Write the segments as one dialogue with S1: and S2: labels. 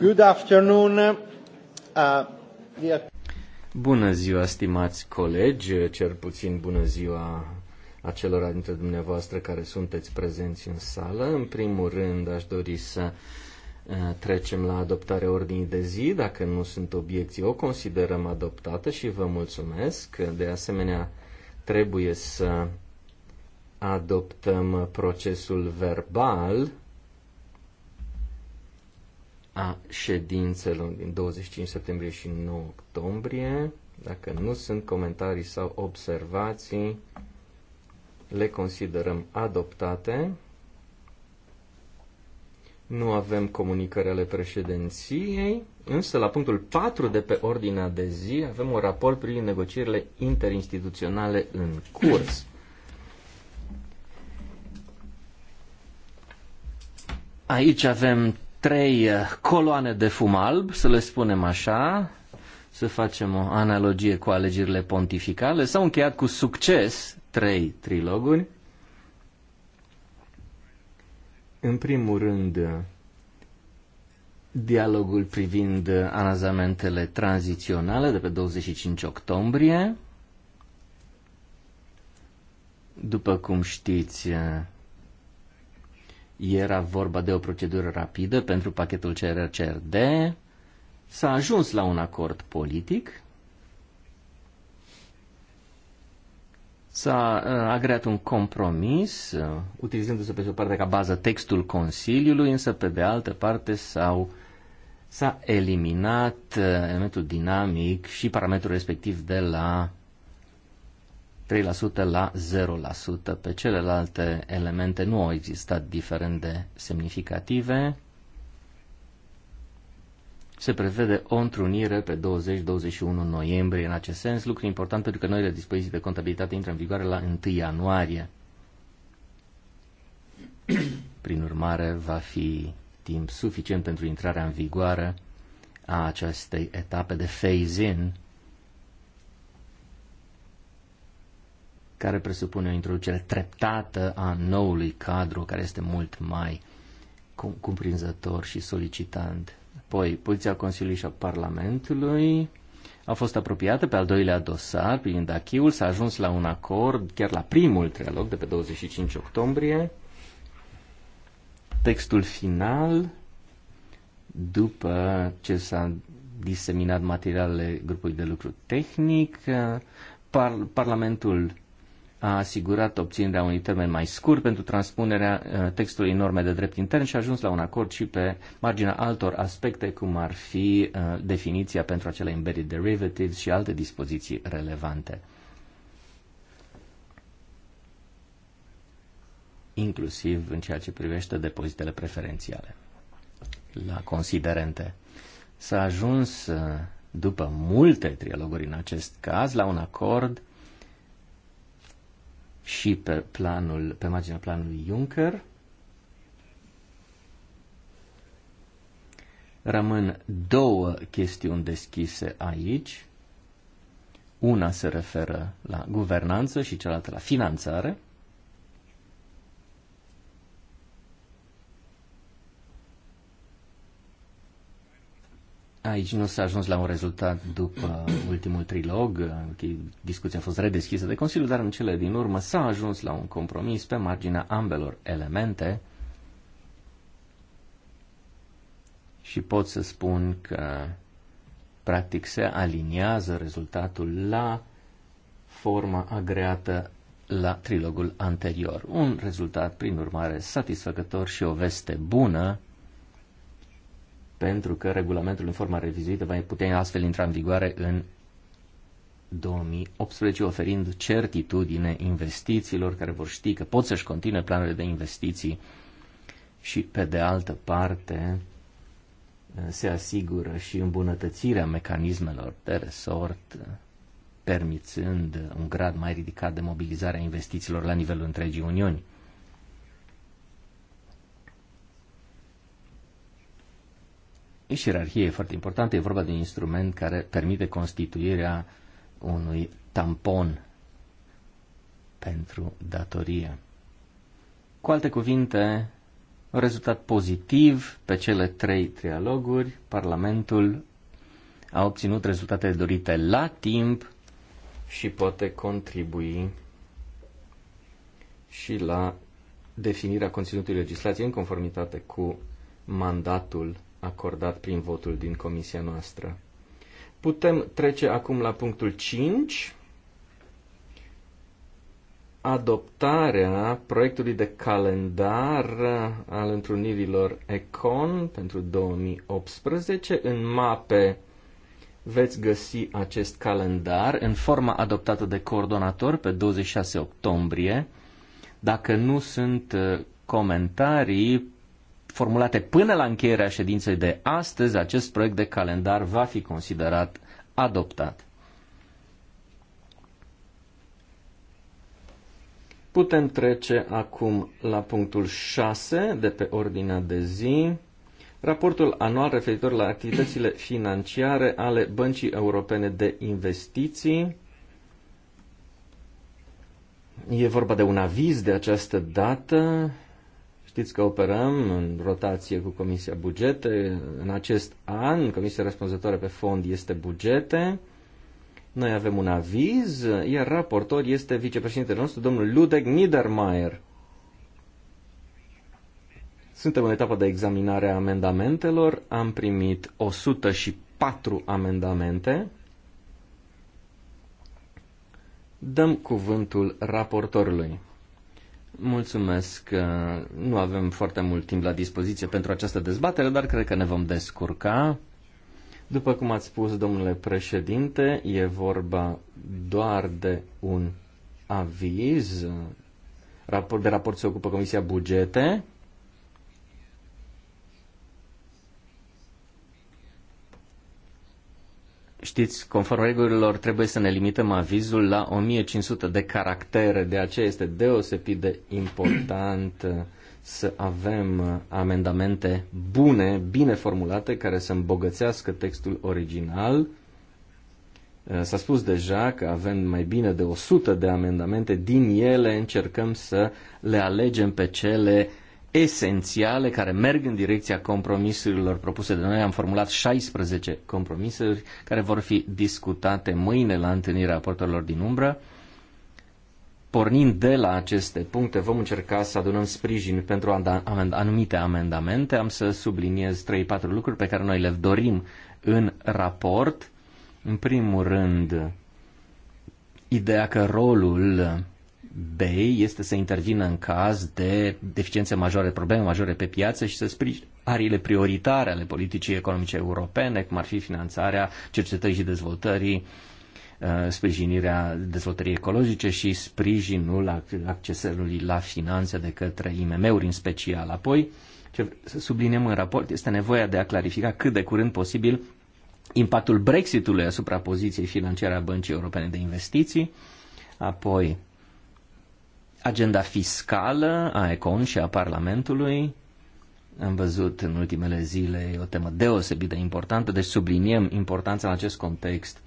S1: Uh,
S2: bună ziua, stimați colegi, cel puțin bună ziua acelora dintre dumneavoastră care sunteți prezenți în sală. În primul rând, aș dori să uh, trecem la adoptarea ordinii de zi. Dacă nu sunt obiecții, o considerăm adoptată și vă mulțumesc. De asemenea, trebuie să adoptăm procesul verbal a ședințelor din 25 septembrie și 9 octombrie. Dacă nu sunt comentarii sau observații, le considerăm adoptate. Nu avem comunicări ale președinției, însă la punctul 4 de pe ordinea de zi avem un raport privind negocierile interinstituționale în curs. Aici avem trei uh, coloane de fum alb, să le spunem așa, să facem o analogie cu alegerile pontificale. S-au încheiat cu succes trei triloguri. În primul rând, uh, dialogul privind uh, anazamentele tranziționale de pe 25 octombrie. După cum știți, era vorba de o procedură rapidă pentru pachetul CRCRD. S-a ajuns la un acord politic. S-a uh, agreat un compromis, uh, utilizându-se pe o parte ca bază textul Consiliului, însă pe de altă parte s-au s-a eliminat uh, elementul dinamic și parametrul respectiv de la 3% la 0%. Pe celelalte elemente nu au existat diferende semnificative. Se prevede o întrunire pe 20-21 noiembrie în acest sens, lucru important pentru că noile dispoziții de contabilitate intră în vigoare la 1 ianuarie. Prin urmare, va fi timp suficient pentru intrarea în vigoare a acestei etape de phase-in care presupune o introducere treptată a noului cadru care este mult mai cuprinzător și solicitant. Poi poziția Consiliului și a Parlamentului a fost apropiată pe al doilea dosar privind achiul, s-a ajuns la un acord chiar la primul trialog de pe 25 octombrie. Textul final, după ce s-a diseminat materialele grupului de lucru tehnic, par- Parlamentul a asigurat obținerea unui termen mai scurt pentru transpunerea uh, textului în norme de drept intern și a ajuns la un acord și pe marginea altor aspecte, cum ar fi uh, definiția pentru acele embedded derivatives și alte dispoziții relevante. inclusiv în ceea ce privește depozitele preferențiale la considerente. S-a ajuns, uh, după multe trialoguri în acest caz, la un acord și pe, planul, pe marginea planului Juncker. Rămân două chestiuni deschise aici. Una se referă la guvernanță și cealaltă la finanțare. Aici nu s-a ajuns la un rezultat după ultimul trilog, discuția a fost redeschisă de Consiliu, dar în cele din urmă s-a ajuns la un compromis pe marginea ambelor elemente și pot să spun că practic se aliniază rezultatul la forma agreată la trilogul anterior. Un rezultat, prin urmare, satisfăcător și o veste bună pentru că regulamentul în forma revizuită va putea astfel intra în vigoare în 2018, oferind certitudine investițiilor care vor ști că pot să-și continue planurile de investiții și, pe de altă parte, se asigură și îmbunătățirea mecanismelor de resort, permițând un grad mai ridicat de mobilizare a investițiilor la nivelul întregii Uniuni. și ierarhie e foarte importantă, e vorba de un instrument care permite constituirea unui tampon pentru datorie. Cu alte cuvinte, un rezultat pozitiv pe cele trei trialoguri, Parlamentul a obținut rezultatele dorite la timp și poate contribui și la definirea conținutului legislației în conformitate cu mandatul acordat prin votul din comisia noastră. Putem trece acum la punctul 5. Adoptarea proiectului de calendar al întrunirilor ECON pentru 2018. În mape veți găsi acest calendar în forma adoptată de coordonator pe 26 octombrie. Dacă nu sunt uh, comentarii, formulate până la încheierea ședinței de astăzi, acest proiect de calendar va fi considerat adoptat. Putem trece acum la punctul 6 de pe ordinea de zi. Raportul anual referitor la activitățile financiare ale Băncii Europene de Investiții. E vorba de un aviz de această dată Știți că operăm în rotație cu Comisia Bugete. În acest an, Comisia răspunzătoare pe fond este bugete. Noi avem un aviz, iar raportor este vicepreședintele nostru, domnul Ludek Niedermayer. Suntem în etapa de examinare a amendamentelor. Am primit 104 amendamente. Dăm cuvântul raportorului. Mulțumesc. Uh, nu avem foarte mult timp la dispoziție pentru această dezbatere, dar cred că ne vom descurca. După cum ați spus, domnule președinte, e vorba doar de un aviz. De raport se ocupă Comisia Bugete. Știți, conform regulilor, trebuie să ne limităm avizul la 1500 de caractere, de aceea este deosebit de important uh, să avem uh, amendamente bune, bine formulate, care să îmbogățească textul original. Uh, s-a spus deja că avem mai bine de 100 de amendamente, din ele încercăm să le alegem pe cele uh, esențiale care merg în direcția compromisurilor propuse de noi. Am formulat 16 compromisuri care vor fi discutate mâine la întâlnirea raportorilor din umbră. Pornind de la aceste puncte, vom încerca să adunăm sprijin pentru anumite amendamente. Am să subliniez 3-4 lucruri pe care noi le dorim în raport. În primul rând, ideea că rolul B este să intervină în caz de deficiențe majore, probleme majore pe piață și să sprijine ariile prioritare ale politicii economice europene, cum ar fi finanțarea cercetării și dezvoltării, uh, sprijinirea dezvoltării ecologice și sprijinul accesului la finanțe de către IMM-uri în special. Apoi, ce subliniem în raport este nevoia de a clarifica cât de curând posibil impactul Brexitului asupra poziției financiare a Băncii Europene de Investiții, apoi agenda fiscală a ECON și a Parlamentului. Am văzut în ultimele zile o temă deosebit de importantă, deci subliniem importanța în acest context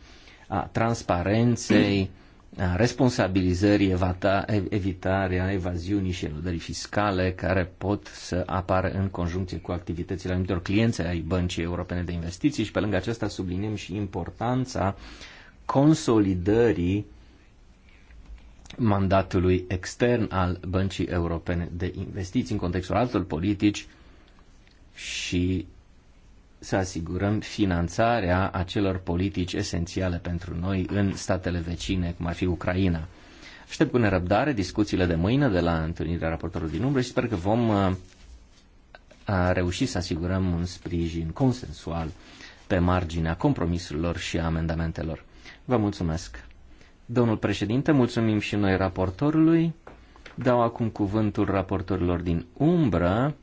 S2: a transparenței, a responsabilizării, evata, evitarea evaziunii și eludării fiscale care pot să apară în conjuncție cu activitățile anumitor clienți ai Băncii Europene de Investiții și pe lângă acesta subliniem și importanța consolidării mandatului extern al Băncii Europene de Investiții în contextul altor politici și să asigurăm finanțarea acelor politici esențiale pentru noi în statele vecine, cum ar fi Ucraina. Aștept cu nerăbdare discuțiile de mâine de la întâlnirea raportorului din umbră și sper că vom uh, reuși să asigurăm un sprijin consensual pe marginea compromisurilor și amendamentelor. Vă mulțumesc! Domnul președinte, mulțumim și noi raportorului. Dau acum cuvântul raportorilor din umbră.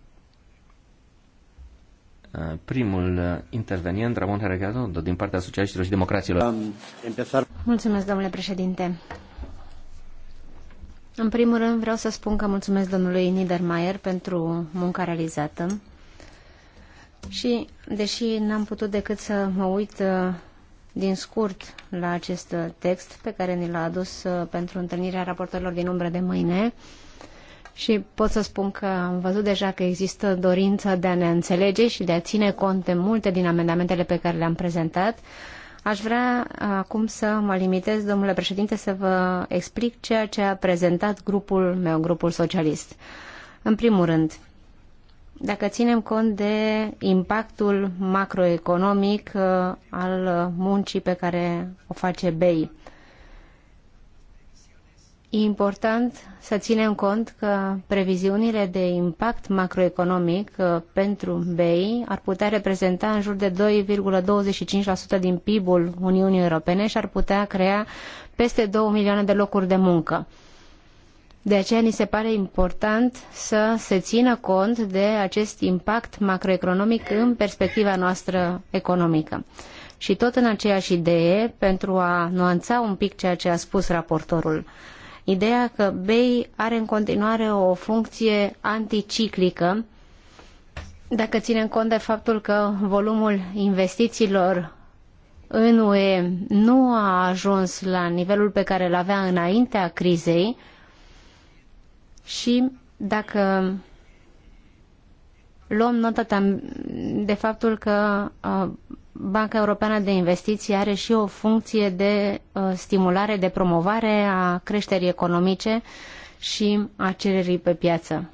S2: Primul intervenient, Ramon Heregadondo, din partea Socialiștilor și Democraților.
S3: Mulțumesc, domnule președinte. În primul rând vreau să spun că mulțumesc domnului Niedermayer pentru munca realizată. Și, deși n-am putut decât să mă uit din scurt la acest text pe care ni l-a adus uh, pentru întâlnirea raportorilor din umbră de mâine și pot să spun că am văzut deja că există dorința de a ne înțelege și de a ține cont de multe din amendamentele pe care le-am prezentat. Aș vrea uh, acum să mă limitez, domnule președinte, să vă explic ceea ce a prezentat grupul meu, grupul socialist. În primul rând, dacă ținem cont de impactul macroeconomic uh, al muncii pe care o face BEI. E important să ținem cont că previziunile de impact macroeconomic uh, pentru BEI ar putea reprezenta în jur de 2,25% din PIB-ul Uniunii Europene și ar putea crea peste 2 milioane de locuri de muncă. De aceea ni se pare important să se țină cont de acest impact macroeconomic în perspectiva noastră economică. Și tot în aceeași idee, pentru a nuanța un pic ceea ce a spus raportorul, ideea că BEI are în continuare o funcție anticiclică, dacă ținem cont de faptul că volumul investițiilor în UE nu a ajuns la nivelul pe care îl avea înaintea crizei, și dacă luăm notă de faptul că uh, Banca Europeană de Investiții are și o funcție de uh, stimulare, de promovare a creșterii economice și a cererii pe piață.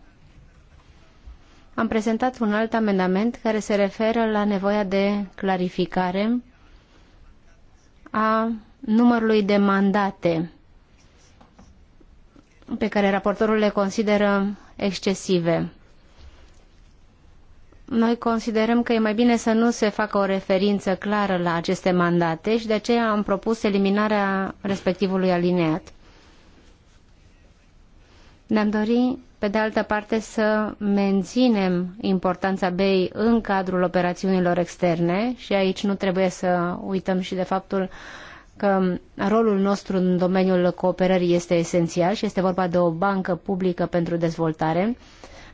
S3: Am prezentat un alt amendament care se referă la nevoia de clarificare a numărului de mandate pe care raportorul le consideră excesive. Noi considerăm că e mai bine să nu se facă o referință clară la aceste mandate și de aceea am propus eliminarea respectivului alineat. Ne-am dorit, pe de altă parte, să menținem importanța BEI în cadrul operațiunilor externe și aici nu trebuie să uităm și de faptul uh, că rolul nostru în domeniul cooperării este esențial și este vorba de o bancă publică pentru dezvoltare.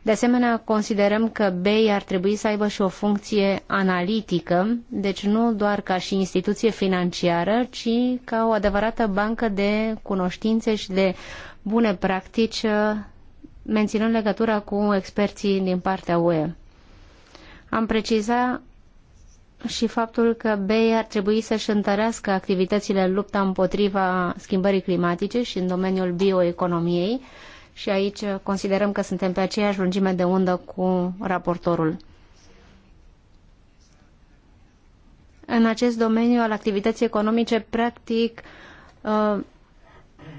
S3: De asemenea, considerăm că BEI ar trebui să aibă și o funcție analitică, deci nu doar ca și instituție financiară, ci ca o adevărată bancă de cunoștințe și de bune practici, menținând legătura cu experții din partea UE. Am precizat și faptul că BEI ar trebui să-și întărească activitățile în lupta împotriva schimbării climatice și în domeniul bioeconomiei și aici considerăm că suntem pe aceeași lungime de undă cu raportorul. În acest domeniu al activității economice, practic, uh,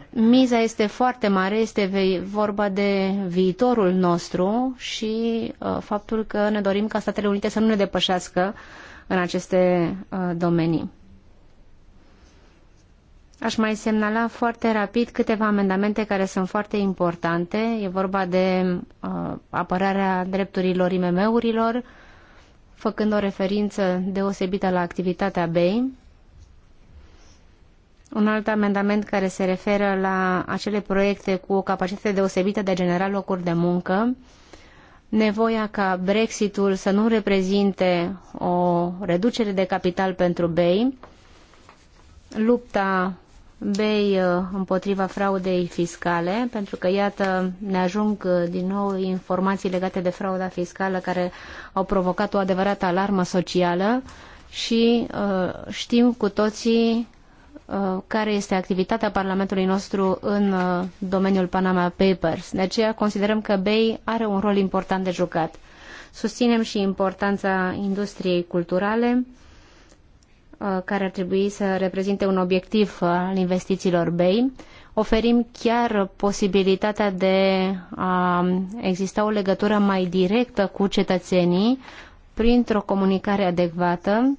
S3: miza este foarte mare, este vorba de viitorul nostru și uh, faptul că ne dorim ca Statele Unite să nu ne depășească uh, în aceste uh, domenii. Aș mai semnala foarte rapid câteva amendamente care sunt foarte importante. E vorba de uh, apărarea drepturilor IMM-urilor, făcând o referință deosebită la activitatea BEI. Un alt amendament care se referă la acele proiecte cu o capacitate deosebită de a genera locuri de muncă, uh, nevoia ca Brexitul să nu reprezinte o reducere de capital pentru BEI, lupta BEI uh, împotriva fraudei fiscale, pentru că, iată, ne ajung uh, din nou informații legate de frauda fiscală care au provocat o adevărată alarmă socială și uh, știm cu toții Uh, care este activitatea Parlamentului nostru în uh, domeniul Panama Papers. De aceea considerăm că BEI are un rol important de jucat. Susținem și importanța industriei culturale, uh, care ar trebui să reprezinte un obiectiv al investițiilor BEI. Oferim chiar posibilitatea de a exista o legătură mai directă cu cetățenii printr-o comunicare adecvată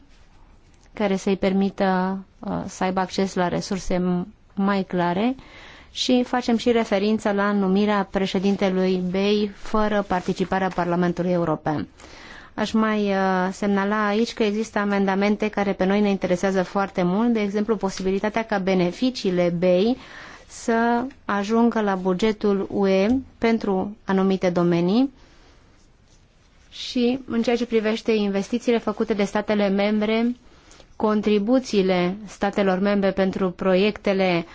S3: care să-i permită uh, să aibă acces la resurse mai clare și facem și referință la numirea președintelui BEI fără participarea Parlamentului European. Aș mai uh, semnala aici că există amendamente care pe noi ne interesează foarte mult, de exemplu posibilitatea ca beneficiile BEI să ajungă la bugetul UE pentru anumite domenii și în ceea ce privește investițiile făcute de statele membre contribuțiile statelor membre pentru proiectele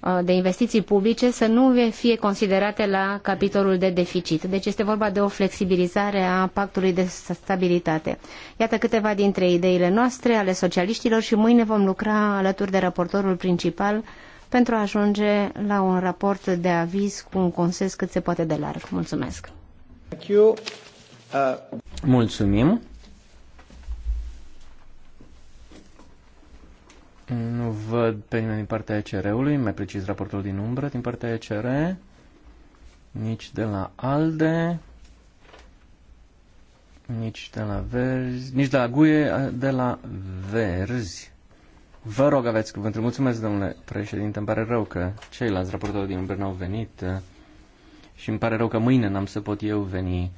S3: uh, de investiții publice să nu fie considerate la capitolul de deficit. Deci este vorba de o flexibilizare a pactului de stabilitate. Iată câteva dintre ideile noastre ale socialiștilor și mâine vom lucra alături de raportorul principal pentru a ajunge la un raport de aviz cu un consens cât se poate de larg. Mulțumesc!
S1: Uh,
S2: Mulțumim! Nu văd pe nimeni din partea ECR-ului, mai precis raportul din umbră din partea ECR, nici de la ALDE, nici de la Verzi, nici de la GUE, de la Verzi. Vă rog, aveți cuvântul. Mulțumesc, domnule președinte. Îmi pare rău că ceilalți raportori din umbră n-au venit și îmi pare rău că mâine n-am să pot eu veni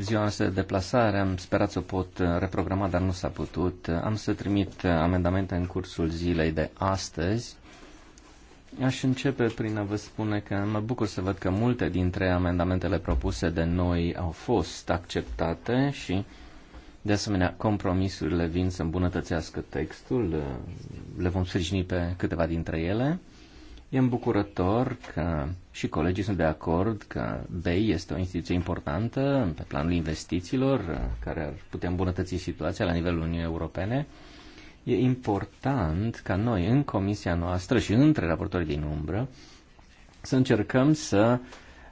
S2: Ziua noastră de deplasare, am sperat să o pot uh, reprograma, dar nu s-a putut. Am să trimit uh, amendamente în cursul zilei de astăzi. Aș începe prin a vă spune că mă bucur să văd că multe dintre amendamentele propuse de noi au fost acceptate și, de asemenea, compromisurile vin să îmbunătățească textul. Uh, le vom sprijini pe câteva dintre ele. E îmbucurător că și colegii sunt de acord că BEI este o instituție importantă pe planul investițiilor care ar putea îmbunătăți situația la nivelul Uniunii Europene. E important ca noi în comisia noastră și între raportorii din umbră să încercăm să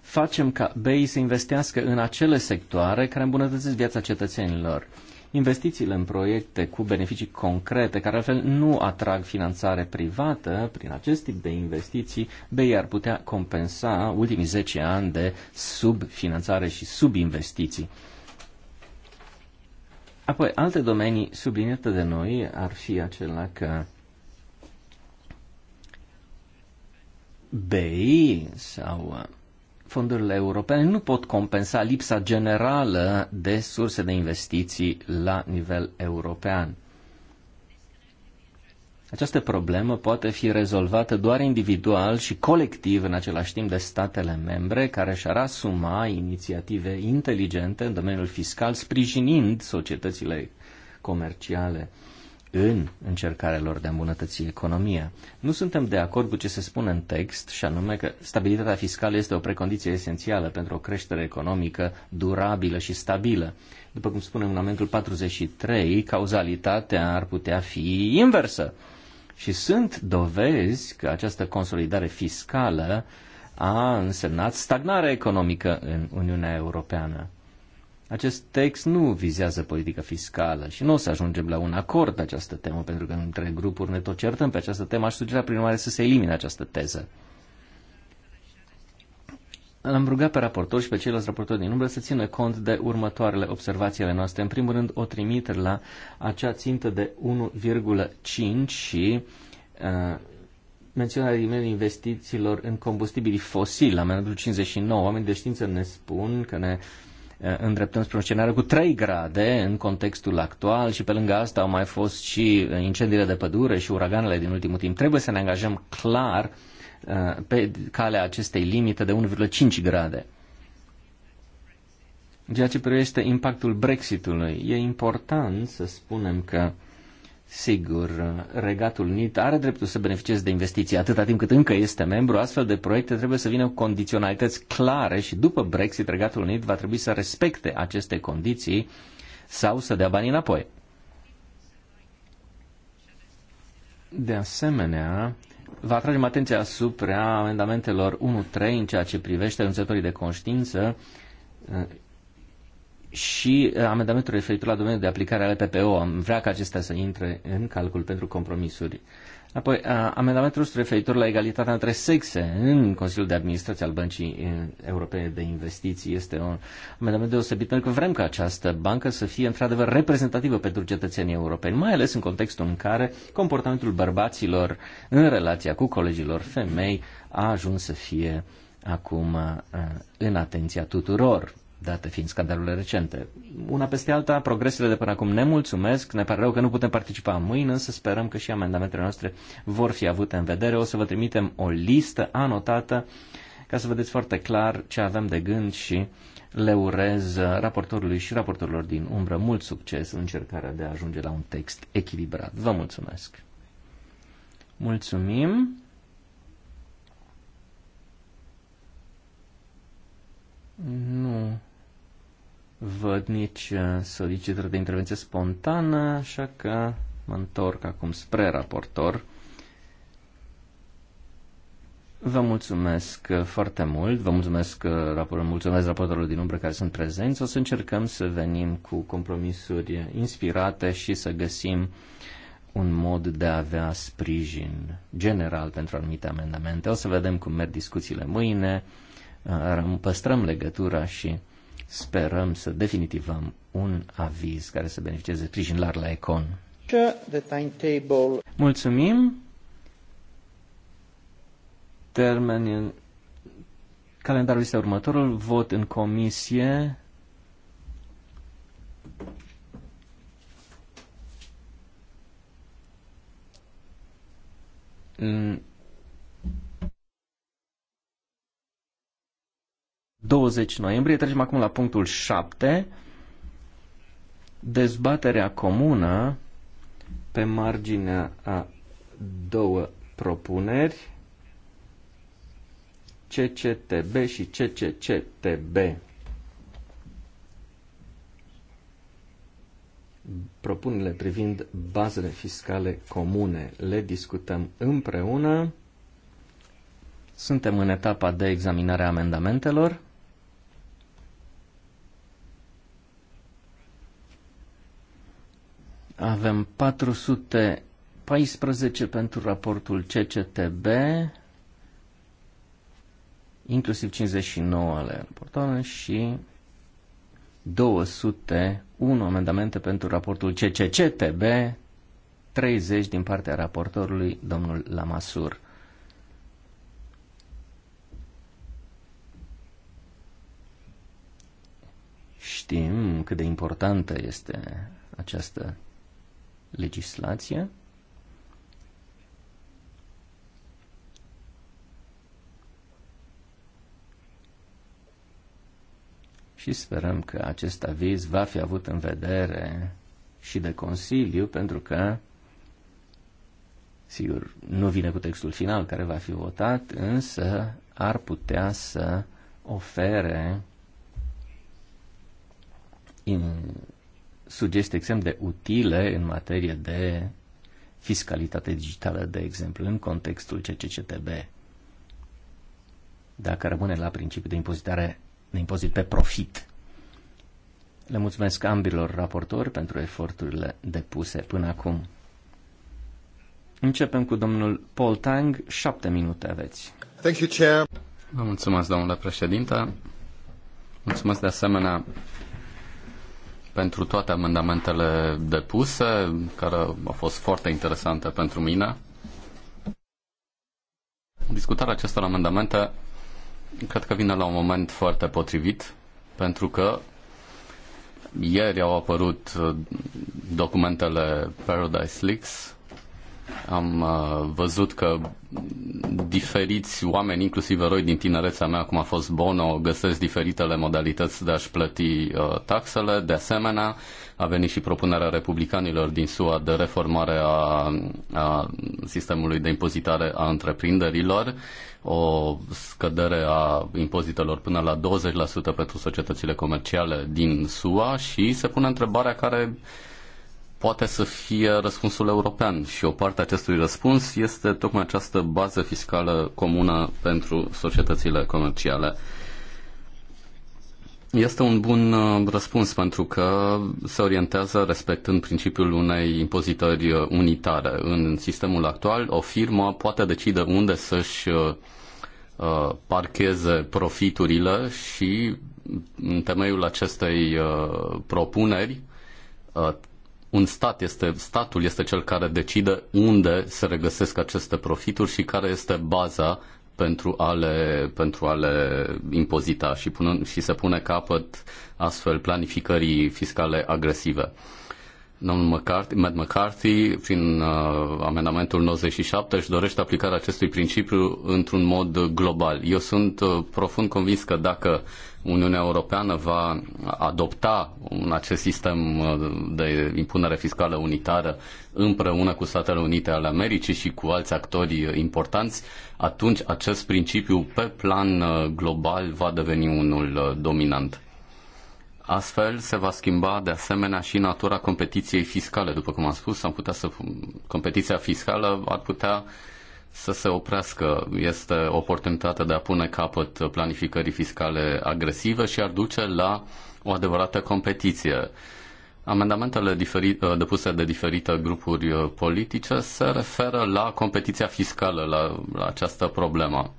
S2: facem ca BEI să investească în acele sectoare care îmbunătățesc viața cetățenilor. Investițiile în proiecte cu beneficii concrete, care altfel nu atrag finanțare privată, prin acest tip de investiții, BEI ar putea compensa ultimii 10 ani de subfinanțare și subinvestiții. Apoi, alte domenii subliniate de noi ar fi acela că BEI sau fondurile europene nu pot compensa lipsa generală de surse de investiții la nivel european. Această problemă poate fi rezolvată doar individual și colectiv în același timp de statele membre care și-ar asuma inițiative inteligente în domeniul fiscal, sprijinind societățile comerciale în încercarea lor de a îmbunătăți economia. Nu suntem de acord cu ce se spune în text, și anume că stabilitatea fiscală este o precondiție esențială pentru o creștere economică durabilă și stabilă. După cum spune în momentul 43, cauzalitatea ar putea fi inversă. Și sunt dovezi că această consolidare fiscală a însemnat stagnarea economică în Uniunea Europeană. Acest text nu vizează politica fiscală și nu o să ajungem la un acord pe această temă, pentru că între grupuri ne tot certăm pe această temă. Aș sugera, prin urmare, să se elimine această teză. L-am rugat pe raportor și pe ceilalți raportori din umbră să țină cont de următoarele observații ale noastre. În primul rând, o trimitere la acea țintă de 1,5 și uh, menționarea nivelului investițiilor în combustibili fosili, la amendamentul 59. Oamenii de știință ne spun că ne uh, Uh, îndreptăm spre un scenariu cu 3 grade în contextul actual și pe lângă asta au mai fost și incendiile de pădure și uraganele din ultimul timp. Trebuie să ne angajăm clar uh, pe calea acestei limite de 1,5 grade. ceea ce privește impactul Brexitului, e important să spunem că Sigur, Regatul Unit are dreptul să beneficieze de investiții atâta timp cât încă este membru. Astfel de proiecte trebuie să vină cu condiționalități clare și după Brexit Regatul Unit va trebui să respecte aceste condiții sau să dea banii înapoi. De asemenea, vă atragem atenția asupra amendamentelor 1-3 în ceea ce privește anunțătorii de conștiință și uh, amendamentul referitor la domeniul de aplicare ale PPO. Am vrea ca acestea să intre în calcul pentru compromisuri. Apoi, uh, amendamentul referitor la egalitatea între sexe în Consiliul de Administrație al Băncii uh, Europene de Investiții este un amendament deosebit pentru că vrem ca această bancă să fie într-adevăr reprezentativă pentru cetățenii europeni, mai ales în contextul în care comportamentul bărbaților în relația cu colegilor femei a ajuns să fie acum în atenția tuturor date fiind scandalurile recente. Una peste alta, progresele de până acum ne mulțumesc, ne pare rău că nu putem participa mâine, însă sperăm că și amendamentele noastre vor fi avute în vedere. O să vă trimitem o listă anotată ca să vedeți foarte clar ce avem de gând și le urez raportorului și raportorilor din umbră mult succes în încercarea de a ajunge la un text echilibrat. Vă mulțumesc! Mulțumim! Nu văd nici uh, solicitări de intervenție spontană, așa că mă întorc acum spre raportor. Vă mulțumesc uh, foarte mult, vă mulțumesc, uh, rapor, mulțumesc raportorul din umbră care sunt prezenți. O să încercăm să venim cu compromisuri inspirate și să găsim un mod de a avea sprijin general pentru anumite amendamente. O să vedem cum merg discuțiile mâine, păstrăm legătura și sperăm să definitivăm un aviz care să beneficieze sprijin larg la Econ. Mulțumim. Termenul calendarul este următorul. Vot în comisie. În 20 noiembrie. Trecem acum la punctul 7. Dezbaterea comună pe marginea a două propuneri, CCTB și CCCTB. Propunerile privind bazele fiscale comune le discutăm împreună. Suntem în etapa de examinare a amendamentelor. Avem 414 pentru raportul CCTB, inclusiv 59 ale raportoarelor și 201 amendamente pentru raportul CCCTB, 30 din partea raportorului, domnul Lamasur. Știm cât de importantă este această legislație. Și sperăm că acest aviz va fi avut în vedere și de Consiliu, pentru că, sigur, nu vine cu textul final care va fi votat, însă ar putea să ofere sugestii extrem de utile în materie de fiscalitate digitală, de exemplu, în contextul CCCTB. Dacă rămâne la principiul de impozitare, de impozit pe profit. Le mulțumesc ambilor raportori
S4: pentru eforturile depuse până acum.
S2: Începem cu domnul Paul Tang, șapte minute aveți. Thank you,
S4: Chair. Vă mulțumesc, domnule președinte. Mulțumesc de asemenea pentru toate amendamentele depuse, care au fost foarte interesante pentru mine. Discutarea acestor amendamente cred că vine la un moment foarte potrivit, pentru că ieri au apărut documentele Paradise Leaks, am uh, văzut că diferiți oameni, inclusiv eroi din tinerețea mea, cum a fost Bono, găsesc diferitele modalități de a-și plăti uh, taxele. De asemenea, a venit și propunerea republicanilor din SUA de reformare a, a sistemului de impozitare a întreprinderilor, o scădere a impozitelor până la 20% pentru societățile comerciale din SUA și se pune întrebarea care poate să fie răspunsul european și o parte a acestui răspuns este tocmai această bază fiscală comună pentru societățile comerciale. Este un bun uh, răspuns pentru că se orientează respectând principiul unei impozitări unitare. În sistemul actual, o firmă poate decide unde să-și uh, parcheze profiturile și în temeiul acestei uh, propuneri un stat este, statul este cel care decide unde se regăsesc aceste profituri și care este baza pentru a le, pentru a le impozita și, punând, și se pune capăt astfel planificării fiscale agresive. Domnul McCarthy, Matt McCarthy, prin uh, amendamentul 97, își dorește aplicarea acestui principiu într-un mod global. Eu sunt uh, profund convins că dacă uh, Uniunea Europeană va adopta un acest sistem uh, de impunere fiscală unitară împreună cu Statele Unite ale Americii și cu alți actori importanți, atunci acest principiu pe plan uh, global va deveni unul uh, dominant. Astfel se va schimba de asemenea și natura competiției fiscale. După cum am spus, am putea să, competiția fiscală ar putea să se oprească. Este oportunitatea de a pune capăt planificării fiscale agresive și ar duce la o adevărată competiție. Amendamentele diferi- uh, depuse de diferite grupuri uh, politice se referă la competiția fiscală, la, la această problemă.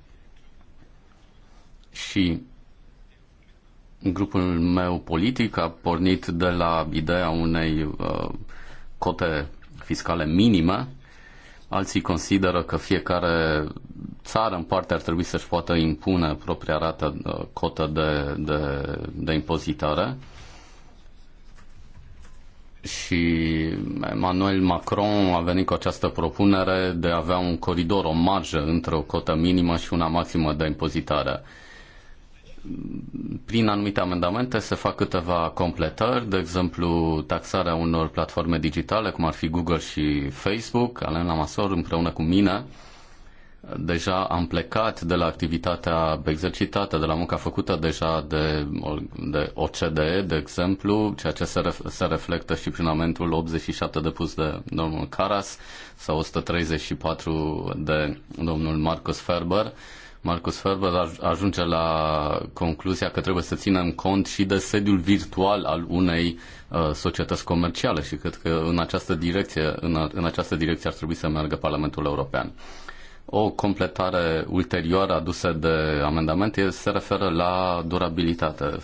S4: Și grupul meu politic a pornit de la ideea unei uh, cote fiscale minime Alții consideră că fiecare țară în parte ar trebui să-și poată impune propria rată, uh, cotă de, de, de impozitare. Și Emmanuel Macron a venit cu această propunere de a avea un coridor, o marjă între o cotă minimă și una maximă de impozitare prin anumite amendamente se fac câteva completări, de exemplu taxarea unor platforme digitale, cum ar fi Google și Facebook. Alena Masor, împreună cu mine, deja am plecat de la activitatea exercitată, de la munca făcută deja de, de OCDE, de exemplu, ceea ce se, ref, se reflectă și prin amendul 87 depus de domnul Caras sau 134 de domnul Marcus Ferber Marcus Ferber ajunge la concluzia că trebuie să ținem cont și de sediul virtual al unei uh, societăți comerciale și cred că în această direcție, în, în această direcție ar trebui să meargă Parlamentul European. O completare ulterioară adusă de amendamente se referă la durabilitate.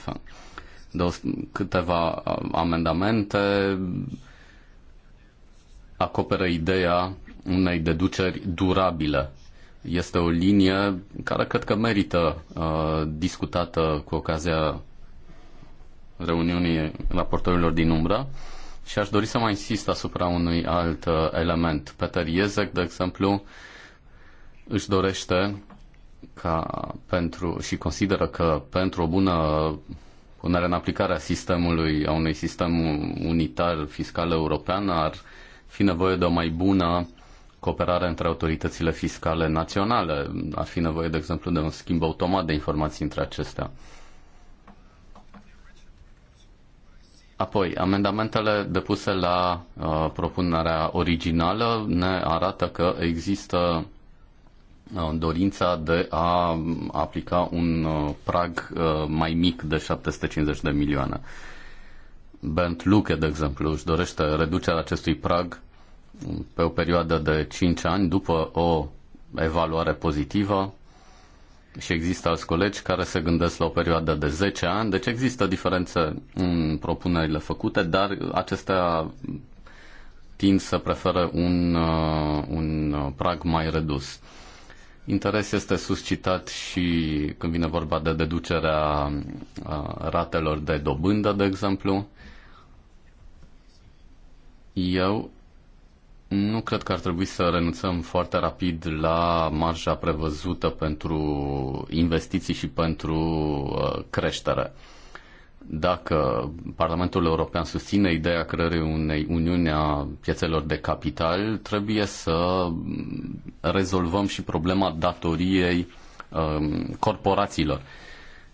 S4: Câteva uh, amendamente acoperă ideea unei deduceri durabile este o linie care cred că merită uh, discutată cu ocazia reuniunii raportorilor din umbră și aș dori să mai insist asupra unui alt uh, element. Peter Iezek, de exemplu, își dorește ca pentru, și consideră că pentru o bună punere în aplicare a sistemului, a unui sistem unitar fiscal european ar fi nevoie de o mai bună cooperare între autoritățile fiscale naționale. Ar fi nevoie, de exemplu, de un schimb automat de informații între acestea. Apoi, amendamentele depuse la uh, propunerea originală ne arată că există uh, dorința de a um, aplica un uh, prag uh, mai mic de 750 de milioane. Bent Luke, de exemplu, își dorește reducerea acestui prag pe o perioadă de 5 ani după o evaluare pozitivă și există alți colegi care se gândesc la o perioadă de 10 ani, deci există diferențe în propunerile făcute, dar acestea tind să preferă un, uh, un prag mai redus. Interes este suscitat și când vine vorba de deducerea uh, ratelor de dobândă, de exemplu. Eu nu cred că ar trebui să renunțăm foarte rapid la marja prevăzută pentru investiții și pentru uh, creștere. Dacă Parlamentul European susține ideea creării unei uniuni a piețelor de capital, trebuie să rezolvăm și problema datoriei um, corporațiilor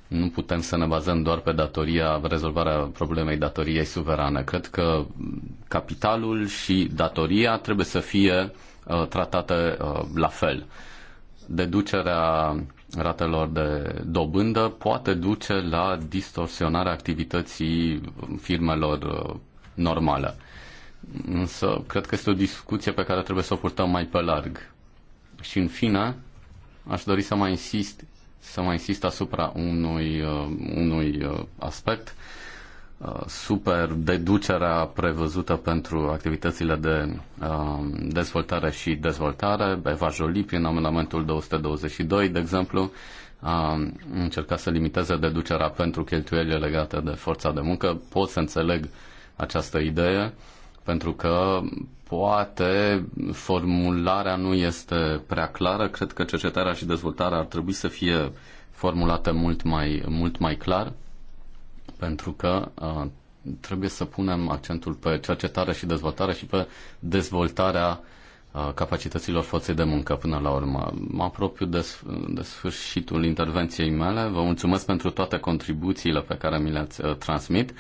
S4: nu putem să ne bazăm doar pe datoria, rezolvarea problemei datoriei suverane. Cred că capitalul și datoria trebuie să fie uh, tratate uh, la fel. Deducerea ratelor de dobândă poate duce la distorsionarea activității firmelor uh, normale. Însă, cred că este o discuție pe care trebuie să o purtăm mai pe larg. Și, în fine, aș dori să mai insist să mai insist asupra unui, uh, unui uh, aspect uh, super deducerea prevăzută pentru activitățile de dezvoltare și dezvoltare. Eva Jolie, prin amendamentul 222, de exemplu, a încercat să limiteze deducerea pentru cheltuielile legate de forța de muncă. Pot să înțeleg această idee pentru că poate formularea nu este prea clară. Cred că cercetarea și dezvoltarea ar trebui să fie formulată mult mai, mult mai clar, pentru că uh, trebuie să punem accentul pe cercetare și dezvoltare și pe dezvoltarea uh, capacităților forței de muncă până la urmă. Mă apropiu de, de sfârșitul intervenției mele. Vă mulțumesc pentru toate contribuțiile pe care mi le-ați uh, transmit.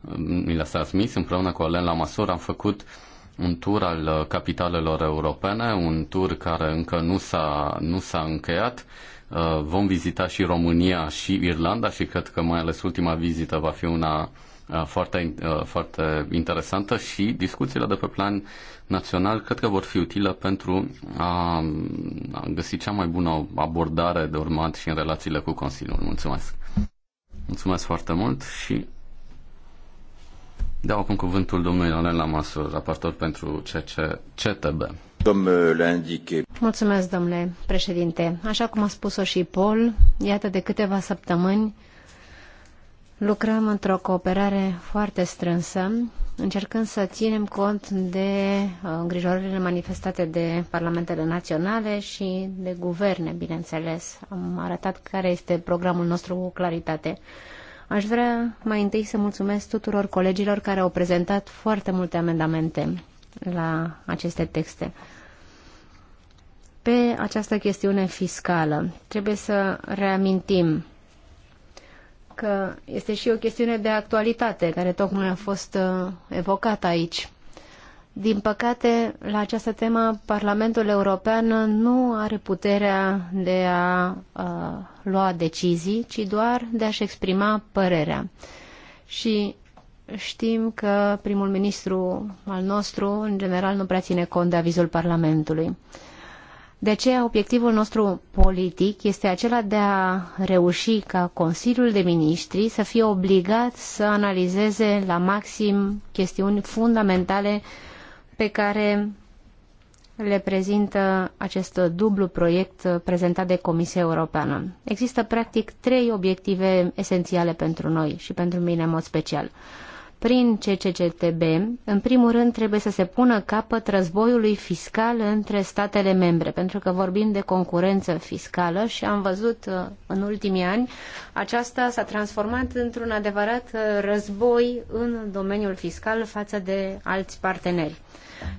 S4: Uh, mi le-ați transmis împreună cu Alen Lamasur. Am făcut un tur al uh, capitalelor europene, un tur care încă nu s-a, nu s-a încheiat. Vom vizita și România și Irlanda și cred că mai ales ultima vizită va fi una uh, Uh, foarte, uh, foarte interesantă și discuțiile de pe plan național cred că vor fi utile pentru a, a găsi cea mai bună abordare de urmat și în relațiile cu Consiliul. Mulțumesc! Mulțumesc foarte mult și dau acum cuvântul domnului Alen Lamasu, raportor pentru CC, CTB.
S3: Mulțumesc, domnule președinte. Așa cum a spus-o și Paul, iată de câteva săptămâni Lucrăm într-o cooperare foarte strânsă, încercând să ținem cont de uh, îngrijorările manifestate de parlamentele naționale și de guverne, bineînțeles. Am arătat care este programul nostru cu claritate. Aș vrea mai întâi să mulțumesc tuturor colegilor care au prezentat foarte multe amendamente la aceste texte. Pe această chestiune fiscală, trebuie să reamintim că este și o chestiune de actualitate care tocmai a fost uh, evocată aici. Din păcate, la această temă, Parlamentul European nu are puterea de a uh, lua decizii, ci doar de a-și exprima părerea. Și știm că primul ministru al nostru, în general, nu prea ține cont de avizul Parlamentului. Uh, de aceea, obiectivul nostru politic este acela de a reuși ca Consiliul de Ministri să fie obligat să analizeze la maxim chestiuni fundamentale pe care le prezintă acest dublu proiect prezentat de Comisia Europeană. Există practic trei obiective esențiale pentru noi și pentru mine în mod special prin CCCTB, în primul rând trebuie să se pună capăt războiului fiscal între statele membre, pentru că vorbim de concurență fiscală și am văzut uh, în ultimii ani aceasta s-a transformat într-un adevărat uh, război în domeniul fiscal față de alți parteneri.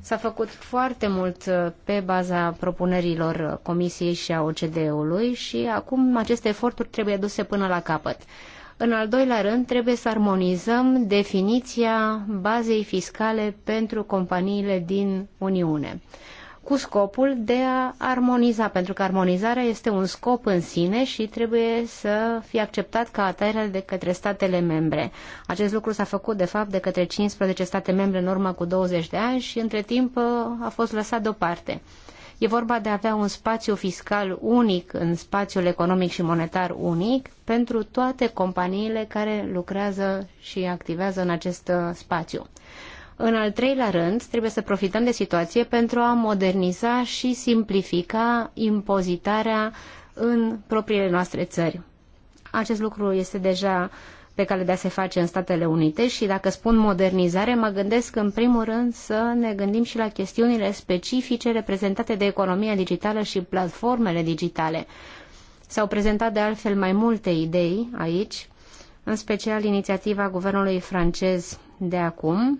S3: S-a făcut foarte mult uh, pe baza propunerilor Comisiei și a OCDE-ului și acum aceste eforturi trebuie duse până la capăt. În al doilea rând, trebuie să armonizăm definiția bazei fiscale pentru companiile din Uniune cu scopul de a armoniza, pentru că armonizarea este un scop în sine și trebuie să fie acceptat ca atare de către statele membre. Acest lucru s-a făcut, de fapt, de către 15 state membre în urmă cu 20 de ani și, între timp, a fost lăsat deoparte. E vorba de a avea un spațiu fiscal unic în spațiul economic și monetar unic pentru toate companiile care lucrează și activează în acest uh, spațiu. În al treilea rând, trebuie să profităm de situație pentru a moderniza și simplifica impozitarea în propriile noastre țări. Acest lucru este deja uh, pe cale de a se face în Statele Unite și dacă spun modernizare, mă gândesc în primul rând să ne gândim și la chestiunile specifice reprezentate de economia digitală și platformele digitale. S-au prezentat de altfel mai multe idei aici, în special inițiativa guvernului francez de acum.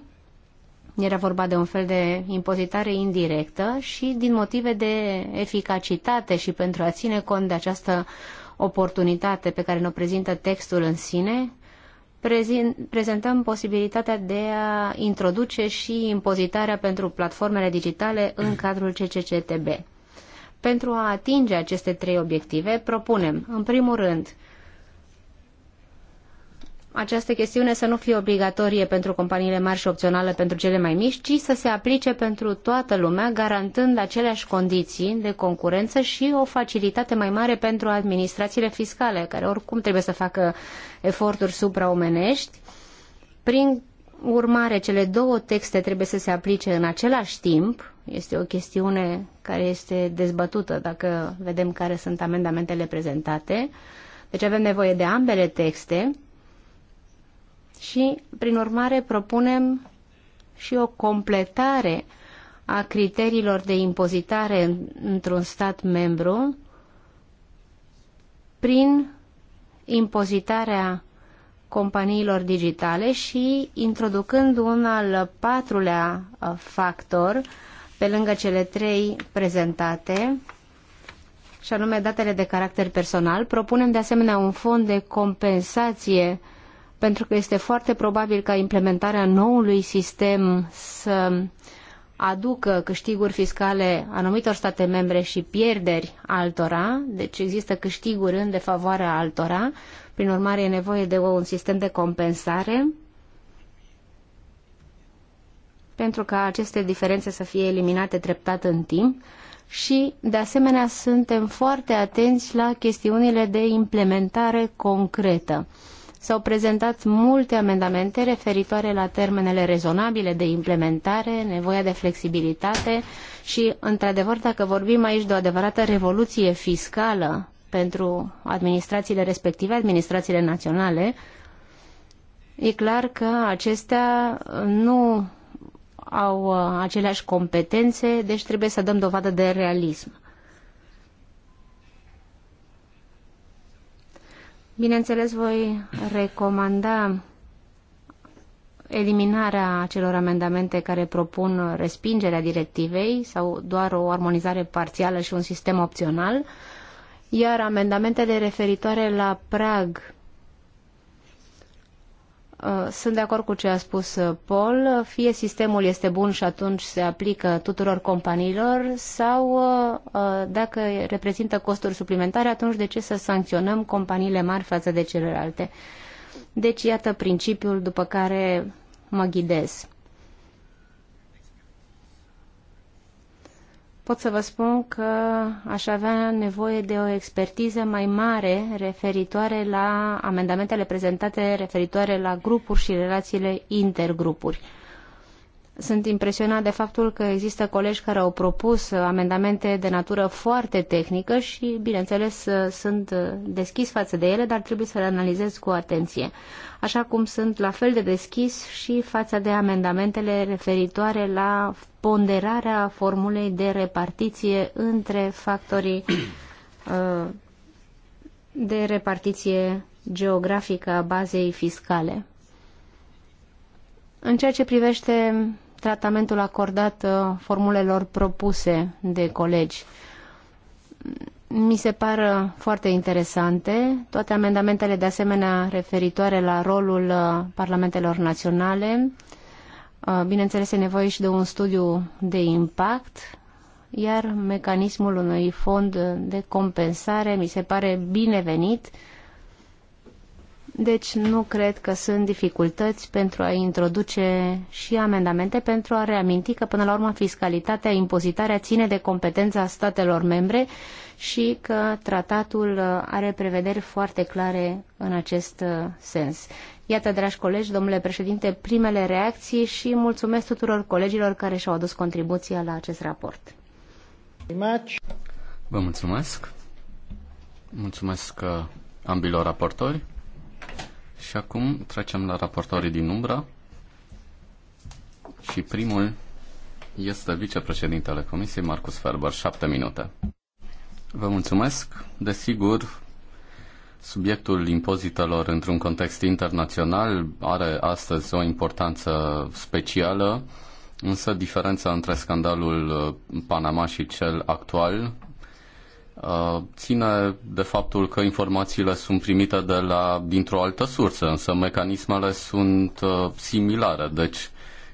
S3: Era vorba de un fel de impozitare indirectă și din motive de eficacitate și pentru a ține cont de această oportunitate pe care ne-o prezintă textul în sine, prezentăm posibilitatea de a introduce și impozitarea pentru platformele digitale în cadrul CCCTB. Pentru a atinge aceste trei obiective, propunem, în primul rând, această chestiune să nu fie obligatorie pentru companiile mari și opțională pentru cele mai mici, ci să se aplice pentru toată lumea, garantând aceleași condiții de concurență și o facilitate mai mare pentru administrațiile fiscale, care oricum trebuie să facă eforturi supraomenești. Prin urmare, cele două texte trebuie să se aplice în același timp. Este o chestiune care este dezbătută dacă vedem care sunt amendamentele prezentate. Deci avem nevoie de ambele texte și, prin urmare, propunem și o completare a criteriilor de impozitare într-un stat membru prin impozitarea companiilor digitale și introducând un al patrulea uh, factor pe lângă cele trei prezentate, și anume datele de caracter personal, propunem de asemenea un fond de compensație pentru că este foarte probabil ca implementarea noului sistem să aducă câștiguri fiscale anumitor state membre și pierderi altora, deci există câștiguri în defavoarea altora, prin urmare e nevoie de un sistem de compensare pentru ca aceste diferențe să fie eliminate treptat în timp și, de asemenea, suntem foarte atenți la chestiunile de implementare concretă. S-au prezentat multe amendamente referitoare la termenele rezonabile de implementare, nevoia de flexibilitate și, într-adevăr, dacă vorbim aici de o adevărată revoluție fiscală pentru administrațiile respective, administrațiile naționale, e clar că acestea nu au uh, aceleași competențe, deci trebuie să dăm dovadă de realism. Bineînțeles, voi recomanda eliminarea acelor amendamente care propun respingerea directivei sau doar o armonizare parțială și un sistem opțional, iar amendamentele referitoare la prag Uh, sunt de acord cu ce a spus uh, Paul. Fie sistemul este bun și atunci se aplică tuturor companiilor sau uh, dacă reprezintă costuri suplimentare, atunci de ce să sancționăm companiile mari față de celelalte? Deci, iată principiul după care mă ghidez. pot să vă spun că aș avea nevoie de o expertiză mai mare referitoare la amendamentele prezentate referitoare la grupuri și relațiile intergrupuri. Sunt impresionat de faptul că există colegi care au propus amendamente de natură foarte tehnică și, bineînțeles, sunt deschis față de ele, dar trebuie să le analizez cu atenție. Așa cum sunt la fel de deschis și față de amendamentele referitoare la ponderarea formulei de repartiție între factorii uh, de repartiție geografică a bazei fiscale. În ceea ce privește tratamentul acordat uh, formulelor propuse de colegi. Mi se par foarte interesante toate amendamentele de asemenea referitoare la rolul uh, parlamentelor naționale. Uh, bineînțeles, e nevoie și de un studiu de impact, iar mecanismul unui fond de compensare mi se pare binevenit uh, deci nu cred că sunt dificultăți pentru a introduce și amendamente pentru a reaminti că până la urmă fiscalitatea, impozitarea ține de competența statelor membre și că tratatul uh, are prevederi foarte clare în acest uh, sens. Iată, dragi colegi, domnule președinte, primele reacții și mulțumesc tuturor colegilor care și-au adus contribuția la acest raport. Vă
S4: mulțumesc. Mulțumesc uh, ambilor raportori. Și acum trecem la raportorii din umbră. Și primul este vicepreședintele Comisiei, Marcus Ferber, șapte minute. Vă mulțumesc. Desigur, subiectul impozitelor într-un context internațional are astăzi o importanță specială, însă diferența între scandalul Panama și cel actual Uh, ține de faptul că informațiile sunt primite de la, dintr-o altă sursă, însă mecanismele sunt uh, similare, deci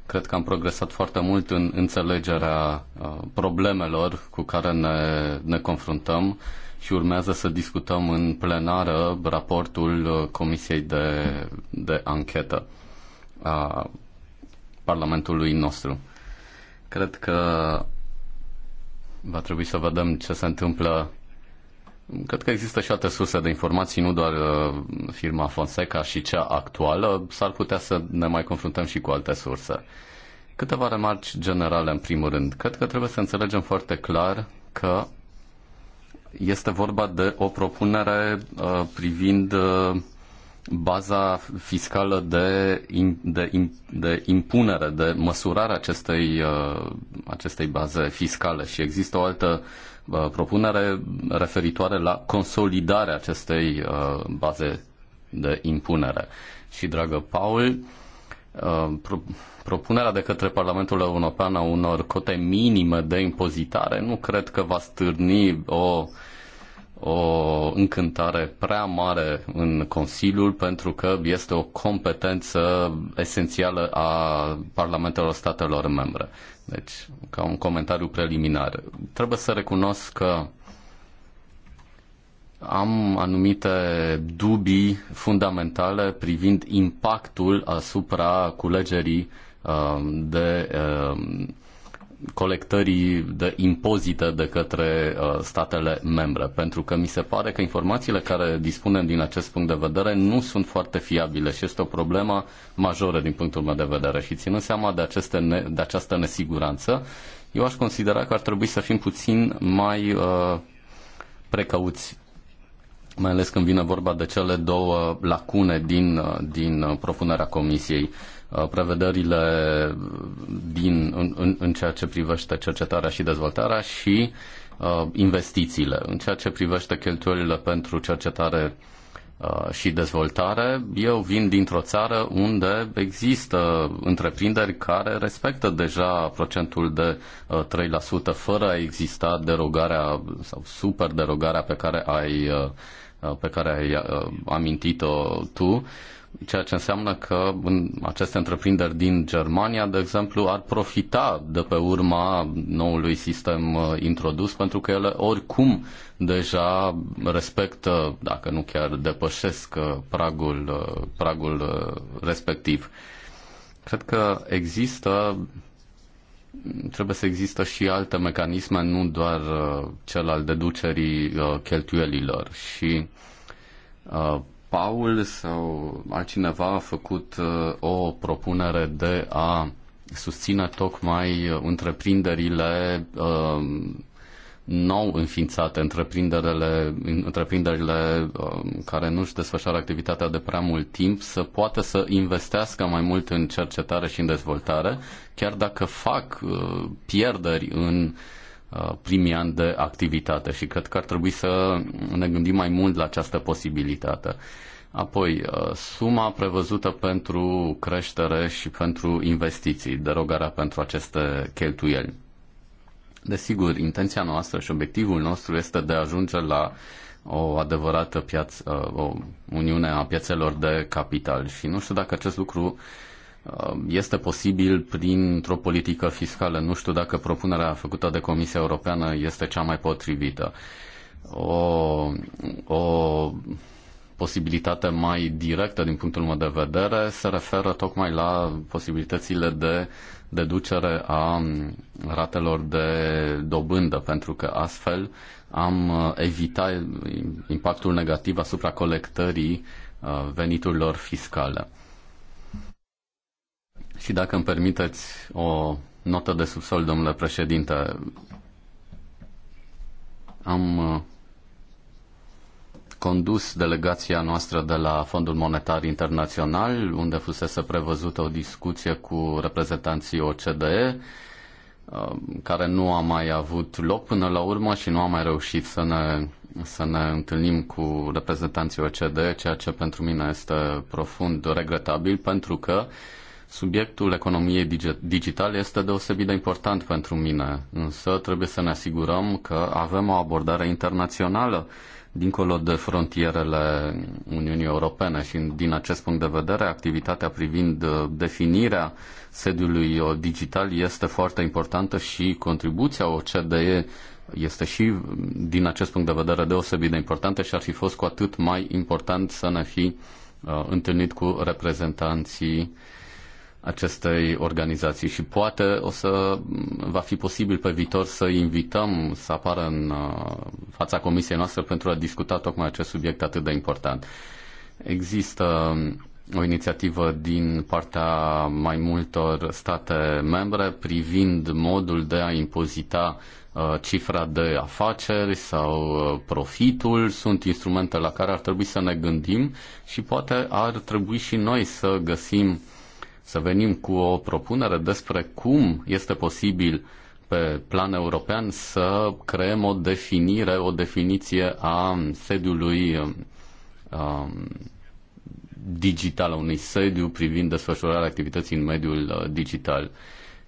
S4: cred că am progresat foarte mult în înțelegerea uh, problemelor cu care ne, ne confruntăm și urmează să discutăm în plenară raportul Comisiei de, de Anchetă a Parlamentului nostru. Cred că va trebui să vedem ce se întâmplă Cred că există și alte surse de informații, nu doar uh, firma Fonseca și cea actuală. S-ar putea să ne mai confruntăm și cu alte surse. Câteva remarci generale, în primul rând. Cred că trebuie să înțelegem foarte clar că este vorba de o propunere uh, privind uh, baza fiscală de, de, de impunere, de măsurare acestei, acestei baze fiscale și există o altă uh, propunere referitoare la consolidarea acestei uh, baze de impunere. Și, dragă Paul, uh, propunerea de către Parlamentul European a unor cote minime de impozitare nu cred că va stârni o o încântare prea mare în Consiliul pentru că este o competență esențială a parlamentelor statelor membre. Deci, ca un comentariu preliminar. Trebuie să recunosc că am anumite dubii fundamentale privind impactul asupra culegerii uh, de uh, colectării de impozite de către uh, statele membre, pentru că mi se pare că informațiile care dispunem din acest punct de vedere nu sunt foarte fiabile și este o problemă majoră din punctul meu de vedere și ținând seama de, aceste ne, de această nesiguranță, eu aș considera că ar trebui să fim puțin mai uh, precauți mai ales când vine vorba de cele două lacune din, uh, din uh, propunerea Comisiei Uh, prevederile din, în, în, în ceea ce privește cercetarea și dezvoltarea și uh, investițiile. În ceea ce privește cheltuielile pentru cercetare uh, și dezvoltare. Eu vin dintr-o țară unde există întreprinderi care respectă deja procentul de 3% uh, fără a exista derogarea sau super derogarea pe care ai Uh, pe care ai uh, amintit-o tu, ceea ce înseamnă că aceste întreprinderi din Germania, de exemplu, ar profita de pe urma noului sistem uh, introdus, pentru că ele oricum deja respectă, dacă nu chiar depășesc pragul, pragul respectiv. Cred că există trebuie să există și alte mecanisme, nu doar uh, cel al deducerii uh, cheltuielilor. Și uh, Paul sau altcineva a făcut o propunere de a susține tocmai întreprinderile nou înființate, întreprinderile, întreprinderile um, care nu își desfășoară activitatea de prea mult timp să poată să investească mai mult în cercetare și în dezvoltare, chiar dacă fac uh, pierderi în uh, primii ani de activitate și cred că ar trebui să ne gândim mai mult la această posibilitate. Apoi, uh, suma prevăzută pentru creștere și pentru investiții, derogarea pentru aceste cheltuieli. Desigur, intenția noastră și obiectivul nostru este de a ajunge la o adevărată piață, uh, o uniune a piețelor de capital și nu știu dacă acest lucru uh, este posibil printr-o politică fiscală. Nu știu dacă propunerea făcută de Comisia Europeană este cea mai potrivită. O, o posibilitate mai directă din punctul meu de vedere se referă tocmai la posibilitățile de deducere a mm, ratelor de dobândă, pentru că astfel am uh, evitat impactul negativ asupra colectării uh, veniturilor fiscale. Și dacă îmi permiteți o notă de subsol, domnule președinte, am uh, condus delegația noastră de la Fondul Monetar Internațional, unde fusese prevăzută o discuție cu reprezentanții OCDE, um, care nu a mai avut loc până la urmă și nu a mai reușit să ne, să ne întâlnim cu reprezentanții OCDE, ceea ce pentru mine este profund regretabil, pentru că subiectul economiei digitale este deosebit de important pentru mine, însă trebuie să ne asigurăm că avem o abordare internațională dincolo de frontierele Uniunii Europene și din acest punct de vedere activitatea privind uh, definirea sediului uh, digital este foarte importantă și contribuția OCDE este și uh, din acest punct de vedere deosebit de importantă și ar fi fost cu atât mai important să ne fi uh, întâlnit cu reprezentanții uh, acestei organizații și poate o să va fi posibil pe viitor să invităm să apară în uh, fața comisiei noastre pentru a discuta tocmai acest subiect atât de important. Există um, o inițiativă din partea mai multor state membre privind modul de a impozita uh, cifra de afaceri sau uh, profitul sunt instrumente la care ar trebui să ne gândim și poate ar trebui și noi să găsim să venim cu o propunere despre cum este posibil pe plan european să creăm o definire, o definiție a sediului um, digital, a unui sediu privind desfășurarea activității în mediul uh, digital.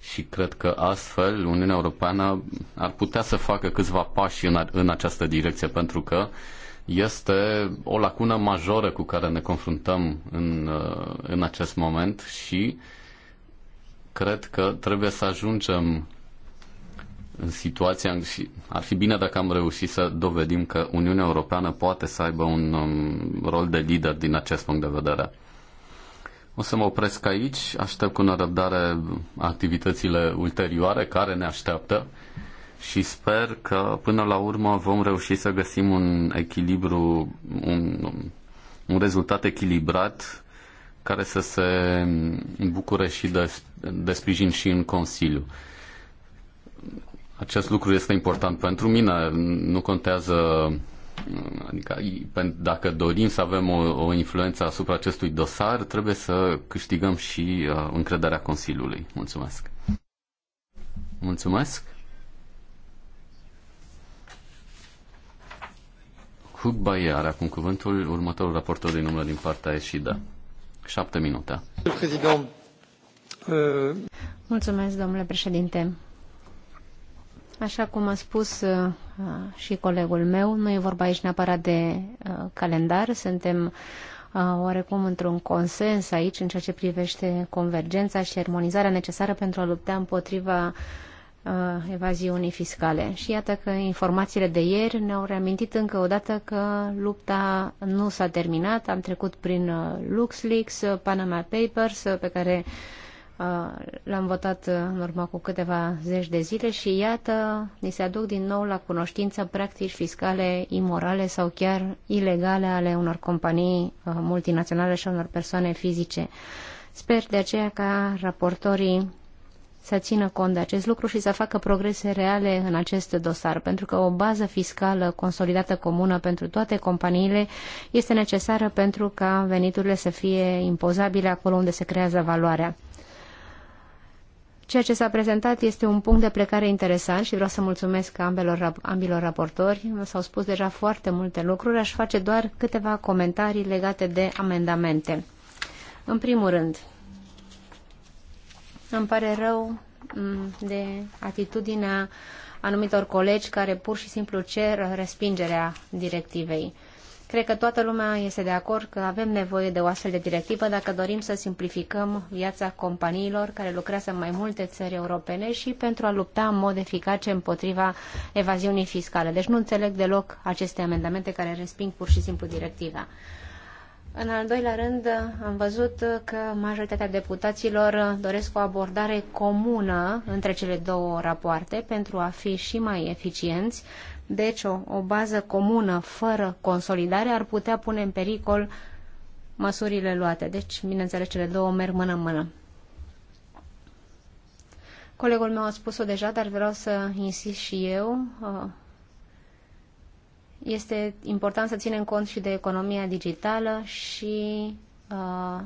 S4: Și cred că astfel Uniunea Europeană ar putea să facă câțiva pași în, în această direcție, pentru că uh, este o lacună majoră cu care ne confruntăm în, uh, în acest moment și cred că trebuie să ajungem în situația și ar fi bine dacă am reușit să dovedim că Uniunea Europeană poate să aibă un um, rol de lider din acest punct de vedere. O să mă opresc aici, aștept cu nerăbdare activitățile ulterioare care ne așteaptă și sper că până la urmă vom reuși să găsim un echilibru, un, un rezultat echilibrat care să se bucure și de, de sprijin și în Consiliu. Acest lucru este important pentru mine. Nu contează adică dacă dorim să avem o, o influență asupra acestui dosar, trebuie să câștigăm și uh, încrederea Consiliului. Mulțumesc. Mulțumesc. Hug Baie are acum cuvântul următorul raportor din umbră din partea Eșida. Șapte minute.
S3: Mulțumesc, domnule președinte. Așa cum a spus uh, și colegul meu, nu e vorba aici neapărat de uh, calendar, suntem uh, oarecum într-un consens aici în ceea ce privește convergența și armonizarea necesară pentru a lupta împotriva uh, Uh, evaziunii fiscale. Și iată că informațiile de ieri ne-au reamintit încă o dată că lupta nu s-a terminat. Am trecut prin uh, LuxLeaks, uh, Panama Papers, pe care l-am votat în urmă cu câteva zeci de zile și iată, ni se aduc din nou la cunoștință practici fiscale imorale sau chiar ilegale ale unor companii multinaționale și unor persoane fizice. Sper de aceea ca raportorii să țină cont de acest lucru și să facă progrese reale în acest dosar, pentru că o bază fiscală consolidată comună pentru toate companiile este necesară pentru ca veniturile să fie impozabile acolo unde se creează valoarea. Ceea ce s-a prezentat este un punct de plecare interesant și vreau să mulțumesc ambelor, ambilor raportori. S-au spus deja foarte multe lucruri, aș face doar câteva comentarii legate de amendamente. În primul rând, îmi pare rău mm, de atitudinea anumitor colegi care pur și simplu cer respingerea directivei. Cred că toată lumea este de acord că avem nevoie de o astfel de directivă dacă dorim să simplificăm viața companiilor care lucrează în mai multe țări europene și pentru a lupta în mod eficace împotriva evaziunii fiscale. Deci nu înțeleg deloc aceste amendamente care resping pur și simplu directiva. În al doilea rând, am văzut că majoritatea deputaților doresc o abordare comună între cele două rapoarte pentru a fi și mai eficienți. Deci, o, o bază comună fără consolidare ar putea pune în pericol măsurile luate. Deci, bineînțeles, cele două merg mână în mână. Colegul meu a spus-o deja, dar vreau să insist și eu. Uh, este important să ținem cont și de economia digitală și uh,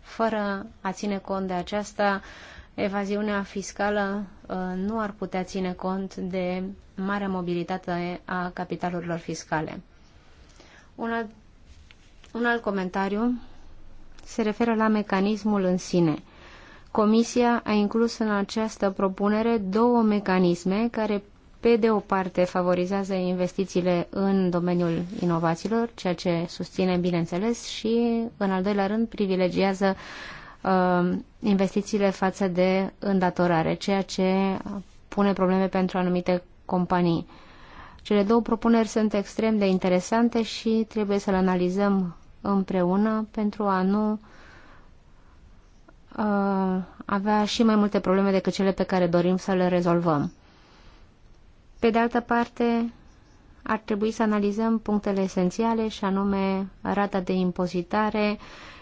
S3: fără a ține cont de aceasta, evaziunea fiscală uh, nu ar putea ține cont de marea mobilitate a capitalurilor fiscale. Un alt, un alt comentariu se referă la mecanismul în sine. Comisia a inclus în această propunere două mecanisme care pe de o parte favorizează investițiile în domeniul inovațiilor, ceea ce susține, bineînțeles, și în al doilea rând privilegiază uh, investițiile față de îndatorare, ceea ce pune probleme pentru anumite companii. Cele două propuneri sunt extrem de interesante și trebuie să le analizăm împreună pentru a nu uh, avea și mai multe probleme decât cele pe care dorim să le rezolvăm. Pe de altă parte, ar trebui să analizăm punctele esențiale și anume rata de impozitare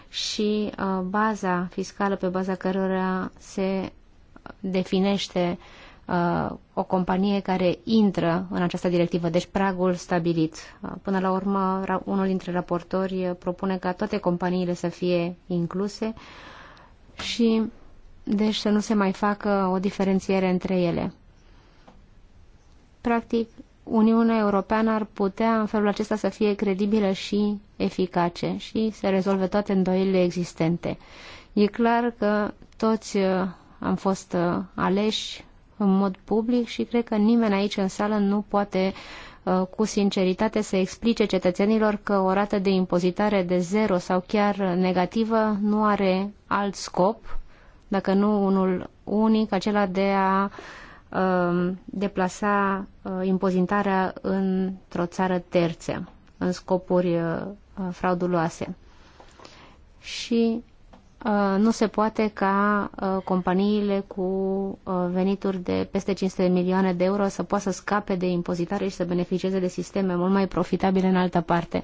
S3: și uh, baza fiscală pe baza cărora se definește uh, o companie care intră în această directivă, deci pragul stabilit. Uh, până la urmă, unul dintre raportori uh, propune ca toate companiile să fie incluse și deci să nu se mai facă o diferențiere între ele. Practic, Uniunea Europeană ar putea în felul acesta să fie credibilă și eficace și să rezolve toate îndoielile existente. E clar că toți uh, am fost uh, aleși în mod public și cred că nimeni aici în sală nu poate uh, cu sinceritate să explice cetățenilor că o rată de impozitare de zero sau chiar negativă nu are alt scop, dacă nu unul unic, acela de a uh, Um, deplasa uh, impozitarea într-o țară terță în scopuri uh, frauduloase. Și uh, nu se poate ca companiile cu venituri de peste 500 de milioane de euro să poată să scape de impozitare și să beneficieze de sisteme mult mai profitabile în altă parte.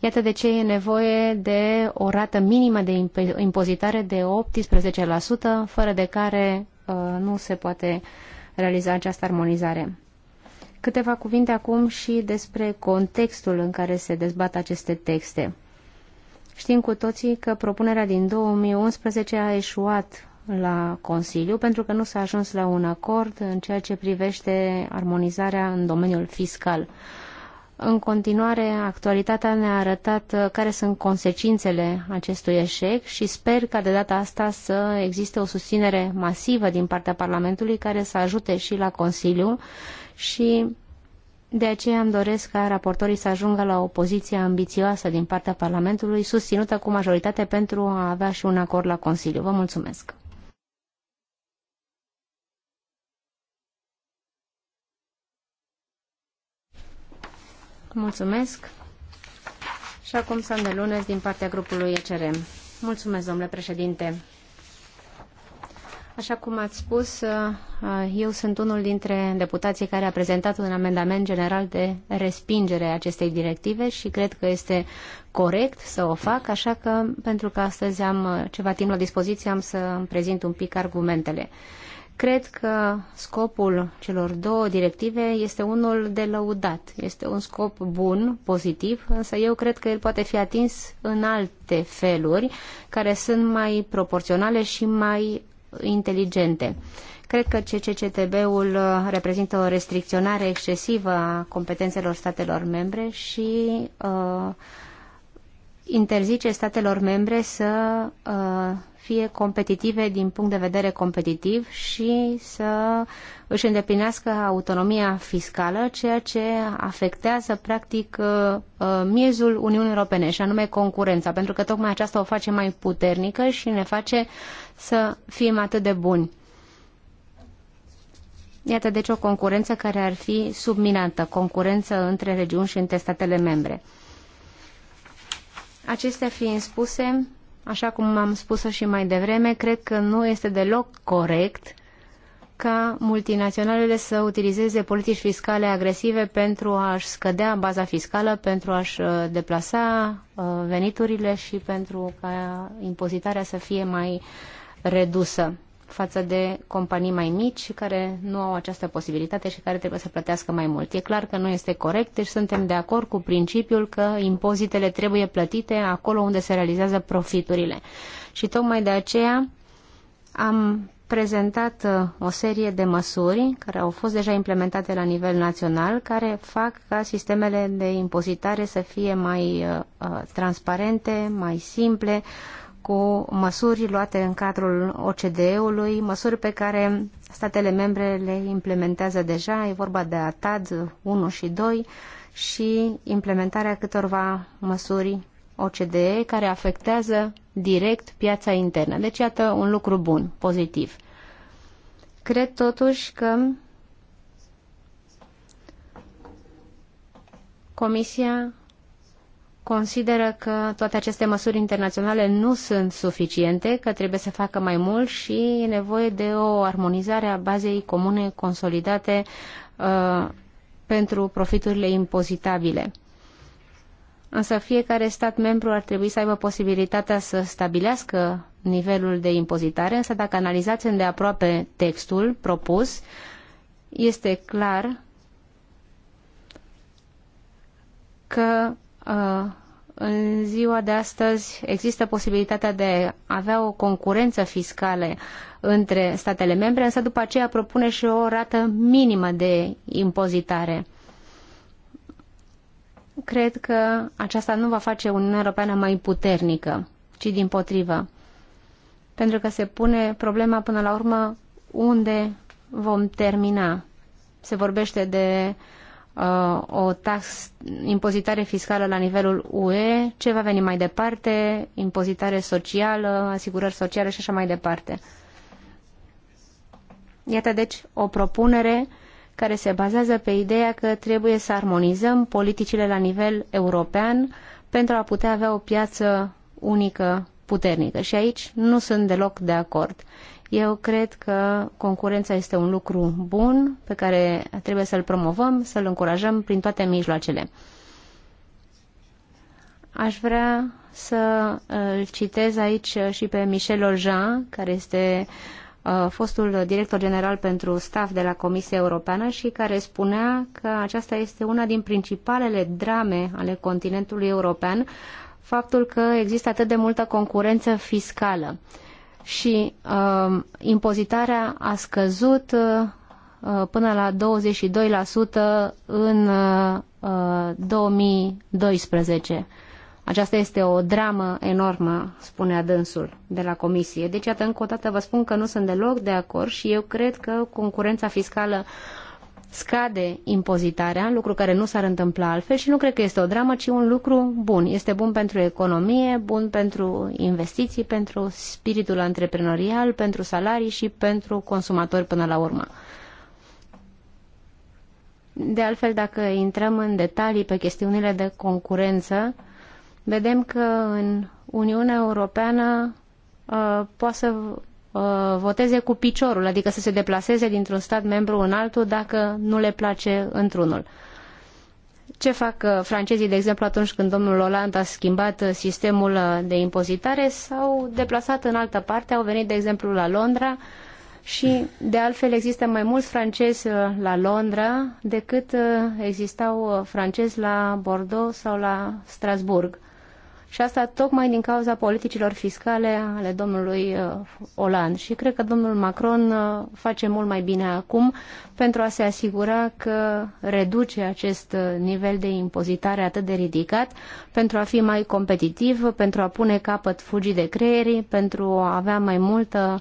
S3: Iată de ce e nevoie de o rată minimă de impozitare de 18%, fără de care nu se poate uh, realiza această armonizare. Câteva cuvinte acum și despre contextul în care se dezbat aceste texte. Știm cu toții că propunerea din 2011 a eșuat la Consiliu pentru că nu s-a ajuns la un acord în ceea ce privește armonizarea în domeniul fiscal. În continuare, actualitatea ne-a arătat uh, care sunt consecințele acestui eșec și sper ca de data asta să existe o susținere masivă din partea Parlamentului care să ajute și la Consiliu și de aceea îmi doresc ca raportorii să ajungă la o poziție ambițioasă din partea Parlamentului, susținută cu majoritate pentru a avea și un acord la Consiliu. Vă mulțumesc! Mulțumesc. Și acum Sander Lunes din partea grupului ECRM. Mulțumesc, domnule președinte. Așa cum ați spus, uh, eu sunt unul dintre deputații care a prezentat un amendament general de respingere a acestei directive și cred că este corect să o fac, așa că pentru că astăzi am uh, ceva timp la dispoziție am să îmi prezint un pic argumentele. Cred că scopul celor două directive este unul de lăudat. Este un scop bun, pozitiv, însă eu cred că el poate fi atins în alte feluri care sunt mai proporționale și mai inteligente. Cred că CCCTB-ul reprezintă o restricționare excesivă a competențelor statelor membre și uh, interzice statelor membre să uh, fie competitive din punct de vedere competitiv și să își îndeplinească autonomia fiscală, ceea ce afectează practic uh, uh, miezul Uniunii Europene și anume concurența, pentru că tocmai aceasta o face mai puternică și ne face să fim atât de buni. Iată deci o concurență care ar fi subminantă, concurență între regiuni și între statele membre. Acestea fiind spuse, așa cum am spus-o și mai devreme, cred că nu este deloc corect ca multinaționalele să utilizeze politici fiscale agresive pentru a-și scădea baza fiscală, pentru a-și uh, deplasa uh, veniturile și pentru ca impozitarea să fie mai redusă față de companii mai mici care nu au această posibilitate și care trebuie să plătească mai mult. E clar că nu este corect, deci suntem de acord cu principiul că impozitele trebuie plătite acolo unde se realizează profiturile. Și tocmai de aceea am prezentat uh, o serie de măsuri care au fost deja implementate la nivel național, care fac ca sistemele de impozitare să fie mai uh, uh, transparente, mai simple, cu măsuri luate în cadrul OCDE-ului, măsuri pe care statele membre le implementează deja. E vorba de ATAD 1 și 2 și implementarea câtorva măsuri OCDE care afectează direct piața internă. Deci, iată un lucru bun, pozitiv. Cred totuși că Comisia consideră că toate aceste măsuri internaționale nu sunt suficiente, că trebuie să facă mai mult și e nevoie de o armonizare a bazei comune consolidate uh, pentru profiturile impozitabile. Însă fiecare stat membru ar trebui să aibă posibilitatea să stabilească nivelul de impozitare, însă dacă analizați îndeaproape textul propus, este clar că Uh, în ziua de astăzi există posibilitatea de a avea o concurență fiscală între statele membre, însă după aceea propune și o rată minimă de impozitare. Cred că aceasta nu va face Uniunea Europeană mai puternică, ci din potrivă. Pentru că se pune problema până la urmă unde vom termina. Se vorbește de uh, Uh, o tax, impozitare fiscală la nivelul UE, ce va veni mai departe, impozitare socială, asigurări sociale și așa mai departe. Iată deci o propunere care se bazează pe ideea că trebuie să armonizăm politicile la nivel european pentru a putea avea o piață unică puternică. Și aici nu sunt deloc de acord. Eu cred că concurența este un lucru bun pe care trebuie să-l promovăm, să-l încurajăm prin toate mijloacele. Aș vrea să uh, îl citez aici uh, și pe Michel Ojean, care este uh, fostul director general pentru staff de la Comisia Europeană și care spunea că aceasta este una din principalele drame ale continentului european, faptul că există atât de multă concurență fiscală și uh, impozitarea a scăzut uh, până la 22% în uh, 2012. Aceasta este o dramă enormă, spunea dânsul de la comisie. Deci, iată, încă o dată vă spun că nu sunt deloc de acord și eu cred că concurența fiscală scade impozitarea, lucru care nu s-ar întâmpla altfel și nu cred că este o dramă, ci un lucru bun. Este bun pentru economie, bun pentru investiții, pentru spiritul antreprenorial, pentru salarii și pentru consumatori până la urmă. De altfel, dacă intrăm în detalii pe chestiunile de concurență, vedem că în Uniunea Europeană uh, poate să Uh, voteze cu piciorul, adică să se deplaseze dintr-un stat membru în altul dacă nu le place într-unul. Ce fac uh, francezii, de exemplu, atunci când domnul Hollande a schimbat uh, sistemul de impozitare? S-au deplasat în altă parte, au venit, de exemplu, la Londra și, de altfel, există mai mulți francezi la Londra decât existau francezi la Bordeaux sau la Strasbourg. Și asta tocmai din cauza politicilor fiscale ale domnului uh, Oland. Și cred că domnul Macron uh, face mult mai bine acum pentru a se asigura că reduce acest uh, nivel de impozitare atât de ridicat pentru a fi mai competitiv, pentru a pune capăt fugii de creierii, pentru a avea mai multă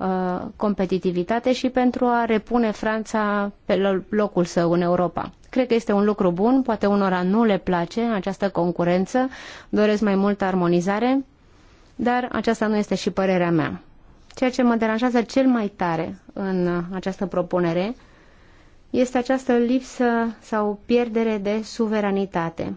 S3: Uh, competitivitate și pentru a repune Franța pe locul său în Europa. Cred că este un lucru bun, poate unora nu le place această concurență, doresc mai multă armonizare, dar aceasta nu este și părerea mea. Ceea ce mă deranjează cel mai tare în această propunere este această lipsă sau pierdere de suveranitate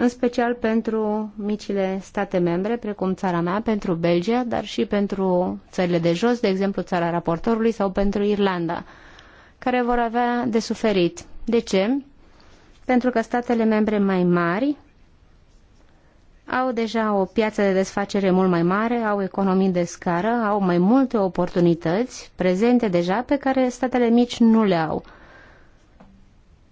S3: în special pentru micile state membre, precum țara mea, pentru Belgia, dar și pentru țările de jos, de exemplu țara raportorului sau pentru Irlanda, care vor avea de suferit. De ce? Pentru că statele membre mai mari au deja o piață de desfacere mult mai mare, au economii de scară, au mai multe oportunități prezente deja pe care statele mici nu le au.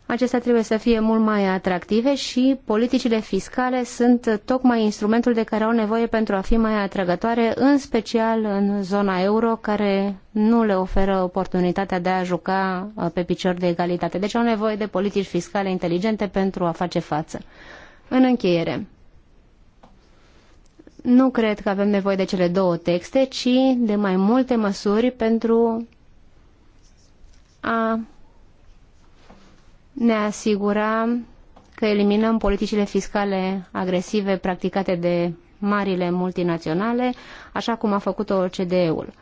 S3: Acestea trebuie să fie mult mai atractive și politicile fiscale sunt tocmai instrumentul de care au nevoie pentru a fi mai atrăgătoare, în special în zona euro, care nu le oferă oportunitatea de a juca uh, pe picior de egalitate. Deci au nevoie de politici fiscale inteligente pentru a face față. În încheiere, nu cred că avem nevoie de cele două texte, ci de mai multe măsuri pentru a ne asigura că eliminăm politicile fiscale agresive practicate de marile multinaționale, așa cum a făcut-o OCDE-ul.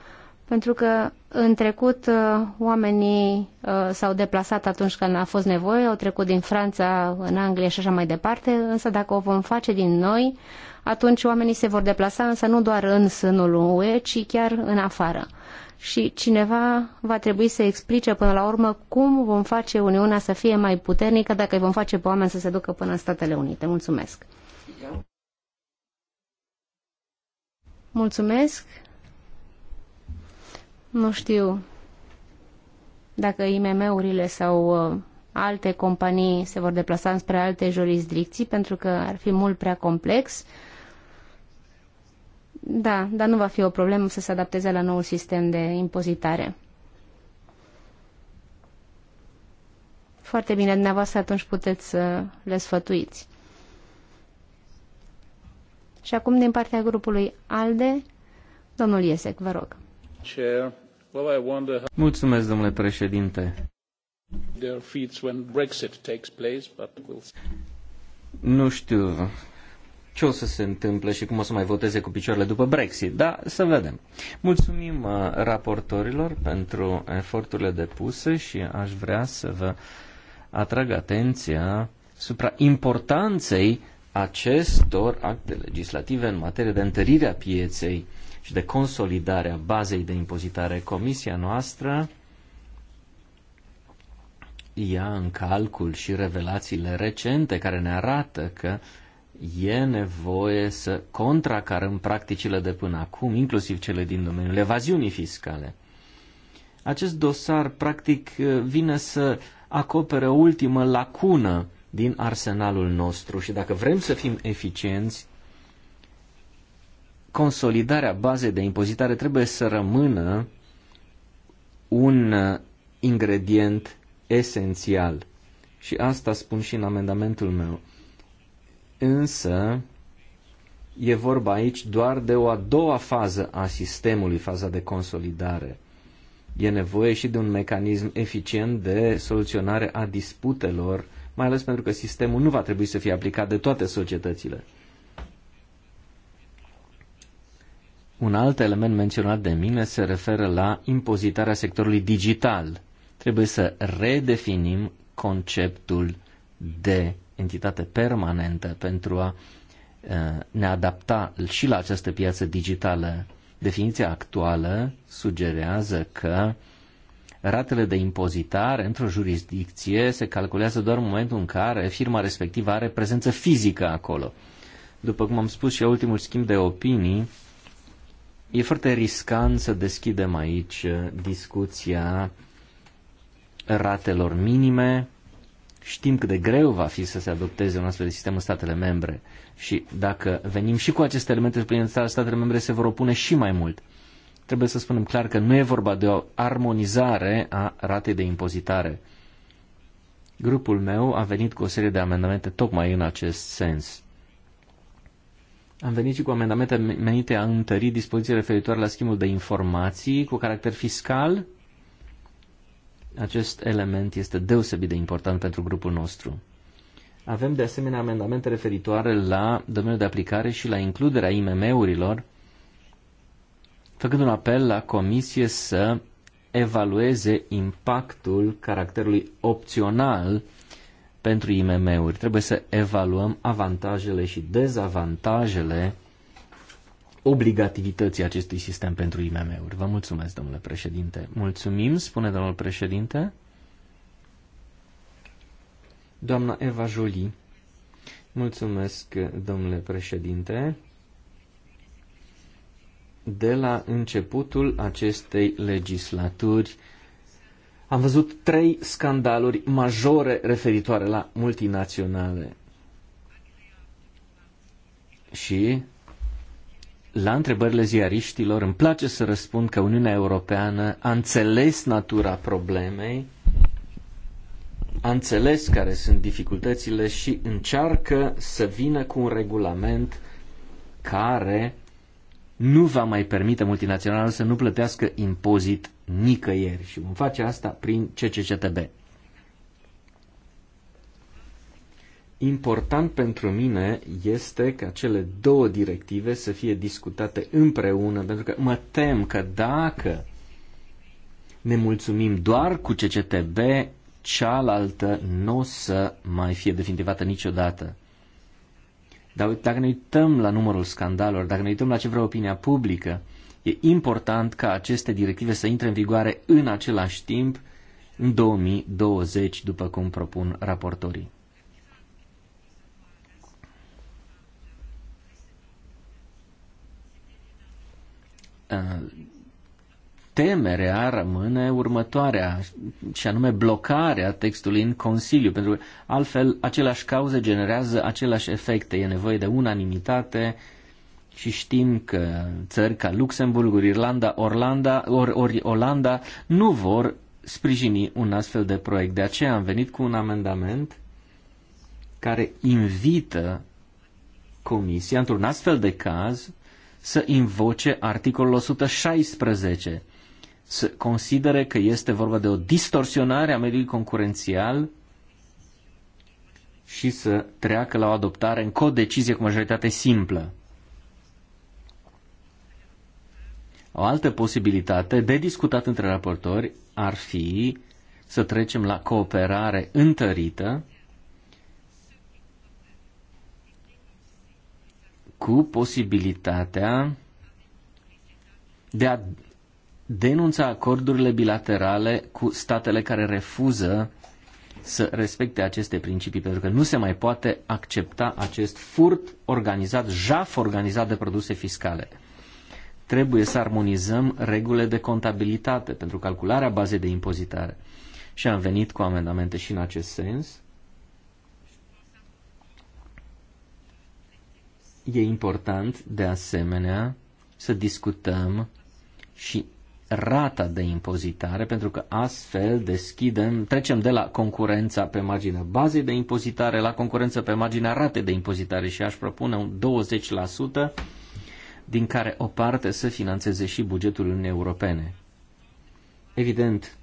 S3: Pentru că în trecut uh, oamenii uh, s-au deplasat atunci când a fost nevoie, au trecut din Franța în Anglia și așa mai departe, însă dacă o vom face din noi, atunci oamenii se vor deplasa, însă nu doar în sânul UE, ci chiar în afară și cineva va trebui să explice până la urmă cum vom face Uniunea să fie mai puternică dacă îi vom face pe oameni să se ducă până în Statele Unite. Mulțumesc! Mulțumesc! Nu știu dacă IMM-urile sau uh, alte companii se vor deplasa spre alte jurisdicții, pentru că ar fi mult prea complex. Da, dar nu va fi o problemă să se adapteze la noul sistem de impozitare. Foarte bine, dumneavoastră atunci puteți să le sfătuiți. Și acum din partea grupului ALDE, domnul Iesec, vă rog.
S2: Mulțumesc, domnule președinte. Nu știu ce o să se întâmple și cum o să mai voteze cu picioarele după Brexit. Da, să vedem. Mulțumim uh, raportorilor pentru eforturile depuse și aș vrea să vă atrag atenția supra importanței acestor acte legislative în materie de întărire a pieței și de consolidare a bazei de impozitare. Comisia noastră ia în calcul și revelațiile recente care ne arată că e nevoie să contracarăm practicile de până acum, inclusiv cele din domeniul evaziunii fiscale. Acest dosar, practic, eh, vine să acopere o ultimă lacună din arsenalul nostru și dacă vrem să fim eficienți, consolidarea bazei de impozitare trebuie să rămână un eh, ingredient esențial. Și asta spun și în amendamentul meu însă e vorba aici doar de o a doua fază a sistemului, faza de consolidare. E nevoie și de un mecanism eficient de soluționare a disputelor, mai ales pentru că sistemul nu va trebui să fie aplicat de toate societățile. Un alt element menționat de mine se referă la impozitarea sectorului digital. Trebuie să redefinim conceptul de entitate permanentă pentru a ne adapta și la această piață digitală. Definiția actuală sugerează că ratele de impozitare într-o jurisdicție se calculează doar în momentul în care firma respectivă are prezență fizică acolo. După cum am spus și ultimul schimb de opinii, e foarte riscant să deschidem aici discuția ratelor minime, Știm cât de greu va fi să se adopteze un astfel de sistem în statele membre și dacă venim și cu aceste elemente prin statele membre se vor opune și mai mult. Trebuie să spunem clar că nu e vorba de o armonizare a ratei de impozitare. Grupul meu a venit cu o serie de amendamente tocmai în acest sens. Am venit și cu amendamente menite a întări dispoziții referitoare la schimbul de informații cu caracter fiscal acest element este deosebit de important pentru grupul nostru. Avem de asemenea amendamente referitoare la domeniul de aplicare și la includerea IMM-urilor, făcând un apel la comisie să evalueze impactul caracterului opțional pentru IMM-uri. Trebuie să evaluăm avantajele și dezavantajele obligativității acestui sistem pentru IMM-uri. Vă mulțumesc, domnule președinte. Mulțumim, spune domnul președinte. Doamna Eva Joli. Mulțumesc, domnule președinte. De la începutul acestei legislaturi am văzut trei scandaluri majore referitoare la multinaționale. Și la întrebările ziariștilor îmi place să răspund că Uniunea Europeană a înțeles natura problemei, a înțeles care sunt dificultățile și încearcă să vină cu un regulament care nu va mai permite multinațională să nu plătească impozit nicăieri și vom face asta prin CCCTB. important pentru mine este ca cele două directive să fie discutate împreună, pentru că mă tem că dacă ne mulțumim doar cu CCTB, cealaltă nu o să mai fie definitivată niciodată. Dar dacă ne uităm la numărul scandalurilor, dacă ne uităm la ce vrea opinia publică, e important ca aceste directive să intre în vigoare în același timp, în 2020, după cum propun raportorii. Uh, temerea rămâne următoarea, și anume blocarea textului în Consiliu, pentru că altfel aceleași cauze generează aceleași efecte. E nevoie de unanimitate și știm că țări ca Luxemburg, Irlanda, Orlanda, or, ori Olanda nu vor sprijini un astfel de proiect. De aceea am venit cu un amendament care invită Comisia, într-un astfel de caz, să invoce articolul 116, să considere că este vorba de o distorsionare a mediului concurențial și să treacă la o adoptare în codecizie cu majoritate simplă. O altă posibilitate de discutat între raportori ar fi să trecem la cooperare întărită cu posibilitatea de a denunța acordurile bilaterale cu statele care refuză să respecte aceste principii, pentru că nu se mai poate accepta acest furt organizat, jaf organizat de produse fiscale. Trebuie să armonizăm regulile de contabilitate pentru calcularea bazei de impozitare. Și am venit cu amendamente și în acest sens. E important, de asemenea, să discutăm și rata de impozitare, pentru că astfel deschidem, trecem de la concurența pe marginea bazei de impozitare la concurență pe marginea ratei de impozitare și aș propune un 20% din care o parte să financeze și bugetul Uniunii Europene. Evident,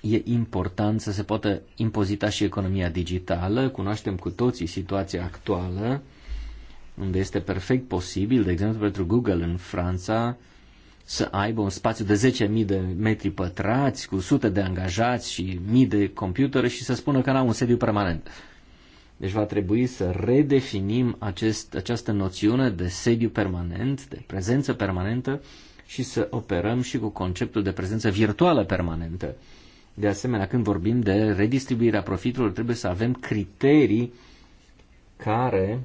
S2: e important să se poată impozita și economia digitală, cunoaștem cu toții situația actuală, unde este perfect posibil, de exemplu pentru Google în Franța, să aibă un spațiu de 10.000 de metri pătrați cu sute de angajați și mii de computere și să spună că n-au un sediu permanent. Deci va trebui să redefinim acest, această noțiune de sediu permanent, de prezență permanentă și să operăm și cu conceptul de prezență virtuală permanentă. De asemenea, când vorbim de redistribuirea profiturilor, trebuie să avem criterii care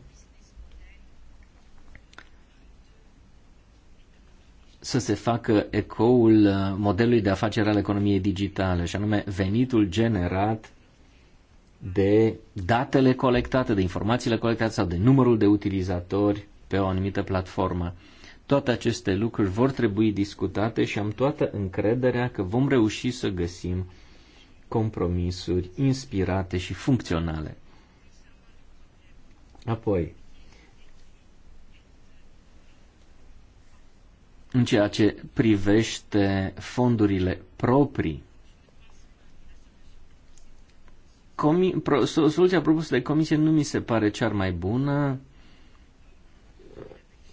S2: să se facă ecoul uh, modelului de afacere al economiei digitale, și anume venitul generat de datele colectate, de informațiile colectate sau de numărul de utilizatori pe o anumită platformă. Toate aceste lucruri vor trebui discutate și am toată încrederea că vom reuși să găsim compromisuri inspirate și funcționale. Apoi, în ceea ce privește fondurile proprii. Comi- pro- soluția propusă de comisie nu mi se pare cea mai bună.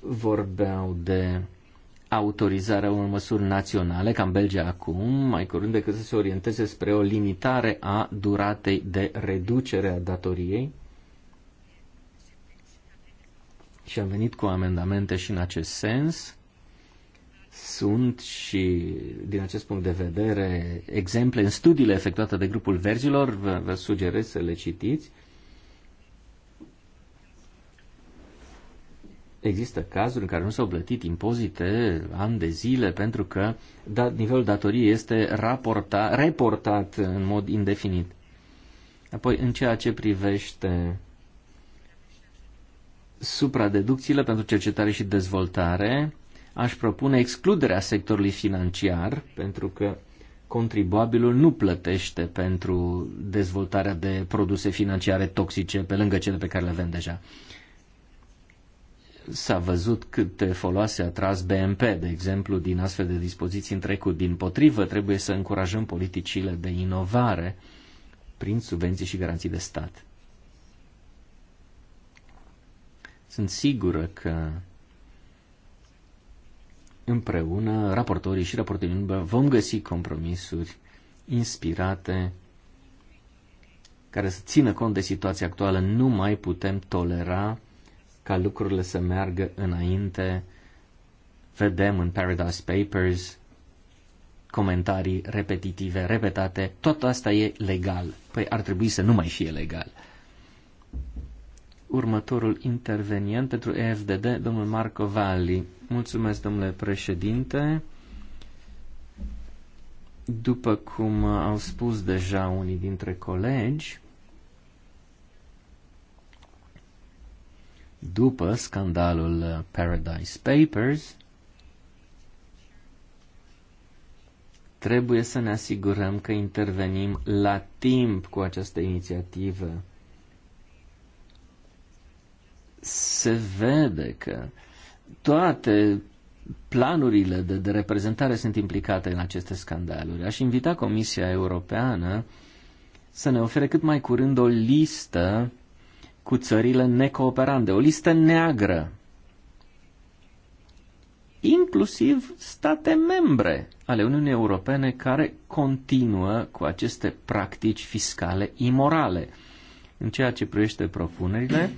S2: Vorbeau de autorizarea unor măsuri naționale, ca în Belgia acum, mai curând decât să se orienteze spre o limitare a duratei de reducere a datoriei. Și am venit cu amendamente și în acest sens. Sunt și, din acest punct de vedere, exemple în studiile efectuate de grupul verzilor, vă, vă sugerez să le citiți. Există cazuri în care nu s-au plătit impozite ani de zile pentru că da, nivelul datoriei este raporta, reportat în mod indefinit. Apoi, în ceea ce privește supradeducțiile pentru cercetare și dezvoltare, aș propune excluderea sectorului financiar, pentru că contribuabilul nu plătește pentru dezvoltarea de produse financiare toxice pe lângă cele pe care le avem deja. S-a văzut câte foloase a tras BNP, de exemplu, din astfel de dispoziții în trecut. Din potrivă, trebuie să încurajăm politicile de inovare prin subvenții și garanții de stat. Sunt sigură că împreună, raportorii și raportorii în vom găsi compromisuri inspirate care să țină cont de situația actuală. Nu mai putem tolera ca lucrurile să meargă înainte. Vedem în Paradise Papers comentarii repetitive, repetate. Tot asta e legal. Păi ar trebui să nu mai fie legal următorul intervenient pentru EFDD, domnul Marco Valli. Mulțumesc, domnule președinte. După cum au spus deja unii dintre colegi, după scandalul Paradise Papers, trebuie să ne asigurăm că intervenim la timp cu această inițiativă se vede că toate planurile de, de reprezentare sunt implicate în aceste scandaluri. Aș invita Comisia Europeană să ne ofere cât mai curând o listă cu țările necooperante, o listă neagră, inclusiv state membre ale Uniunii Europene care continuă cu aceste practici fiscale imorale. În ceea ce privește propunerile,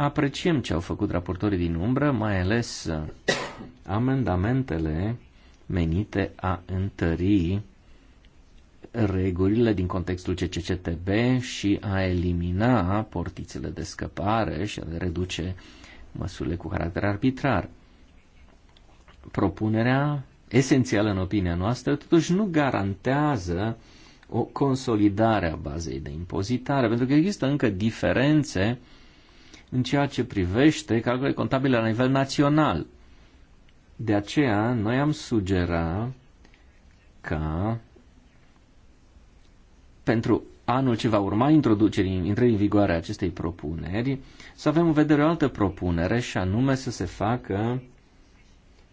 S2: Apreciem ce au făcut raportorii din umbră, mai ales uh, amendamentele menite a întări regulile din contextul CCCTB și a elimina portițele de scăpare și a reduce măsurile cu caracter arbitrar. Propunerea, esențială în opinia noastră, totuși nu garantează o consolidare a bazei de impozitare, pentru că există încă diferențe uh, în ceea ce privește calculele contabile la nivel național. De aceea, noi am sugera ca pentru anul ce va urma introducerii, intrării în vigoare a acestei propuneri, să avem în vedere o altă propunere și anume să se facă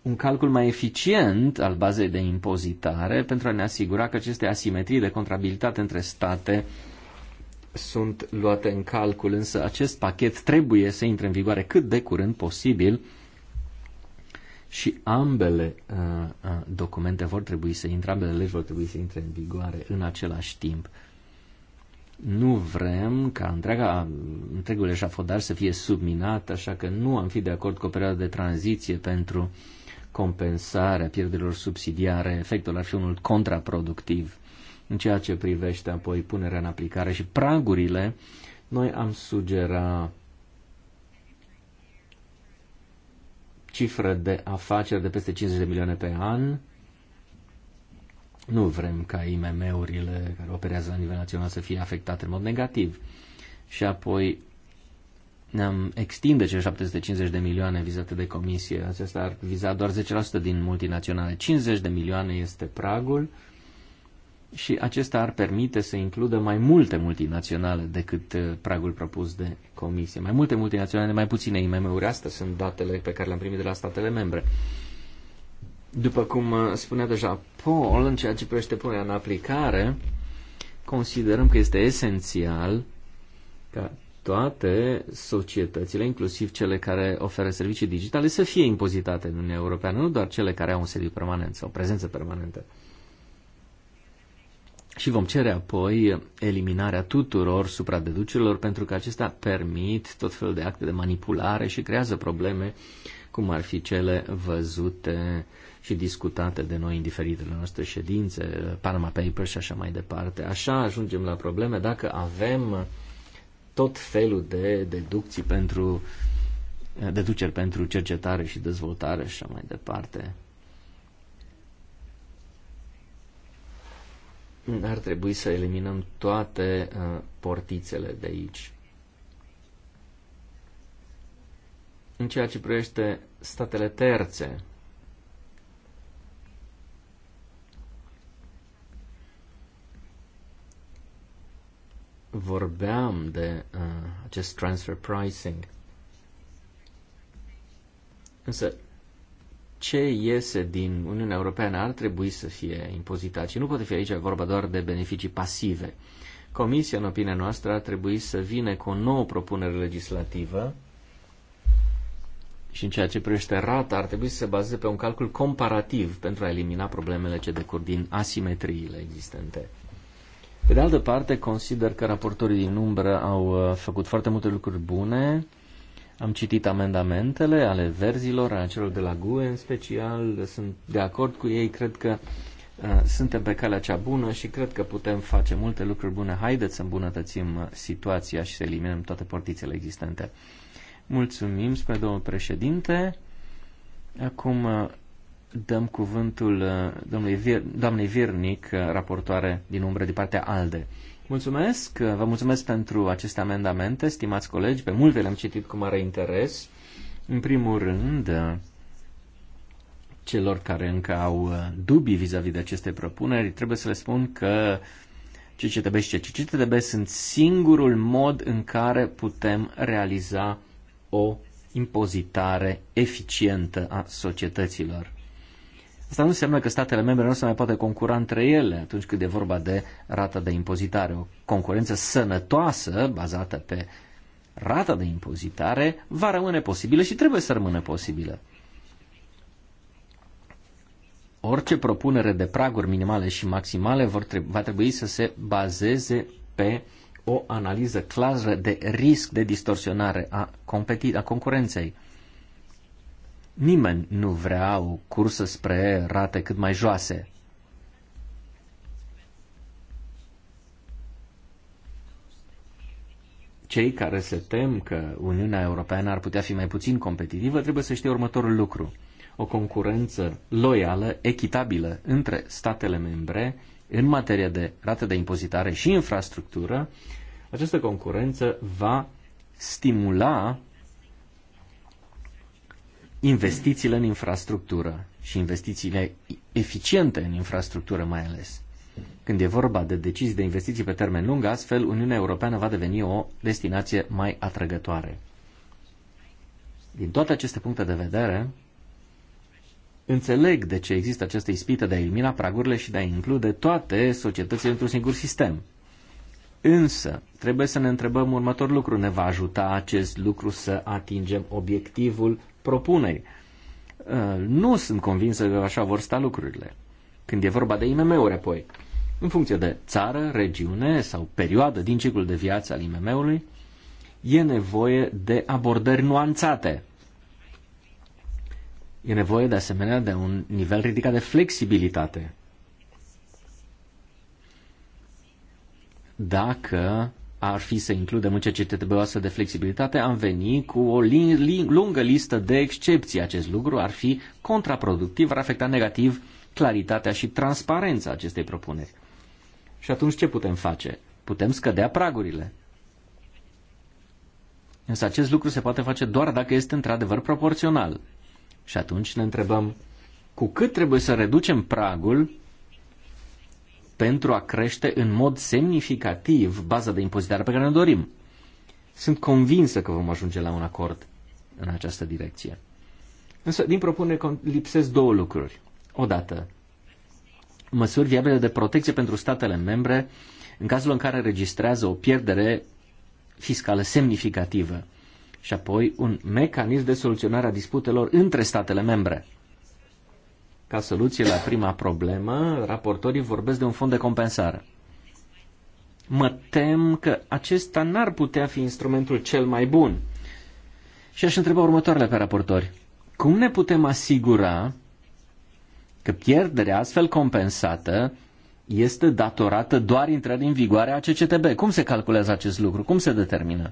S2: un calcul mai eficient al bazei de impozitare pentru a ne asigura că aceste asimetrii de contabilitate între state sunt luate în calcul, însă acest pachet trebuie să intre în vigoare cât de curând posibil și ambele uh, uh, documente vor trebui să intre, ambele legi vor trebui să intre în vigoare în același timp. Nu vrem ca întreaga, întregul eșafodar să fie subminat, așa că nu am fi de acord cu o perioadă de tranziție pentru compensarea pierderilor subsidiare. Efectul ar fi unul contraproductiv. În ceea ce privește apoi punerea în aplicare și pragurile, noi am sugera cifră de afaceri de peste 50 de milioane pe an. Nu vrem ca IMM-urile care operează la nivel național să fie afectate în mod negativ. Și apoi ne-am extinde cele 750 de milioane vizate de comisie. Acesta ar viza doar 10% din multinaționale. 50 de milioane este pragul și acesta ar permite să includă mai multe multinaționale decât uh, pragul propus de comisie. Mai multe multinaționale, mai puține IMM-uri. Astea sunt datele pe care le-am primit de la statele membre. După cum uh, spunea deja Paul, în ceea ce privește punerea în aplicare, considerăm că este esențial ca toate societățile, inclusiv cele care oferă servicii digitale, să fie impozitate în Uniunea Europeană, nu doar cele care au un sediu permanent sau o prezență permanentă și vom cere apoi eliminarea tuturor supradeducerilor pentru că acestea permit tot felul de acte de manipulare și creează probleme cum ar fi cele văzute și discutate de noi în diferitele noastre ședințe, Panama Papers și așa mai departe. Așa ajungem la probleme dacă avem tot felul de deducții pentru deduceri pentru cercetare și dezvoltare și așa mai departe. ar trebui să eliminăm toate uh, portițele de aici. În ceea ce privește statele terțe, vorbeam de uh, acest transfer pricing. Însă ce iese din Uniunea Europeană ar trebui să fie impozitat și nu poate fi aici vorba doar de beneficii pasive. Comisia, în opinia noastră, ar trebui să vină cu o nouă propunere legislativă și în ceea ce privește rata, ar trebui să se bazeze pe un calcul comparativ pentru a elimina problemele ce decur din asimetriile existente. Pe de altă parte, consider că raportorii din umbră au uh, făcut foarte multe lucruri bune am citit amendamentele ale verzilor, a celor de la GUE în special, sunt de acord cu ei, cred că uh, suntem pe calea cea bună și cred că putem face multe lucruri bune. Haideți să îmbunătățim uh, situația și să eliminăm toate portițele existente. Mulțumim spre domnul președinte. Acum uh, dăm cuvântul uh, domnului Vir, doamnei Virnic, raportoare din umbră de partea ALDE. Mulțumesc, vă mulțumesc pentru aceste amendamente, stimați colegi, pe multe le-am citit cu mare interes. În primul rând, celor care încă au dubii vis-a-vis -vis de aceste propuneri, trebuie să le spun că CCTB și CCTB sunt singurul mod în care putem realiza o impozitare eficientă a societăților. Asta nu înseamnă că statele membre nu se mai poate concura între ele atunci când e vorba de rata de impozitare. O concurență sănătoasă, bazată pe rata de impozitare, va rămâne posibilă și trebuie să rămână posibilă. Orice propunere de praguri minimale și maximale vor trebui, va trebui să se bazeze pe o analiză clară de risc de distorsionare a, competi- a concurenței. Nimeni nu vrea o cursă spre rate cât mai joase. Cei care se tem că Uniunea Europeană ar putea fi mai puțin competitivă trebuie să știe următorul lucru. O concurență loială, echitabilă între statele membre în materie de rate de impozitare și infrastructură, această concurență va stimula investițiile în infrastructură și investițiile eficiente în infrastructură mai ales. Când e vorba de decizii de investiții pe termen lung, astfel Uniunea Europeană va deveni o destinație mai atrăgătoare. Din toate aceste puncte de vedere, înțeleg de ce există această ispită de a elimina pragurile și de a include toate societățile într-un singur sistem. Însă, trebuie să ne întrebăm următorul lucru. Ne va ajuta acest lucru să atingem obiectivul propuneri. Uh, nu sunt convinsă că așa vor sta lucrurile. Când e vorba de IMM-uri apoi, în funcție de țară, regiune sau perioadă din ciclul de viață al IMM-ului, e nevoie de abordări nuanțate. E nevoie de asemenea de un nivel ridicat de flexibilitate. Dacă ar fi să includem în CCTB o astfel de flexibilitate, am venit cu o lungă listă de excepții. Acest lucru ar fi contraproductiv, ar afecta negativ claritatea și transparența acestei propuneri. Și atunci ce putem face? Putem scădea pragurile. Însă acest lucru se poate face doar dacă este într-adevăr proporțional. Și atunci ne întrebăm cu cât trebuie să reducem pragul pentru a crește în mod semnificativ baza de impozitare pe care ne dorim. Sunt convinsă că vom ajunge la un acord în această direcție. Însă, din propunere, lipsesc două lucruri. Odată, măsuri viabile de protecție pentru statele membre în cazul în care registrează o pierdere fiscală semnificativă și apoi un mecanism de soluționare a disputelor între statele membre. Ca soluție la prima problemă, raportorii vorbesc de un fond de compensare. Mă tem că acesta n-ar putea fi instrumentul cel mai bun. Și aș întreba următoarele pe raportori. Cum ne putem asigura că pierderea astfel compensată este datorată doar intrării în vigoare a CCTB? Cum se calculează acest lucru? Cum se determină?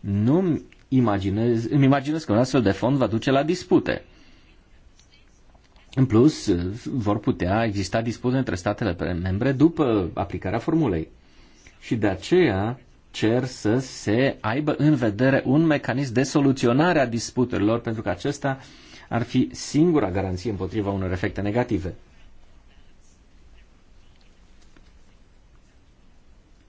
S2: Nu imaginez, îmi imaginez că un astfel de fond va duce la dispute. În plus, vor putea exista dispute între statele membre după aplicarea formulei. Și de aceea cer să se aibă în vedere un mecanism de soluționare a disputelor, pentru că acesta ar fi singura garanție împotriva unor efecte negative.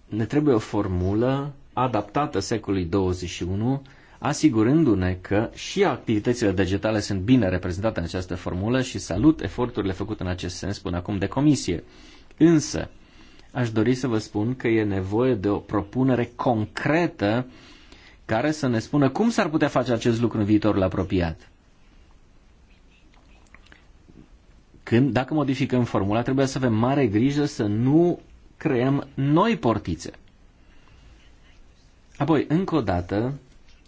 S2: Ne trebuie o formulă adaptată secolului 21 asigurându-ne că și activitățile digitale sunt bine reprezentate în această formulă și salut eforturile făcute în acest sens până acum de comisie. Însă, aș dori să vă spun că e nevoie de o propunere concretă care să ne spună cum s-ar putea face acest lucru în viitorul apropiat. Când, dacă modificăm formula, trebuie să avem mare grijă să nu creăm noi portițe. Apoi, încă o dată,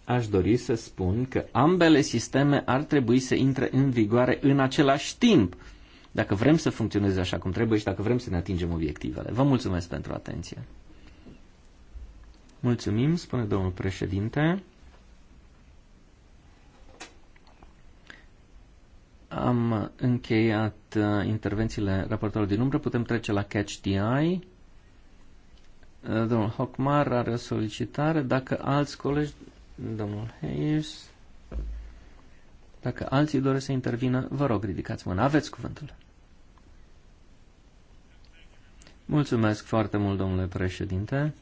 S2: aș dori să spun că ambele sisteme ar trebui să intre în vigoare în același timp, dacă vrem să funcționeze așa cum trebuie și dacă vrem să ne atingem obiectivele. Vă mulțumesc pentru atenție. Mulțumim, spune domnul președinte. Am încheiat uh, intervențiile raportorului din umbră. Putem trece la Catch the Eye. Uh, domnul Hocmar are o solicitare. Dacă alți colegi domnul Hayes. Dacă alții doresc să intervină, vă rog, ridicați mâna. Aveți cuvântul. Mulțumesc foarte mult, domnule președinte.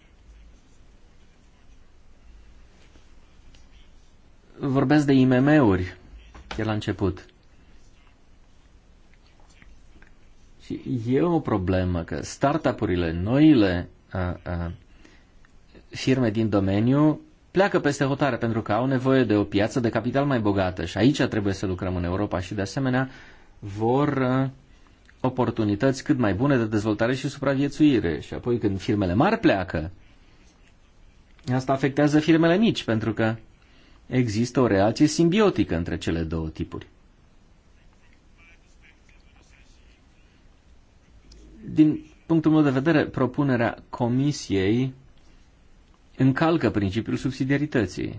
S2: Vorbesc de IMM-uri de la început. Și e o problemă că startup-urile, noile a, uh, a, uh, firme din domeniu pleacă peste hotare pentru că au nevoie de o piață de capital mai bogată și aici trebuie să lucrăm în Europa și de asemenea vor uh, oportunități cât mai bune de dezvoltare și supraviețuire. Și apoi când firmele mari pleacă, asta afectează firmele mici pentru că există o relație simbiotică între cele două tipuri. Din punctul meu de vedere, propunerea Comisiei încalcă principiul subsidiarității.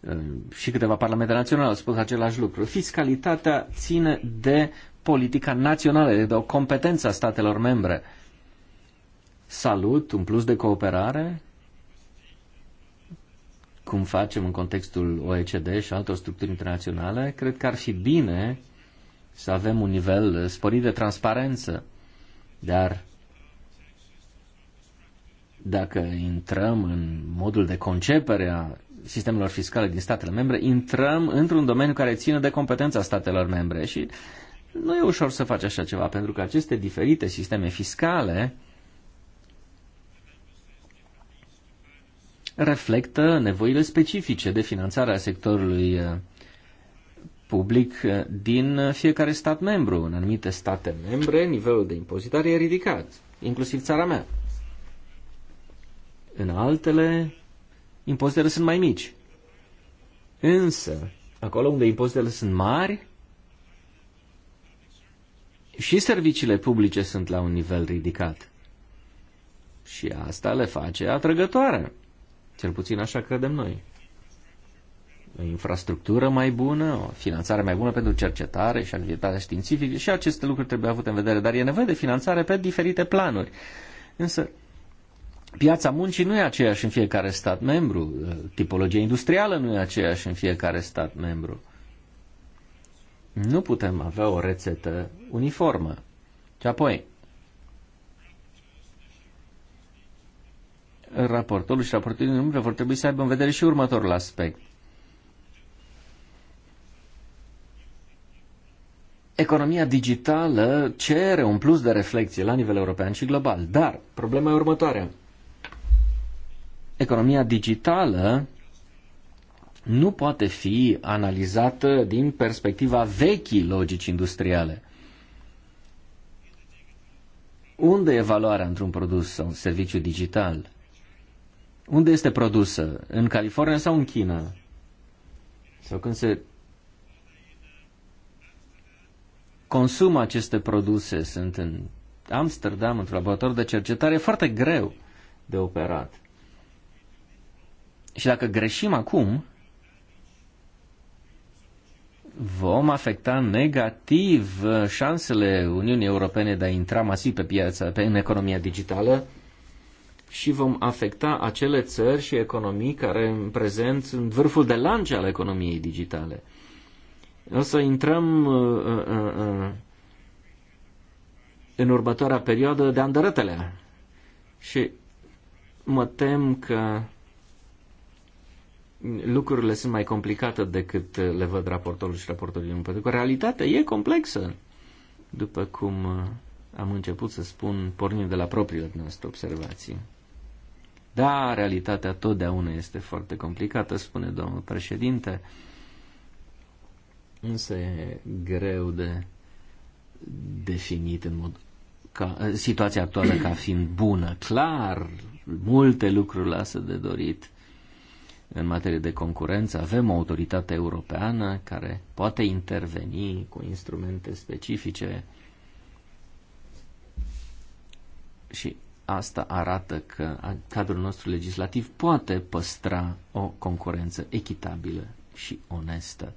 S2: Uh, și câteva parlamente naționale au spus același lucru. Fiscalitatea ține de politica națională, de o competență a statelor membre. Salut, un plus de cooperare, cum facem în contextul OECD și altor structuri internaționale, cred că ar fi bine să avem un nivel uh, sporit de transparență dar dacă intrăm în modul de concepere a sistemelor fiscale din statele membre, intrăm într-un domeniu care ține de competența statelor membre și nu e ușor să faci așa ceva, pentru că aceste diferite sisteme fiscale reflectă nevoile specifice de finanțare a sectorului uh, public uh, din uh, fiecare stat membru. În anumite state membre, nivelul de impozitare e ridicat, inclusiv țara mea. În altele, impozitele sunt mai mici. Însă, acolo unde impozitele sunt mari, și serviciile publice sunt la un nivel ridicat. Și asta le face atrăgătoare. Cel puțin așa credem noi infrastructură mai bună, o finanțare mai bună pentru cercetare și activitatea științifică și aceste lucruri trebuie avute în vedere, dar e nevoie de finanțare pe diferite planuri. Însă, piața muncii nu e aceeași în fiecare stat membru, tipologia industrială nu e aceeași în fiecare stat membru. Nu putem avea o rețetă uniformă. Și apoi, raportorul și raportorul din vor trebui să aibă în vedere și următorul aspect. economia digitală cere un plus de reflexie la nivel european și global. Dar problema e următoarea. Economia digitală nu poate fi analizată din perspectiva vechii logici industriale. Unde e valoarea într-un produs sau un serviciu digital? Unde este produsă? În California sau în China? Sau când se consumă aceste produse. Sunt în Amsterdam, într-un laborator de cercetare, e foarte greu de operat. Și dacă greșim acum, vom afecta negativ uh, șansele Uniunii Europene de a intra masiv pe piața, pe, în economia digitală și vom afecta acele țări și economii care în prezent sunt vârful de lance al economiei digitale. O să intrăm uh, uh, uh, în următoarea perioadă de andărătele. Și mă tem că lucrurile sunt mai complicate decât le văd raportorul și raportorul. pentru că realitatea e complexă, după cum am început să spun, pornind de la propriile noastre observații. Da, realitatea totdeauna este foarte complicată, spune domnul președinte însă e greu de definit în mod ca, situația actuală ca fiind bună. Clar, multe lucruri lasă de dorit în materie de concurență. Avem o autoritate europeană care poate interveni cu instrumente specifice și asta arată că cadrul nostru legislativ poate păstra o concurență echitabilă și onestă.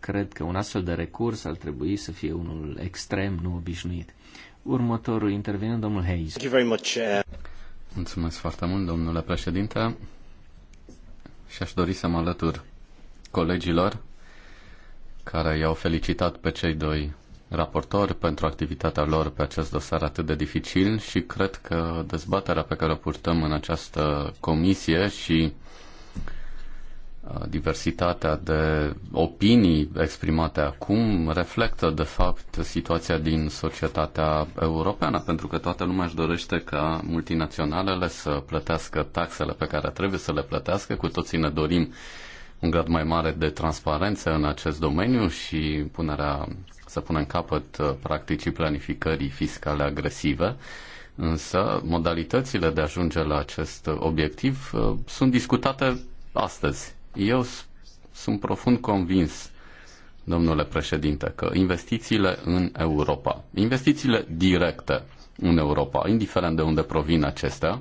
S2: cred că un astfel de recurs ar trebui să fie unul extrem, nu obișnuit. Următorul intervenent, domnul Hayes. Thank
S4: you very much. Uh, Mulțumesc foarte mult, domnule președinte, și aș dori să mă alătur colegilor care i-au felicitat pe cei doi raportori pentru activitatea lor pe acest dosar atât de dificil și cred că dezbaterea pe care o purtăm în această comisie și Uh, diversitatea de opinii exprimate acum reflectă, de fapt, situația din societatea europeană, pentru că toată lumea își dorește ca multinaționalele să plătească taxele pe care trebuie să le plătească. Cu toții ne dorim un grad mai mare de transparență în acest domeniu și punerea, să punem capăt uh, practicii planificării fiscale agresive. Însă, modalitățile de a ajunge la acest obiectiv uh, sunt discutate astăzi eu sunt profund convins, domnule președinte, că investițiile în Europa, investițiile directe în Europa, indiferent de unde provin acestea,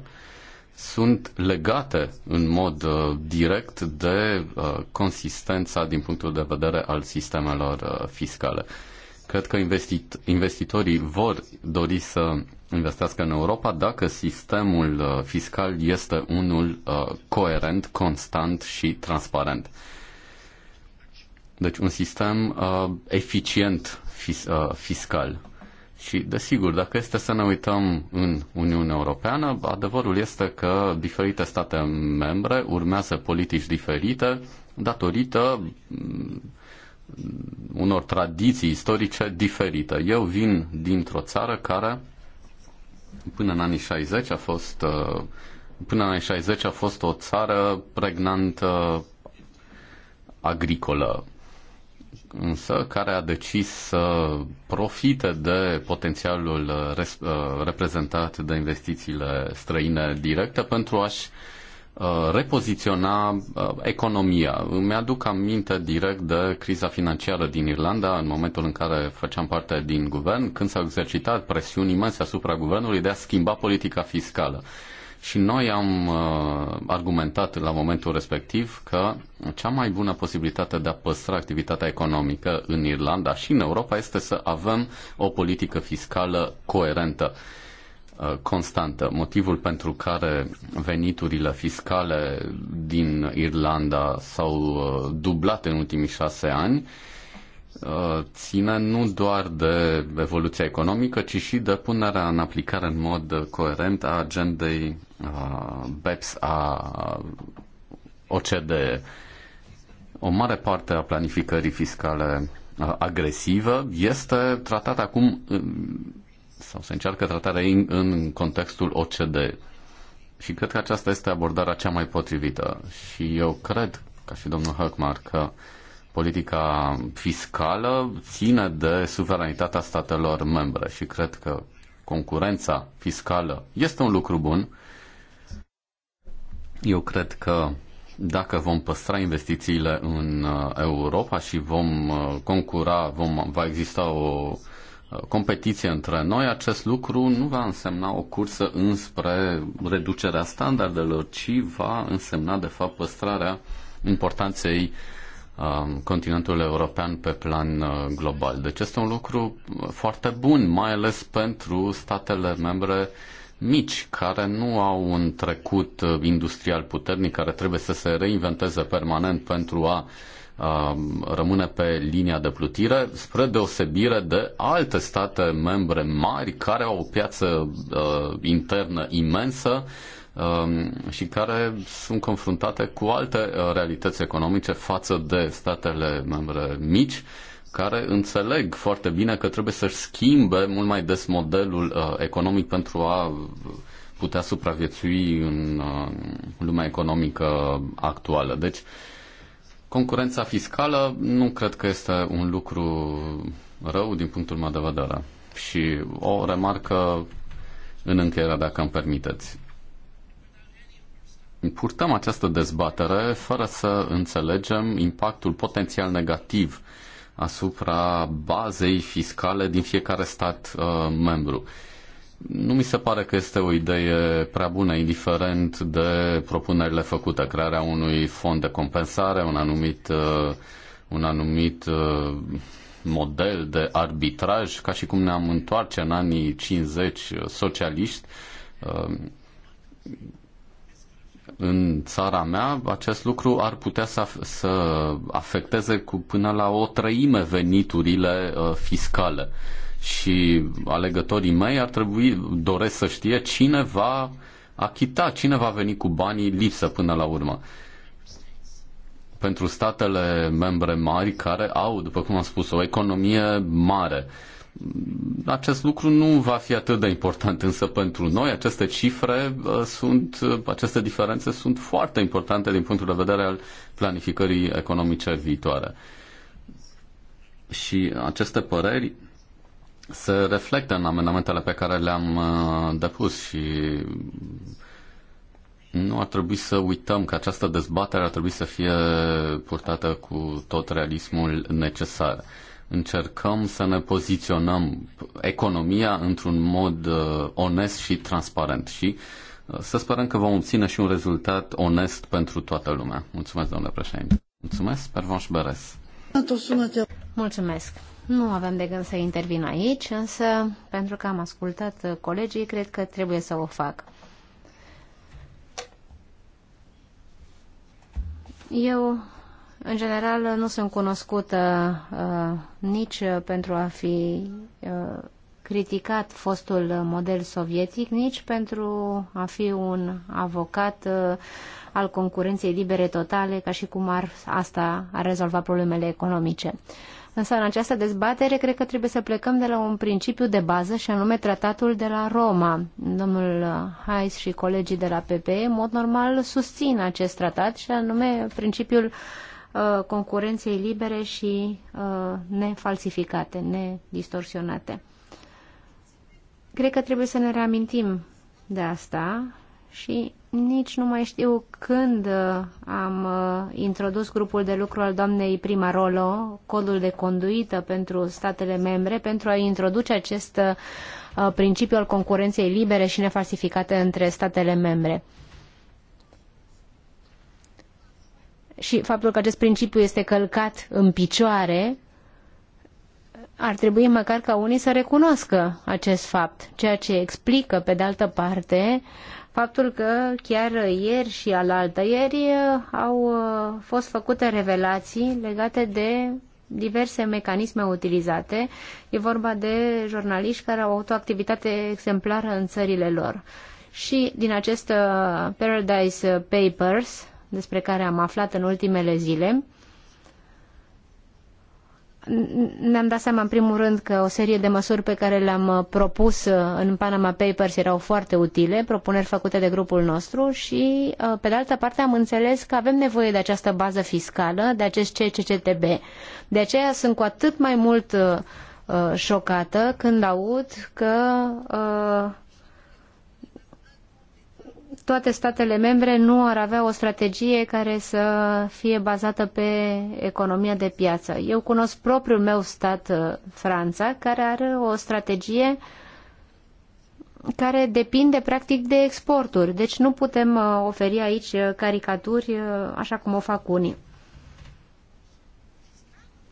S4: sunt legate în mod uh, direct de uh, consistența din punctul de vedere al sistemelor uh, fiscale. Cred că investit- investitorii vor dori să investească în Europa dacă sistemul uh, fiscal este unul uh, coerent, constant și transparent. Deci un sistem uh, eficient fiscal. Și, desigur, dacă este să ne uităm în Uniunea Europeană, adevărul este că diferite state membre urmează politici diferite datorită mm, unor tradiții istorice diferite. Eu vin dintr-o țară care până în anii 60 a fost uh, până în anii 60 a fost o țară pregnantă uh, agricolă însă care a decis să profite de potențialul uh, reprezentat de investițiile străine directe pentru a-și Uh, repoziționa uh, economia. Îmi aduc aminte direct de criza financiară din Irlanda, în momentul în care făceam parte din guvern, când s-au exercitat presiuni imense asupra guvernului de a schimba politica fiscală. Și noi am uh, argumentat la momentul respectiv că cea mai bună posibilitate de a păstra activitatea economică în Irlanda și în Europa este să avem o politică fiscală coerentă. Uh, Uh, constantă. Motivul pentru care veniturile fiscale din Irlanda s-au uh, dublat în ultimii șase ani uh, ține nu doar de evoluția economică, ci și de punerea în aplicare în mod coerent a agendei BEPS a OCDE. O mare parte a planificării fiscale agresivă este tratată acum sau se încearcă tratarea ei în contextul OCD. Și cred că aceasta este abordarea cea mai potrivită. Și eu cred, ca și domnul Hăcmar, că politica fiscală ține de suveranitatea statelor membre și cred că concurența fiscală este un lucru bun. Eu cred că dacă vom păstra investițiile în uh, Europa și vom uh, concura, vom, va exista o competiție între noi, acest lucru nu va însemna o cursă înspre reducerea standardelor, ci va însemna, de fapt, păstrarea importanței um, continentul european pe plan uh, global. Deci este un lucru foarte bun, mai ales pentru statele membre mici, care nu au un trecut uh, industrial puternic, care trebuie să se reinventeze permanent pentru a Um, rămâne pe linia de plutire, spre deosebire de alte state membre mari care au o piață uh, internă imensă um, și care sunt confruntate cu alte uh, realități economice față de statele membre mici care înțeleg foarte bine că trebuie să-și schimbe mult mai des modelul uh, economic pentru a putea supraviețui în lumea economică actuală. Deci, Concurența fiscală nu cred că este un lucru rău din punctul meu de vedere. Și o remarcă în încheiere, dacă îmi permiteți. Purtăm această dezbatere fără să înțelegem impactul potențial negativ asupra bazei fiscale din fiecare stat uh, membru. Uh, nu mi se pare că este o idee prea bună, indiferent de propunerile făcute, crearea unui fond de compensare, un anumit, uh, un anumit uh, model de arbitraj, ca și cum ne-am întoarce în anii 50 uh, socialiști. În țara mea, acest lucru ar putea să, să afecteze cu până la o treime veniturile fiscale și alegătorii mei ar trebui, doresc să știe cine va achita, cine va veni cu banii lipsă până la urmă. Pentru statele membre mari care au, după cum am spus, o economie mare, acest lucru nu va fi atât de important, însă pentru noi aceste cifre uh, sunt, uh, aceste diferențe sunt foarte importante din punctul de vedere al planificării economice viitoare. Și aceste păreri se reflectă în amendamentele pe care le-am uh, depus și nu ar trebui să uităm că această dezbatere ar trebui să fie purtată cu tot realismul necesar. Încercăm să ne poziționăm economia într-un mod uh, onest și transparent și uh, să sperăm că vom obține și un rezultat onest pentru toată lumea. Mulțumesc, domnule președinte. Mulțumesc, Pervanș Beres.
S3: Mulțumesc. Nu avem de gând să intervin aici, însă, pentru că am ascultat colegii, cred că trebuie să o fac. Eu, în general, nu sunt cunoscută uh, nici pentru a fi uh, criticat fostul model sovietic, nici pentru a fi un avocat uh, al concurenței libere totale, ca și cum ar, asta ar rezolva problemele economice. Uh, Însă în această dezbatere cred că trebuie să plecăm de la un principiu de bază și anume tratatul de la Roma. Domnul Hayes și colegii de la PPE în mod normal susțin acest tratat și anume principiul uh, concurenței libere și uh, nefalsificate, nedistorsionate. Cred că trebuie să ne reamintim de asta și nici nu mai știu când uh, am uh, introdus grupul de lucru al doamnei Prima Rolo, codul de conduită pentru statele membre, pentru a introduce acest uh, principiu al concurenței libere și nefalsificate între statele membre. Și faptul că acest principiu este călcat în picioare, ar trebui măcar ca unii să recunoască acest fapt, ceea ce explică, pe de altă parte, uh, faptul că chiar ieri și alaltă ieri uh, au uh, fost făcute revelații legate de diverse mecanisme utilizate. E vorba de jurnaliști care au avut o activitate exemplară în țările lor. Și din acest uh, Paradise Papers, despre care am aflat în ultimele zile, ne-am dat seama în primul rând că o serie de măsuri pe care le-am uh, propus uh, în Panama Papers erau foarte utile, propuneri făcute de grupul nostru și uh, pe de altă parte am înțeles că avem nevoie de această bază fiscală, de acest CCCTB. De aceea sunt cu atât mai mult șocată când aud că toate statele membre nu ar avea o strategie care să fie bazată pe economia de piață. Eu cunosc propriul meu stat, uh, Franța, care are o strategie care depinde practic de exporturi. Deci nu putem uh, oferi aici uh, caricaturi așa cum o fac unii.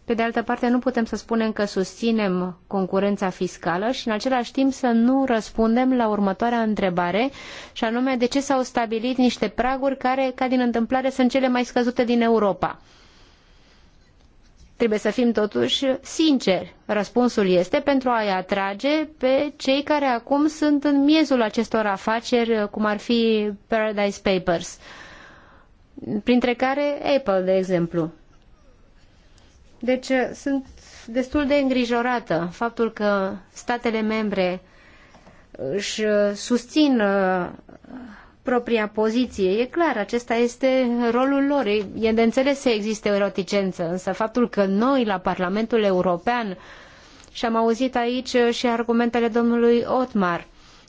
S3: Pe de altă parte, nu putem să spunem că susținem concurența fiscală și în același timp să nu răspundem la următoarea întrebare, și anume de ce s-au stabilit niște praguri care, ca din întâmplare, sunt cele mai scăzute din Europa. Trebuie să fim totuși sinceri. Răspunsul este pentru a-i atrage pe cei care acum sunt în miezul acestor afaceri, cum ar fi Paradise Papers, printre care Apple, de exemplu. Deci uh, sunt destul de îngrijorată faptul că statele membre își uh, susțin uh, propria poziție. E clar, acesta este rolul lor. E de înțeles să existe eroticență, însă faptul că noi la Parlamentul European și am auzit aici și argumentele domnului Otmar,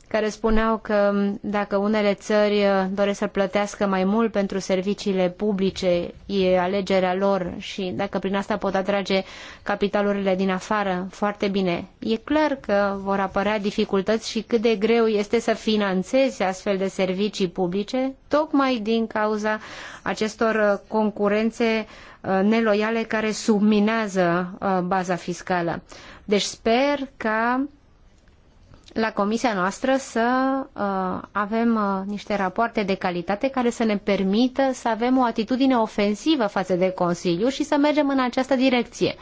S3: care spuneau că dacă unele țări uh, doresc să plătească mai mult pentru serviciile publice, e alegerea lor și dacă prin asta pot atrage capitalurile din afară, foarte bine. E clar că vor apărea dificultăți și cât de greu este să finanțezi astfel de servicii publice, tocmai din cauza acestor uh, concurențe uh, neloiale care subminează baza fiscală. Deci sper ca la comisia noastră să uh, avem uh, niște rapoarte de calitate care să ne permită să avem o atitudine ofensivă față de Consiliu și să mergem în această direcție.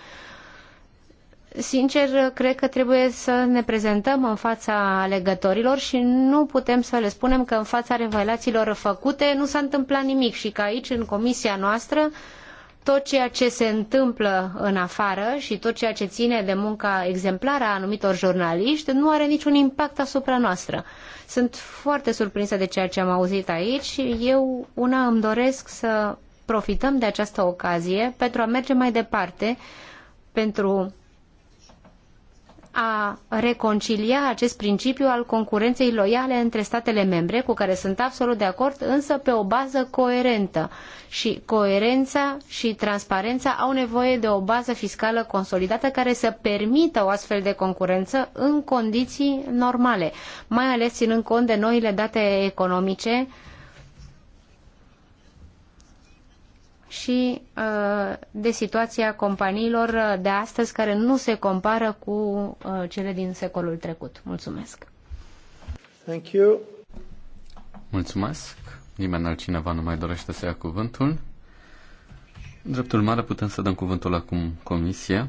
S3: Sincer, cred că trebuie să ne prezentăm în fața alegătorilor și nu putem să le spunem că în fața revelațiilor făcute nu s-a întâmplat nimic și că aici, în comisia noastră, uh, tot ceea ce se întâmplă în afară și tot ceea ce ține de munca exemplară a anumitor jurnaliști nu are niciun impact asupra noastră. Sunt foarte surprinsă de ceea ce am auzit aici eu una îmi doresc să profităm de această ocazie pentru a merge mai departe, pentru a reconcilia acest principiu al concurenței loiale între statele membre, cu care sunt absolut de acord, însă pe o bază coerentă. Și coerența și transparența au nevoie de o bază fiscală consolidată care să permită o astfel de concurență în condiții normale, mai ales ținând cont de noile date economice și uh, de situația companiilor de astăzi care nu se compară cu uh, cele din secolul trecut. Mulțumesc!
S4: Thank you. Mulțumesc! Nimeni altcineva nu mai dorește să ia cuvântul. Dreptul mare putem să dăm cuvântul acum Comisia.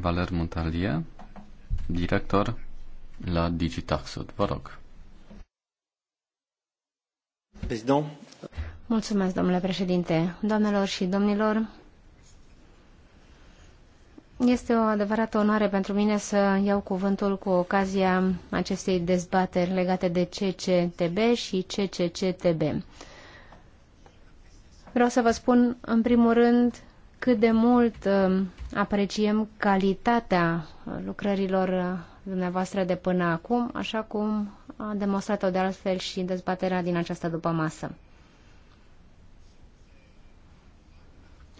S4: Valer Montalia, director la Digitaxud. Vă rog.
S3: Mulțumesc, domnule președinte. Doamnelor și domnilor, este o adevărată onoare pentru mine să iau cuvântul cu ocazia acestei dezbateri legate de CCTB și CCCTB. Vreau să vă spun, în primul rând, cât de mult um, apreciem calitatea lucrărilor uh, dumneavoastră de până acum, așa cum a demonstrat-o de altfel și dezbaterea din această dupămasă. masă.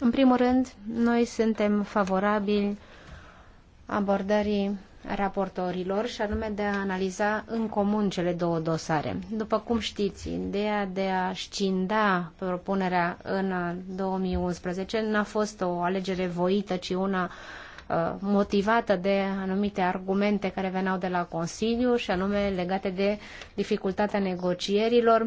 S3: În primul rând, noi suntem favorabili abordării raportorilor și anume de a analiza în comun cele două dosare. După cum știți, ideea de a scinda propunerea în 2011 n-a fost o alegere voită, ci una uh, motivată de anumite argumente care veneau de la Consiliu și anume legate de dificultatea negocierilor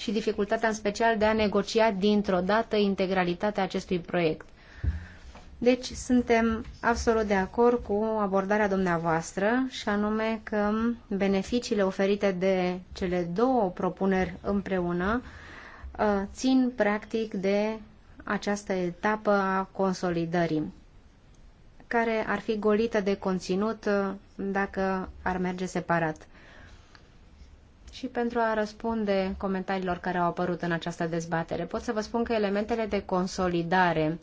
S3: și dificultatea în special de a negocia dintr-o dată integralitatea acestui proiect. Deci suntem absolut de acord cu abordarea dumneavoastră și anume că beneficiile oferite de cele două propuneri împreună uh, țin practic de această etapă a consolidării, care ar fi golită de conținut uh, dacă ar merge separat și pentru a răspunde comentariilor care au apărut în această dezbatere. Pot să vă spun că elementele de consolidare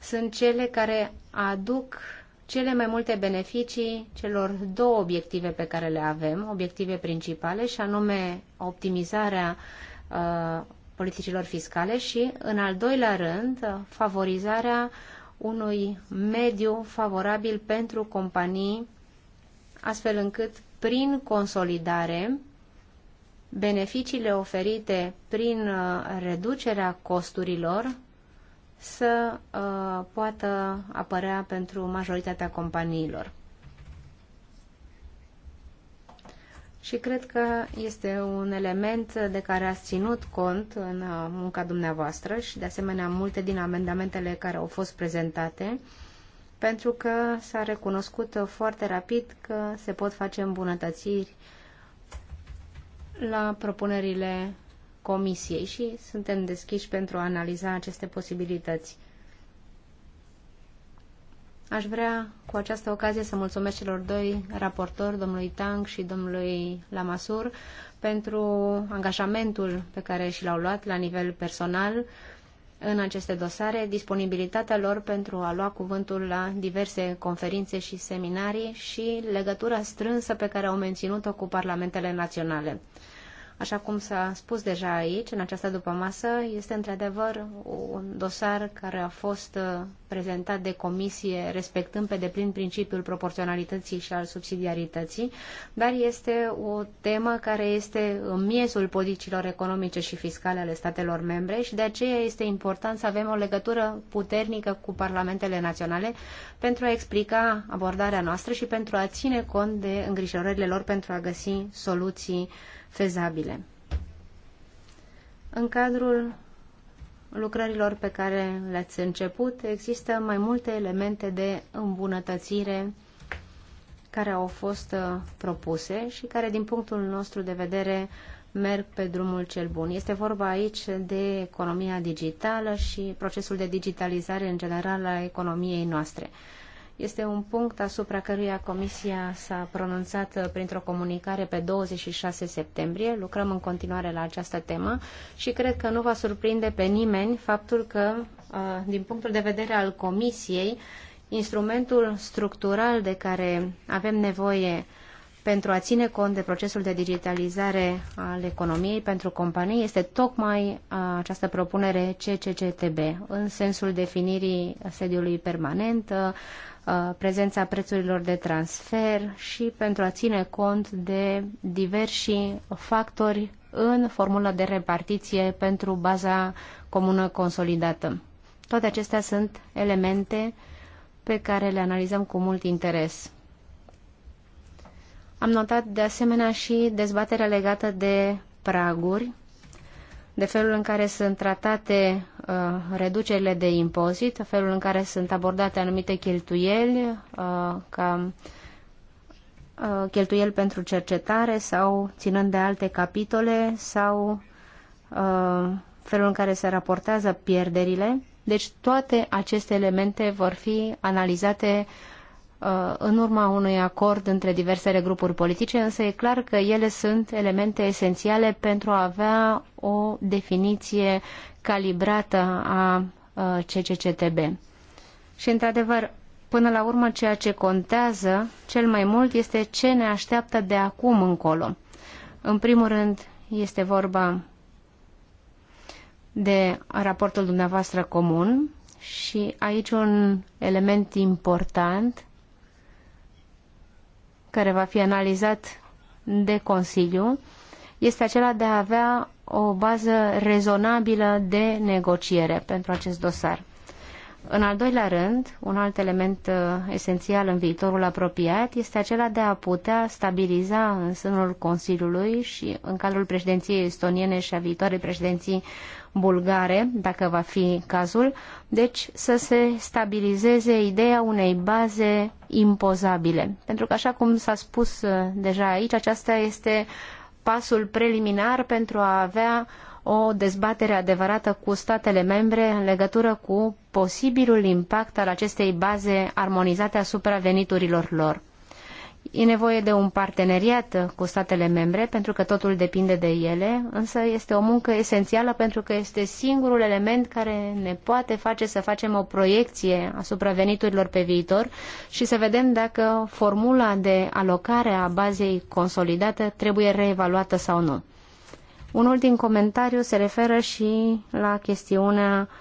S3: sunt cele care aduc cele mai multe beneficii celor două obiective pe care le avem, obiective principale, și anume optimizarea uh, politicilor fiscale și, în al doilea rând, favorizarea unui mediu favorabil pentru companii, astfel încât, prin consolidare, beneficiile oferite prin uh, reducerea costurilor să uh, poată apărea pentru majoritatea companiilor. Și cred că este un element de care ați ținut cont în uh, munca dumneavoastră și, de asemenea, multe din amendamentele care au fost prezentate, pentru că s-a recunoscut uh, foarte rapid că se pot face îmbunătățiri uh, la propunerile Comisiei și suntem deschiși pentru a analiza aceste posibilități. Aș vrea cu această ocazie să mulțumesc celor doi raportori, domnului Tang și domnului Lamasur, pentru angajamentul pe care și l-au luat la nivel personal în aceste dosare, disponibilitatea lor pentru a lua cuvântul la diverse conferințe și seminarii și legătura strânsă pe care au menținut-o cu parlamentele naționale. Așa cum s-a spus deja aici, în această dupămasă, este într-adevăr un dosar care a fost uh, prezentat de comisie respectând pe deplin principiul proporționalității și al subsidiarității, dar este o temă care este în miezul politicilor economice și fiscale ale statelor membre și de aceea este important să avem o legătură puternică cu parlamentele naționale pentru a explica abordarea noastră și pentru a ține cont de îngrijorările lor pentru a găsi soluții fezabile. În cadrul lucrărilor pe care le-ați început, există mai multe elemente de îmbunătățire care au fost uh, propuse și care, din punctul nostru de vedere, merg pe drumul cel bun. Este vorba aici de economia digitală și procesul de digitalizare în general a economiei noastre. Este un punct asupra căruia Comisia s-a pronunțat printr-o comunicare pe 26 septembrie. Lucrăm în continuare la această temă și cred că nu va surprinde pe nimeni faptul că, din punctul de vedere al Comisiei, instrumentul structural de care avem nevoie pentru a ține cont de procesul de digitalizare al economiei pentru companii este tocmai această propunere CCCTB, în sensul definirii sediului permanent, prezența prețurilor de transfer și pentru a ține cont de diversi factori în formula de repartiție pentru baza comună consolidată. Toate acestea sunt elemente pe care le analizăm cu mult interes. Am notat de asemenea și dezbaterea legată de praguri, de felul în care sunt tratate uh, reducerile de impozit, felul în care sunt abordate anumite cheltuieli, uh, ca uh, cheltuieli pentru cercetare sau ținând de alte capitole sau uh, felul în care se raportează pierderile. Deci toate aceste elemente vor fi analizate uh, Uh, în urma unui acord între diversele grupuri politice, însă e clar că ele sunt elemente esențiale pentru a avea o definiție calibrată a uh, CCCTB. Și, într-adevăr, până la urmă, ceea ce contează cel mai mult este ce ne așteaptă de acum încolo. În primul rând, este vorba de raportul dumneavoastră comun și aici un element important care va fi analizat de Consiliu este acela de a avea o bază rezonabilă de negociere pentru acest dosar. În al doilea rând, un alt element uh, esențial în viitorul apropiat este acela de a putea stabiliza în sânul Consiliului și în cadrul președinției estoniene și a viitoarei președinții bulgare, dacă va fi cazul, deci să se stabilizeze ideea unei baze impozabile. Pentru că, așa cum s-a spus uh, deja aici, aceasta este pasul preliminar pentru a avea o dezbatere adevărată cu statele membre în legătură cu posibilul impact al acestei baze armonizate asupra veniturilor lor. E nevoie de un parteneriat cu statele membre, pentru că totul depinde de ele, însă este o muncă esențială pentru că este singurul element care ne poate face să facem o proiecție asupra veniturilor pe viitor și să vedem dacă formula de alocare a bazei consolidată trebuie reevaluată sau nu. Unul din comentariu se referă și la chestiunea uh,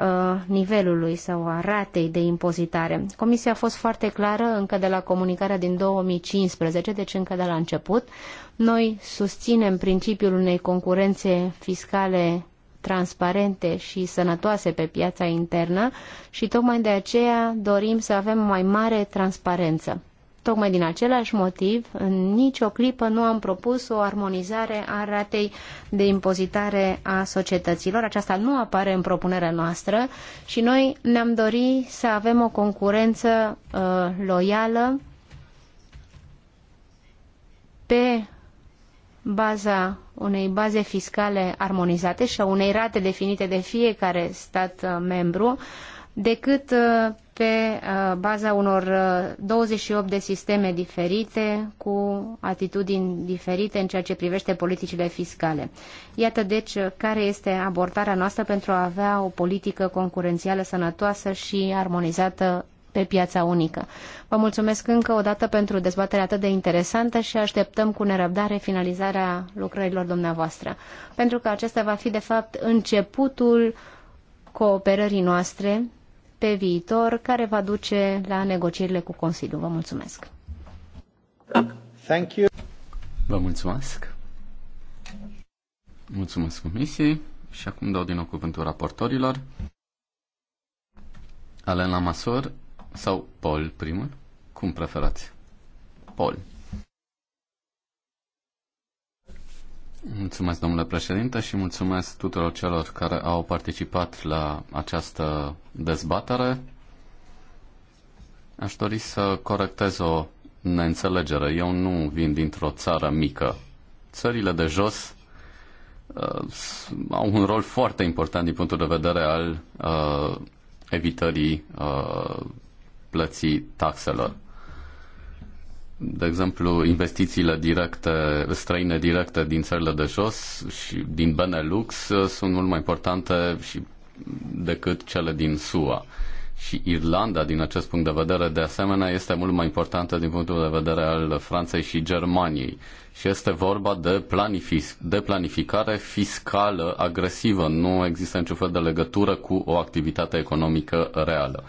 S3: Uh, nivelului sau a ratei de impozitare. Comisia a fost foarte clară încă de la comunicarea din 2015, deci încă de la început. Noi susținem principiul unei concurențe fiscale transparente și sănătoase pe piața internă și tocmai de aceea dorim să avem mai mare transparență. Tocmai din același motiv, în nicio clipă nu am propus o armonizare a ratei de impozitare a societăților. Aceasta nu apare în propunerea noastră și noi ne-am dorit să avem o concurență uh, loială pe baza unei baze fiscale armonizate și a unei rate definite de fiecare stat uh, membru, decât uh, pe uh, baza unor 28 uh, de sisteme diferite cu atitudini diferite în ceea ce privește politicile fiscale. Iată deci uh, care este abordarea noastră pentru a avea o politică concurențială sănătoasă și armonizată pe piața unică. Vă mulțumesc încă o dată pentru dezbaterea atât de interesantă și așteptăm cu nerăbdare finalizarea lucrărilor dumneavoastră, pentru că acesta va fi de fapt începutul cooperării noastre pe viitor care va duce la negocierile cu Consiliul. Vă mulțumesc!
S4: Thank you. Vă mulțumesc! Mulțumesc comisiei și acum dau din nou cuvântul raportorilor. Alena Masor sau Paul primul? Cum preferați? Paul. Mulțumesc, domnule președinte, și mulțumesc tuturor celor care au participat la această dezbatere. Aș dori să corectez o neînțelegere. Eu nu vin dintr-o țară mică. Țările de jos uh, au un rol foarte important din punctul de vedere al uh, evitării uh, plății taxelor de exemplu, investițiile directe, străine directe din țările de jos și din Benelux uh, sunt mult mai importante și decât cele din SUA. Și Irlanda, din acest punct de vedere, de asemenea, este mult mai importantă din punctul de vedere al Franței și Germaniei. Și este vorba de, planific- de planificare fiscală agresivă. Nu există niciun fel de legătură cu o activitate economică reală.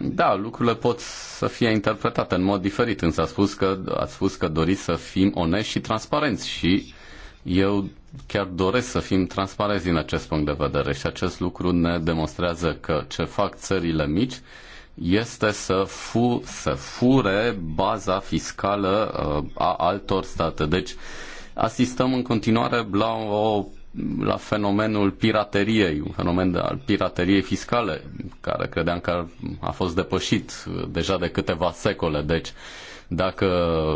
S4: Da, lucrurile pot să fie interpretate în mod diferit, însă ați spus că, ați spus că doriți să fim onești și transparenți și eu chiar doresc să fim transparenți din acest punct de vedere și acest lucru ne demonstrează că ce fac țările mici este să, fu- să fure baza fiscală uh, a altor state. Deci asistăm în continuare la o la fenomenul pirateriei, un fenomen de, al pirateriei fiscale, care credeam că a fost depășit uh, deja de câteva secole. Deci, dacă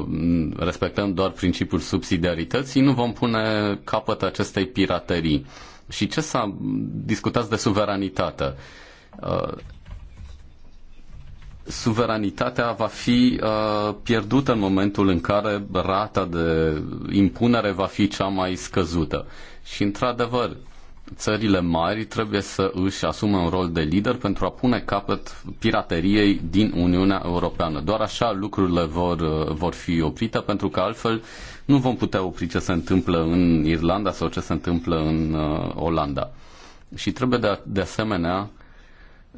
S4: mm, respectăm doar principiul subsidiarității, nu vom pune capăt acestei piraterii. Și ce s-a mm, discutat de suveranitate? Uh, suveranitatea va fi uh, pierdută în momentul în care rata de impunere va fi cea mai scăzută. Și, într-adevăr, țările mari trebuie să își asume un rol de lider pentru a pune capăt pirateriei din Uniunea Europeană. Doar așa lucrurile vor, uh, vor fi oprite, pentru că altfel nu vom putea opri ce se întâmplă în Irlanda sau ce se întâmplă în uh, Olanda. Și trebuie de, de asemenea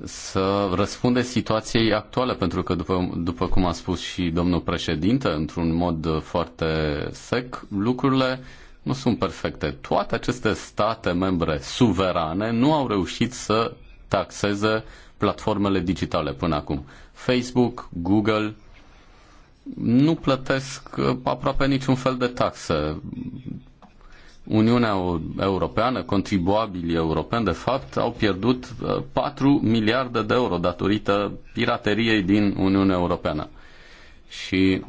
S4: să răspunde situației actuale, pentru că, după, după cum a spus și domnul președinte, într-un mod foarte sec, lucrurile nu sunt perfecte. Toate aceste state membre suverane nu au reușit să taxeze platformele digitale până acum. Facebook, Google nu plătesc aproape niciun fel de taxe. Uniunea Europeană, contribuabilii europeni, de fapt, au pierdut 4 uh, miliarde de euro datorită pirateriei din Uniunea Europeană. Și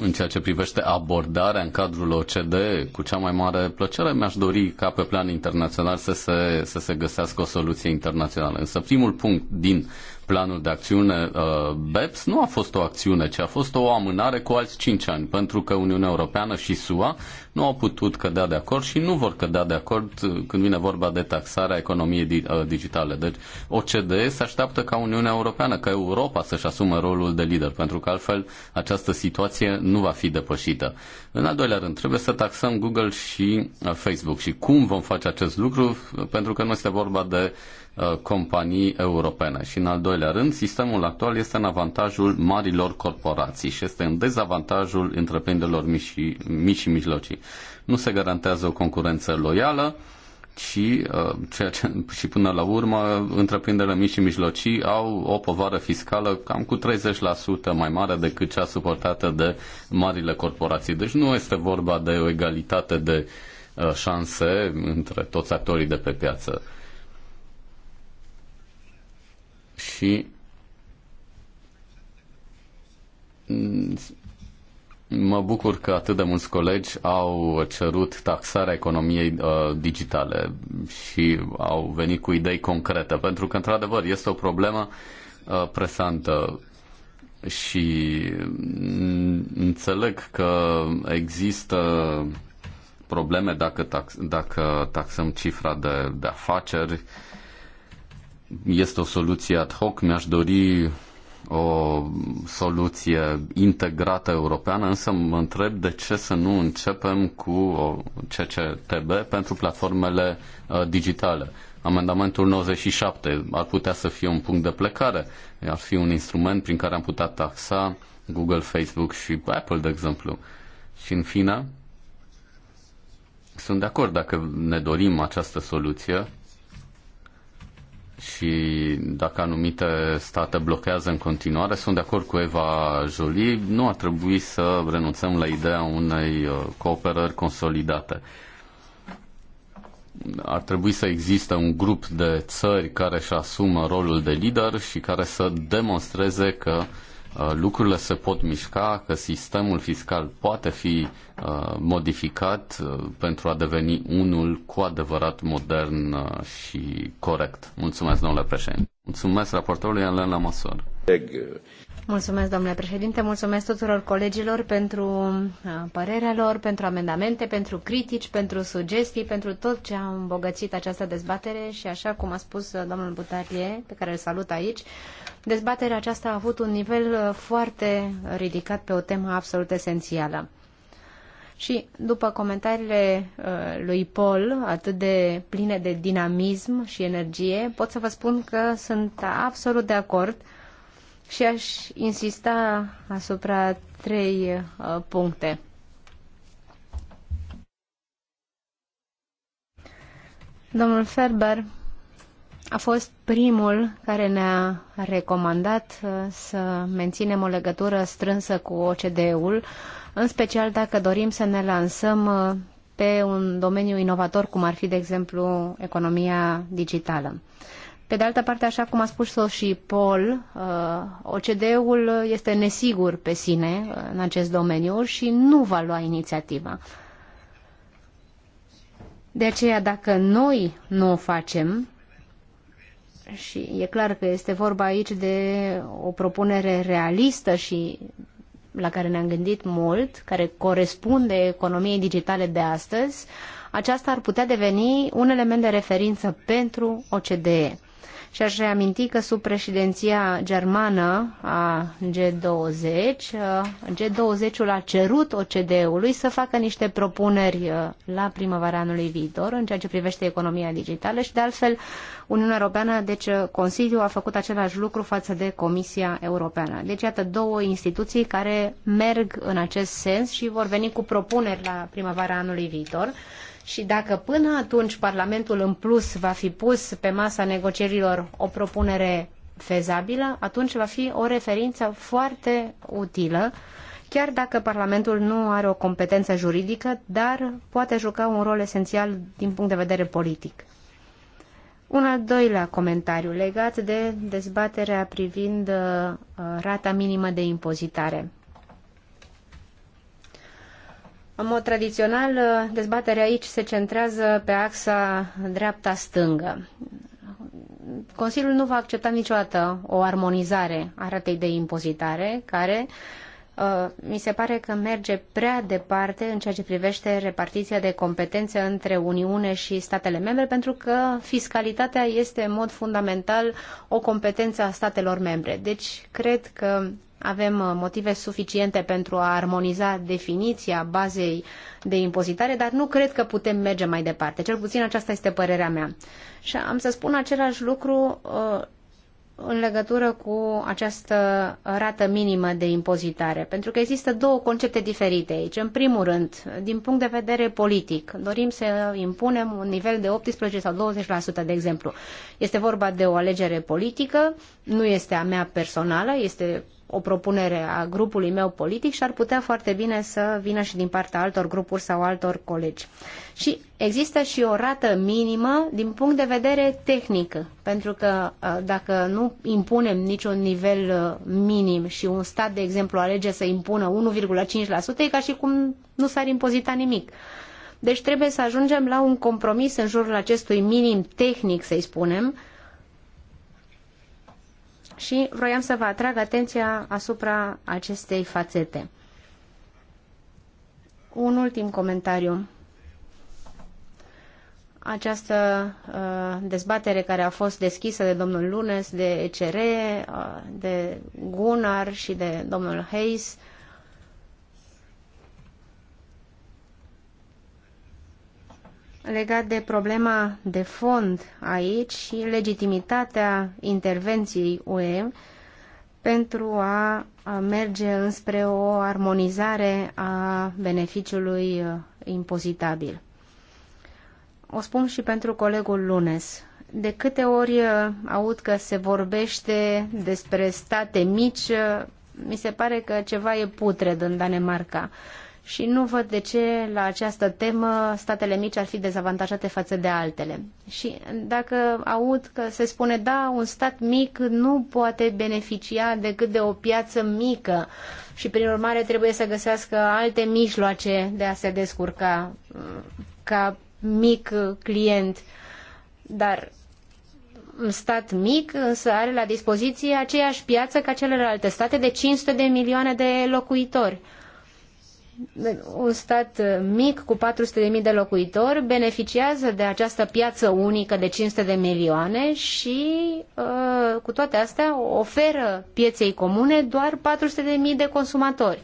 S4: în ceea ce privește abordarea în cadrul OCDE, cu cea mai mare plăcere mi-aș dori ca pe plan internațional să se, să se găsească o soluție internațională. Însă primul punct din uh, Planul de acțiune uh, BEPS nu a fost o acțiune, ci a fost o amânare cu alți 5 ani, pentru că Uniunea Europeană și SUA nu au putut cădea de acord și nu vor cădea de acord uh, când vine vorba de taxarea economiei uh, digitale. Deci OCDE se așteaptă ca Uniunea Europeană, ca Europa să-și asume rolul de lider, pentru că altfel această situație nu va fi depășită. În al doilea rând, trebuie să taxăm Google și Facebook și cum vom face acest lucru, pentru că nu este vorba de uh, Uh, companii europene. Și în al doilea rând, sistemul actual este în avantajul marilor corporații și este în dezavantajul întreprinderilor mici mici și mijlocii. Nu se garantează o concurență loială și, uh, ceea ce, și până la urmă, întreprinderile mici și mijlocii au o povară fiscală cam cu 30% mai mare decât cea suportată de marile corporații. Deci nu este vorba de o egalitate de uh, șanse între toți actorii de pe piață și mă bucur că atât de mulți colegi au cerut taxarea economiei uh, digitale și au venit cu idei concrete, pentru că, într-adevăr, este o problemă uh, presantă și înțeleg că există probleme dacă, tax, dacă taxăm cifra de, de afaceri, este o soluție ad hoc. Mi-aș dori o soluție integrată europeană, însă mă întreb de ce să nu începem cu o CCTB pentru platformele uh, digitale. Amendamentul 97 ar putea să fie un punct de plecare, ar fi un instrument prin care am putea taxa Google, Facebook și Apple, de exemplu. Și în fine, sunt de acord dacă ne dorim această soluție, și dacă anumite state blochează în continuare, sunt de acord cu Eva Jolie, nu ar trebui să renunțăm la ideea unei uh, cooperări consolidate. Ar trebui să existe un grup de țări care își asumă rolul de lider și care să demonstreze că uh, Uh, lucrurile se pot mișca, că sistemul fiscal poate fi uh, modificat uh, pentru a deveni unul cu adevărat modern și corect. Mulțumesc, domnule președinte. Mulțumesc raportorului Alain Lamassoure.
S3: Mulțumesc, domnule președinte, mulțumesc tuturor colegilor pentru uh, părerea lor, pentru amendamente, pentru critici, pentru sugestii, pentru tot ce a îmbogățit această dezbatere și așa cum a spus uh, domnul Butarie, pe care îl salut aici, dezbaterea aceasta a avut un nivel uh, foarte ridicat pe o temă absolut esențială. Și după comentariile lui Paul, atât de pline de dinamism și energie, pot să vă spun că sunt absolut de acord și aș insista asupra trei uh, puncte. Domnul Ferber a fost primul care ne-a recomandat uh, să menținem o legătură strânsă cu OCDE-ul, în special dacă dorim să ne lansăm uh, pe un domeniu inovator, cum ar fi, de exemplu, economia digitală. Pe de altă parte, așa cum a spus-o și Paul, uh, OCDE-ul este nesigur pe sine uh, în acest domeniu și nu va lua inițiativa. De aceea, dacă noi nu o facem, și e clar că este vorba aici de o propunere realistă și la care ne-am gândit mult, care corespunde economiei digitale de astăzi, aceasta ar putea deveni un element de referință pentru OCDE. Și aș reaminti că sub președinția germană a G20, uh, G20-ul a cerut OCDE-ului să facă niște propuneri uh, la primăvara anului viitor în ceea ce privește economia digitală și de altfel Uniunea Europeană, deci uh, Consiliul a făcut același lucru față de Comisia Europeană. Deci iată două instituții care merg în acest sens și vor veni cu propuneri la primăvara anului viitor și dacă până atunci Parlamentul în plus va fi pus pe masa negocierilor o propunere fezabilă, atunci va fi o referință foarte utilă, chiar dacă Parlamentul nu are o competență juridică, dar poate juca un rol esențial din punct de vedere politic. Un al doilea comentariu legat de dezbaterea privind uh, rata minimă de impozitare. În mod tradițional, dezbaterea aici se centrează pe axa dreapta-stângă. Consiliul nu va accepta niciodată o armonizare a ratei de impozitare, care uh, mi se pare că merge prea departe în ceea ce privește repartiția de competențe între Uniune și statele membre, pentru că fiscalitatea este în mod fundamental o competență a statelor membre. Deci, cred că avem uh, motive suficiente pentru a armoniza definiția bazei de impozitare, dar nu cred că putem merge mai departe. Cel puțin aceasta este părerea mea. Și am să spun același lucru uh, în legătură cu această rată minimă de impozitare, pentru că există două concepte diferite aici. În primul rând, din punct de vedere politic, dorim să impunem un nivel de 18 sau 20%, de exemplu. Este vorba de o alegere politică, nu este a mea personală, este o propunere a grupului meu politic și ar putea foarte bine să vină și din partea altor grupuri sau altor colegi. Și există și o rată minimă din punct de vedere tehnic, pentru că uh, dacă nu impunem niciun nivel uh, minim și un stat, de exemplu, alege să impună 1,5%, e ca și cum nu s-ar impozita nimic. Deci trebuie să ajungem la un compromis în jurul acestui minim tehnic, să-i spunem, și vroiam să vă atrag atenția asupra acestei fațete. Un ultim comentariu. Această uh, dezbatere care a fost deschisă de domnul Lunes, de ECR, uh, de Gunnar și de domnul Hayes uh, legat de problema de fond aici și legitimitatea intervenției UE pentru a merge înspre o armonizare a beneficiului uh, impozitabil. O spun și pentru colegul Lunes. De câte ori uh, aud că se vorbește despre state mici, uh, mi se pare că ceva e putred în Danemarca și nu văd de ce la această temă statele mici ar fi dezavantajate față de altele. Și dacă aud că se spune, da, un stat mic nu poate beneficia decât de o piață mică și prin urmare trebuie să găsească alte mijloace de a se descurca mm, ca mic client, dar un stat mic însă are la dispoziție aceeași piață ca celelalte state de 500 de milioane de locuitori un stat uh, mic cu 400.000 de locuitori beneficiază de această piață unică de 500 de milioane și uh, cu toate astea oferă pieței comune doar 400.000 de consumatori.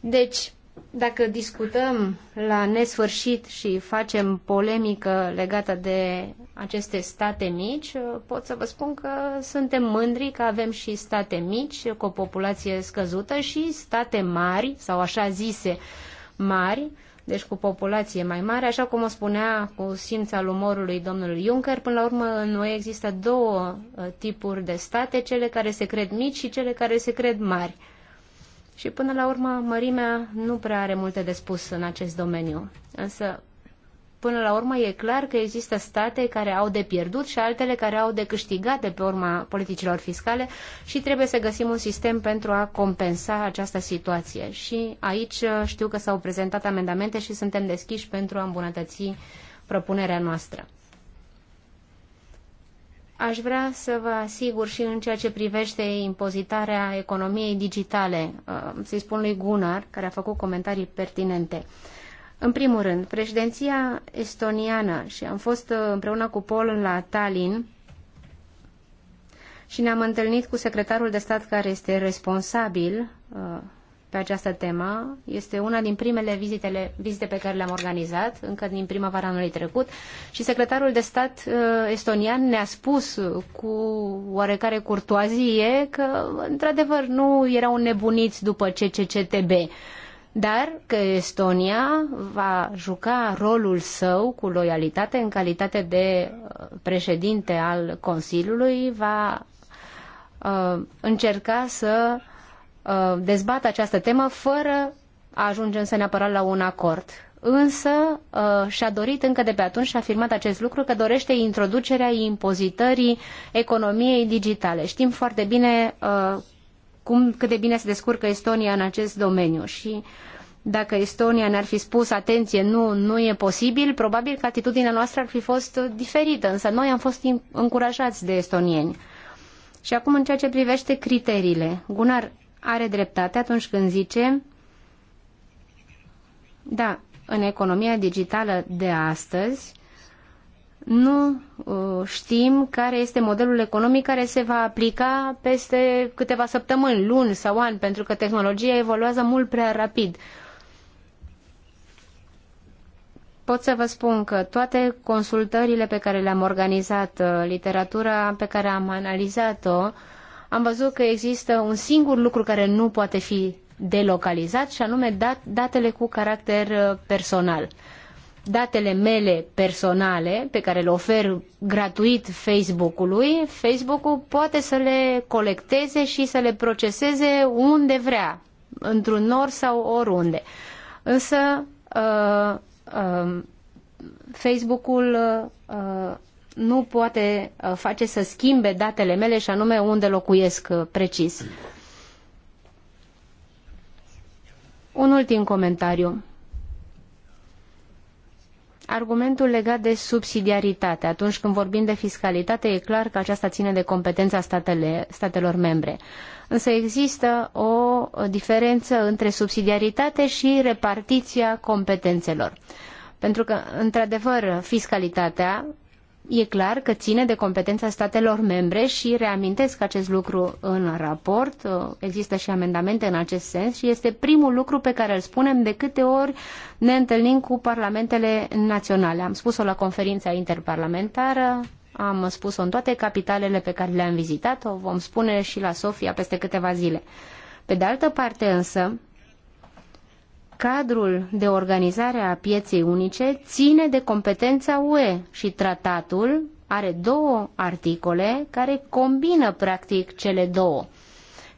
S3: Deci, dacă discutăm la nesfârșit și facem polemică legată de aceste state mici, pot să vă spun că suntem mândri că avem și state mici cu o populație scăzută și state mari, sau așa zise mari, deci cu populație mai mare, așa cum o spunea cu simța al umorului domnul Juncker, până la urmă în noi există două uh, tipuri de state, cele care se cred mici și cele care se cred mari. Și până la urmă, mărimea nu prea are multe de spus în acest domeniu. Însă, până la urmă, e clar că există state care au de pierdut și altele care au de câștigat de pe urma politicilor fiscale și trebuie să găsim un sistem pentru a compensa această situație. Și aici uh, știu că s-au prezentat amendamente și suntem deschiși pentru a îmbunătăți propunerea noastră. Aș vrea să vă asigur și în ceea ce privește impozitarea economiei digitale, uh, să-i spun lui Gunnar, care a făcut comentarii pertinente. În primul rând, președinția estoniană și am fost uh, împreună cu Paul la Tallinn și ne-am întâlnit cu secretarul de stat care este responsabil uh, pe această temă. Este una din primele vizitele, vizite pe care le-am organizat, încă din primăvara anului trecut, și secretarul de stat uh, estonian ne-a spus cu oarecare curtoazie că, într-adevăr, nu erau nebuniți după CCCTB dar că Estonia va juca rolul său cu loialitate în calitate de uh, președinte al Consiliului, va uh, încerca să Uh, dezbat această temă fără a ajunge însă neapărat la un acord. Însă uh, și-a dorit încă de pe atunci și a afirmat acest lucru că dorește introducerea impozitării economiei digitale. Știm foarte bine uh, cum, cât de bine se descurcă Estonia în acest domeniu și dacă Estonia ne-ar fi spus, atenție, nu, nu e posibil, probabil că atitudinea noastră ar fi fost diferită, însă noi am fost încurajați de estonieni. Și acum în ceea ce privește criteriile. Gunar, are dreptate atunci când zice da, în economia digitală de astăzi nu uh, știm care este modelul economic care se va aplica peste câteva săptămâni, luni sau ani, pentru că tehnologia evoluează mult prea rapid. Pot să vă spun că toate consultările pe care le-am organizat, uh, literatura pe care am analizat-o, am văzut că există un singur lucru care nu poate fi delocalizat și anume dat, datele cu caracter uh, personal. Datele mele personale pe care le ofer gratuit Facebook-ului, Facebook-ul poate să le colecteze și să le proceseze unde vrea, într-un nor sau oriunde. Însă uh, uh, Facebook-ul uh, nu poate uh, face să schimbe datele mele și anume unde locuiesc uh, precis. Un ultim comentariu. Argumentul legat de subsidiaritate. Atunci când vorbim de fiscalitate, e clar că aceasta ține de competența statele, statelor membre. Însă există o diferență între subsidiaritate și repartiția competențelor. Pentru că, într-adevăr, fiscalitatea E clar că ține de competența statelor membre și reamintesc acest lucru în raport. Există și amendamente în acest sens și este primul lucru pe care îl spunem de câte ori ne întâlnim cu parlamentele naționale. Am spus-o la conferința interparlamentară, am spus-o în toate capitalele pe care le-am vizitat, o vom spune și la Sofia peste câteva zile. Pe de altă parte însă, cadrul de organizare a pieței unice ține de competența UE și tratatul are două articole care combină practic cele două.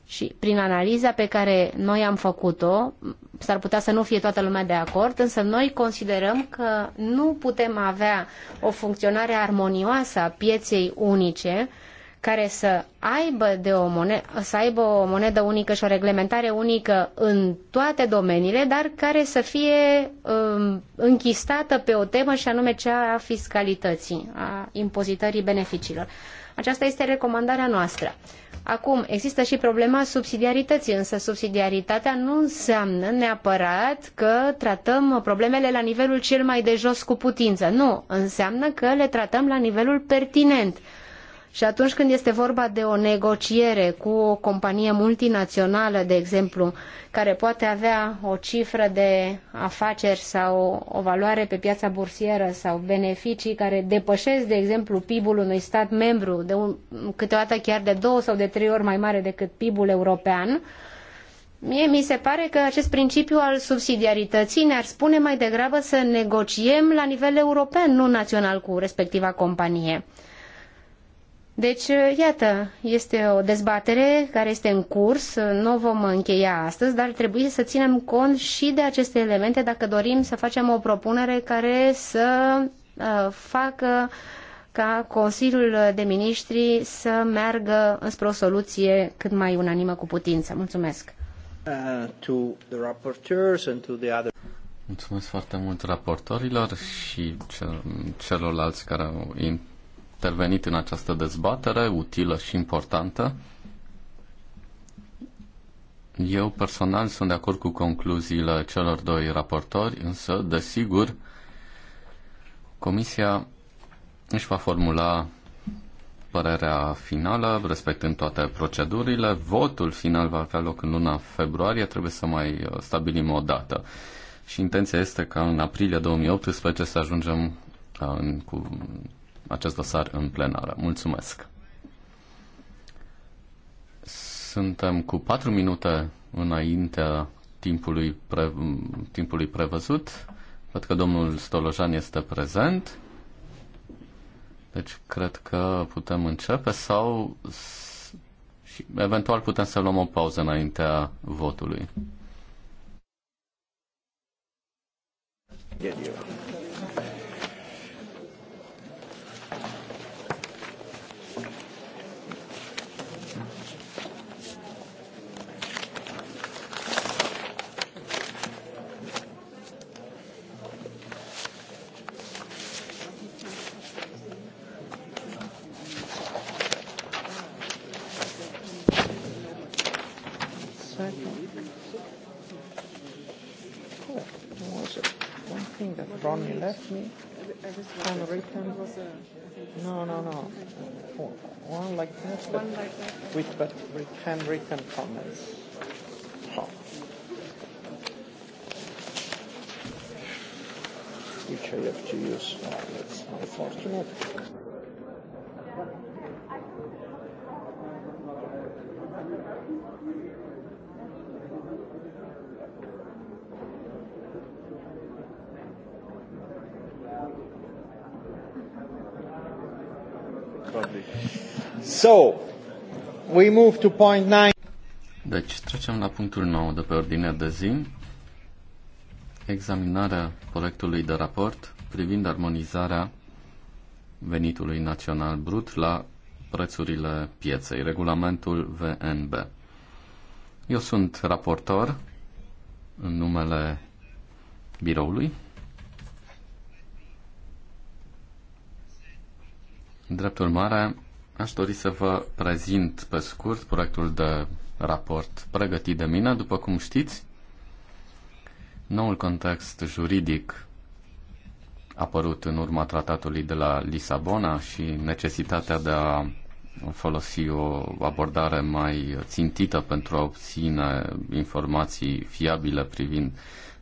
S3: Și prin analiza pe care noi am făcut-o, s-ar putea să nu fie toată lumea de acord, însă noi considerăm că nu putem avea o funcționare armonioasă a pieței unice uh, care să aibă, de o monedă, să aibă o monedă unică și o reglementare unică în toate domeniile, dar care să fie um, închistată pe o temă și anume cea a fiscalității, a impozitării beneficiilor. Aceasta este recomandarea noastră. Acum, există și problema subsidiarității, însă subsidiaritatea nu înseamnă neapărat că tratăm problemele la nivelul cel mai de jos cu putință. Nu, înseamnă că le tratăm la nivelul pertinent și atunci când este vorba de o negociere cu o companie multinațională, de exemplu, care poate avea o cifră de afaceri sau o valoare pe piața bursieră sau beneficii care depășesc, de exemplu, PIB-ul unui stat membru, de un, câteodată chiar de două sau de trei ori mai mare decât PIB-ul european, Mie mi se pare că acest principiu al subsidiarității ne-ar spune mai degrabă să negociem la nivel european, nu național cu respectiva companie. Deci, uh, iată, este o dezbatere care este în curs, uh, nu o vom încheia astăzi, dar trebuie să ținem cont și de aceste elemente dacă dorim să facem o propunere care să uh, facă ca Consiliul de Ministri să meargă înspre o soluție cât mai unanimă cu putință. Mulțumesc!
S1: Uh, to the rapporteurs and to the other...
S4: Mulțumesc foarte mult raportorilor și celorlalți care au intervenit în această dezbatere utilă și importantă. Eu personal sunt de acord cu concluziile celor doi raportori, însă, desigur, Comisia își va formula părerea finală, respectând toate procedurile. Votul final va avea loc în luna februarie, trebuie să mai uh, stabilim o dată. Și intenția este ca în aprilie 2018 să ajungem uh, în, cu acest dosar în plenară. Mulțumesc! Suntem cu patru minute înaintea timpului, pre, timpului prevăzut. Văd că domnul Stolojan este prezent. Deci cred că putem începe sau și eventual putem să luăm o pauză înaintea votului.
S1: left me unwritten. No, no, no. One like that, but One like that. with but with handwritten comments. Oh. Which I have to use. Oh, that's unfortunate. So, we move to point nine.
S4: Deci, trecem la punctul 9 de pe ordinea de zi. Examinarea proiectului de raport privind armonizarea venitului național brut la prețurile pieței, regulamentul VNB. Eu sunt raportor în numele biroului. Drept urmare, Aș dori să vă prezint pe scurt proiectul de raport pregătit de mine. După cum știți, noul context juridic apărut în urma tratatului de la Lisabona și necesitatea de a folosi o abordare mai țintită pentru a obține informații fiabile privind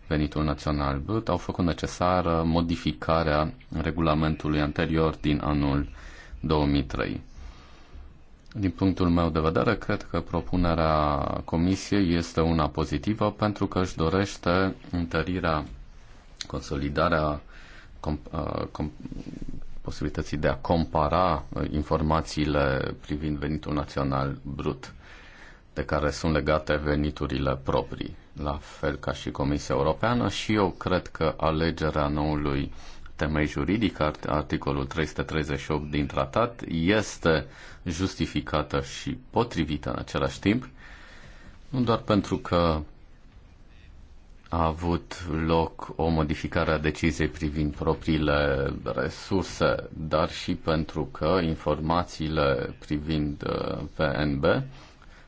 S4: venitul național brut au făcut necesară modificarea regulamentului anterior din anul 2003. Din punctul meu de vedere, cred că propunerea Comisiei este una pozitivă pentru că își dorește întărirea, consolidarea com, uh, com- posibilității de a compara uh, informațiile privind venitul național brut de care sunt legate veniturile proprii, la fel ca și Comisia Europeană și eu cred că alegerea noului temei juridic, articolul 338 din tratat, este justificată și potrivită în același timp, nu doar pentru că a avut loc o modificare a deciziei privind propriile resurse, dar și pentru că informațiile privind uh, PNB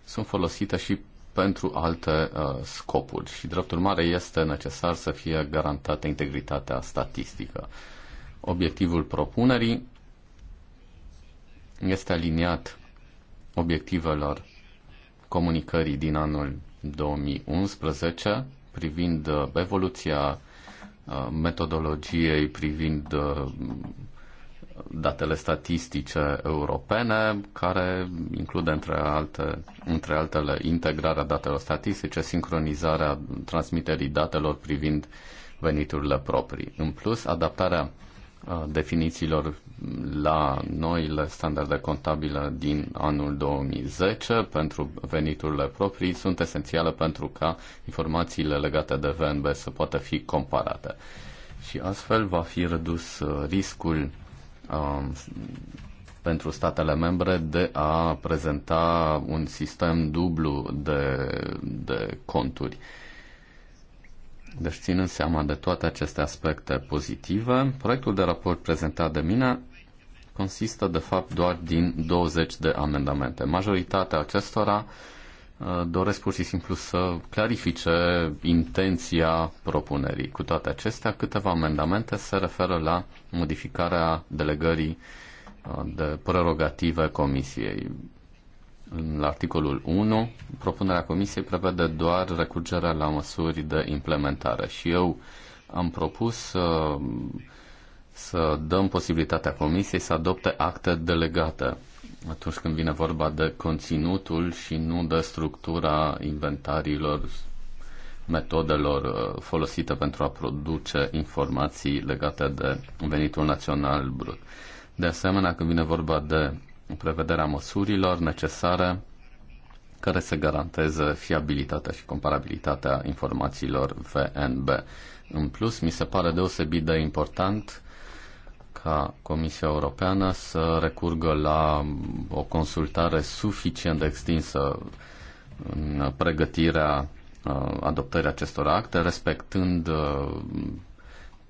S4: sunt folosite și pentru alte uh, scopuri și, drept urmare, este necesar să fie garantată integritatea statistică. Obiectivul propunerii este aliniat obiectivelor comunicării din anul 2011 privind uh, evoluția uh, metodologiei, privind uh, datele statistice europene, care include între, alte, între altele integrarea datelor statistice, sincronizarea transmiterii datelor privind veniturile proprii. În plus, adaptarea uh, definițiilor la noile standarde contabile din anul 2010 pentru veniturile proprii sunt esențiale pentru ca informațiile legate de VNB să poată fi comparate. Și astfel va fi redus uh, riscul Um, pentru statele membre de a prezenta un sistem dublu de, de conturi. Deci, ținând seama de toate aceste aspecte pozitive, proiectul de raport prezentat de mine consistă, de fapt, doar din 20 de amendamente. Majoritatea acestora uh, Uh, doresc pur și simplu să clarifice intenția propunerii. Cu toate acestea, câteva amendamente se referă la modificarea delegării uh, de prerogative Comisiei. În articolul 1, propunerea Comisiei prevede doar recurgerea la măsuri de implementare și eu am propus să, uh, să dăm posibilitatea Comisiei să adopte acte delegate atunci când vine vorba de conținutul și nu de structura inventariilor, metodelor uh, folosite pentru a produce informații legate de venitul național brut. De asemenea, când vine vorba de prevederea măsurilor necesare care să garanteze fiabilitatea și comparabilitatea informațiilor VNB. În plus, mi se pare deosebit de important ca Comisia Europeană să recurgă la o consultare suficient de extinsă în pregătirea uh, adoptării acestor acte, respectând uh,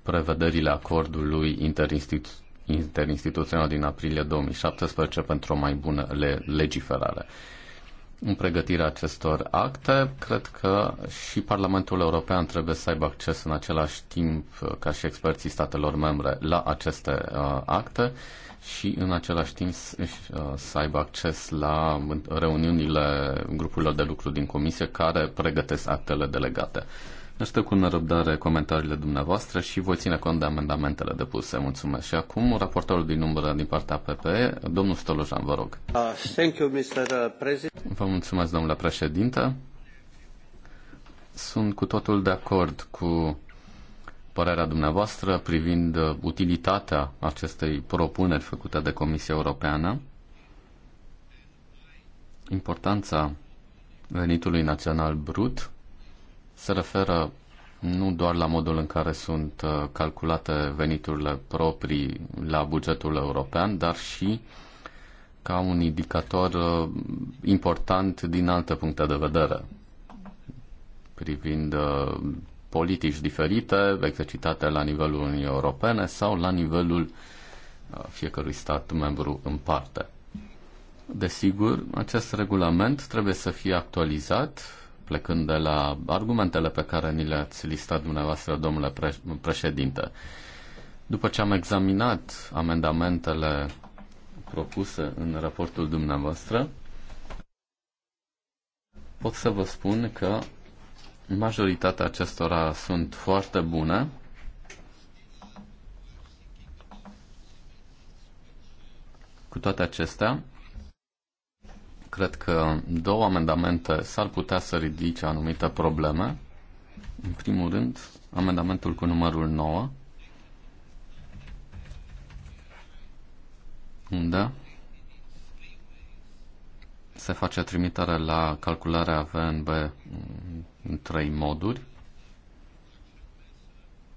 S4: prevederile acordului interinstituțional din aprilie 2017 pentru o mai bună legiferare în pregătirea acestor acte. Cred că și Parlamentul European trebuie să aibă acces în același timp, uh, ca și experții statelor membre, la aceste uh, acte și în același timp uh, să aibă acces la reuniunile grupurilor de lucru din comisie care pregătesc actele delegate. Aștept cu nerăbdare comentariile dumneavoastră și voi ține cont de amendamentele depuse. Mulțumesc. Și acum, raportorul din umbră din partea PPE, domnul Stolojan, vă rog.
S1: Uh, thank you, Mr. Uh,
S4: President. Vă mulțumesc, domnule președinte. Sunt cu totul de acord cu părerea dumneavoastră privind uh, utilitatea acestei propuneri făcute de Comisia Europeană, importanța venitului național brut se referă nu doar la modul în care sunt uh, calculate veniturile proprii la bugetul european, dar și ca un indicator uh, important din alte puncte de vedere, privind uh, politici diferite exercitate la nivelul Uniunii Europene sau la nivelul fiecărui stat membru în parte. Desigur, acest regulament trebuie să fie actualizat plecând de la argumentele pe care ni le-ați listat dumneavoastră, domnule președinte. După ce am examinat amendamentele propuse în raportul dumneavoastră, pot să vă spun că majoritatea acestora sunt foarte bune. Cu toate acestea, Cred că două amendamente s-ar putea să ridice anumite probleme. În primul rând, amendamentul cu numărul 9, unde se face trimitere la calcularea VNB în trei moduri.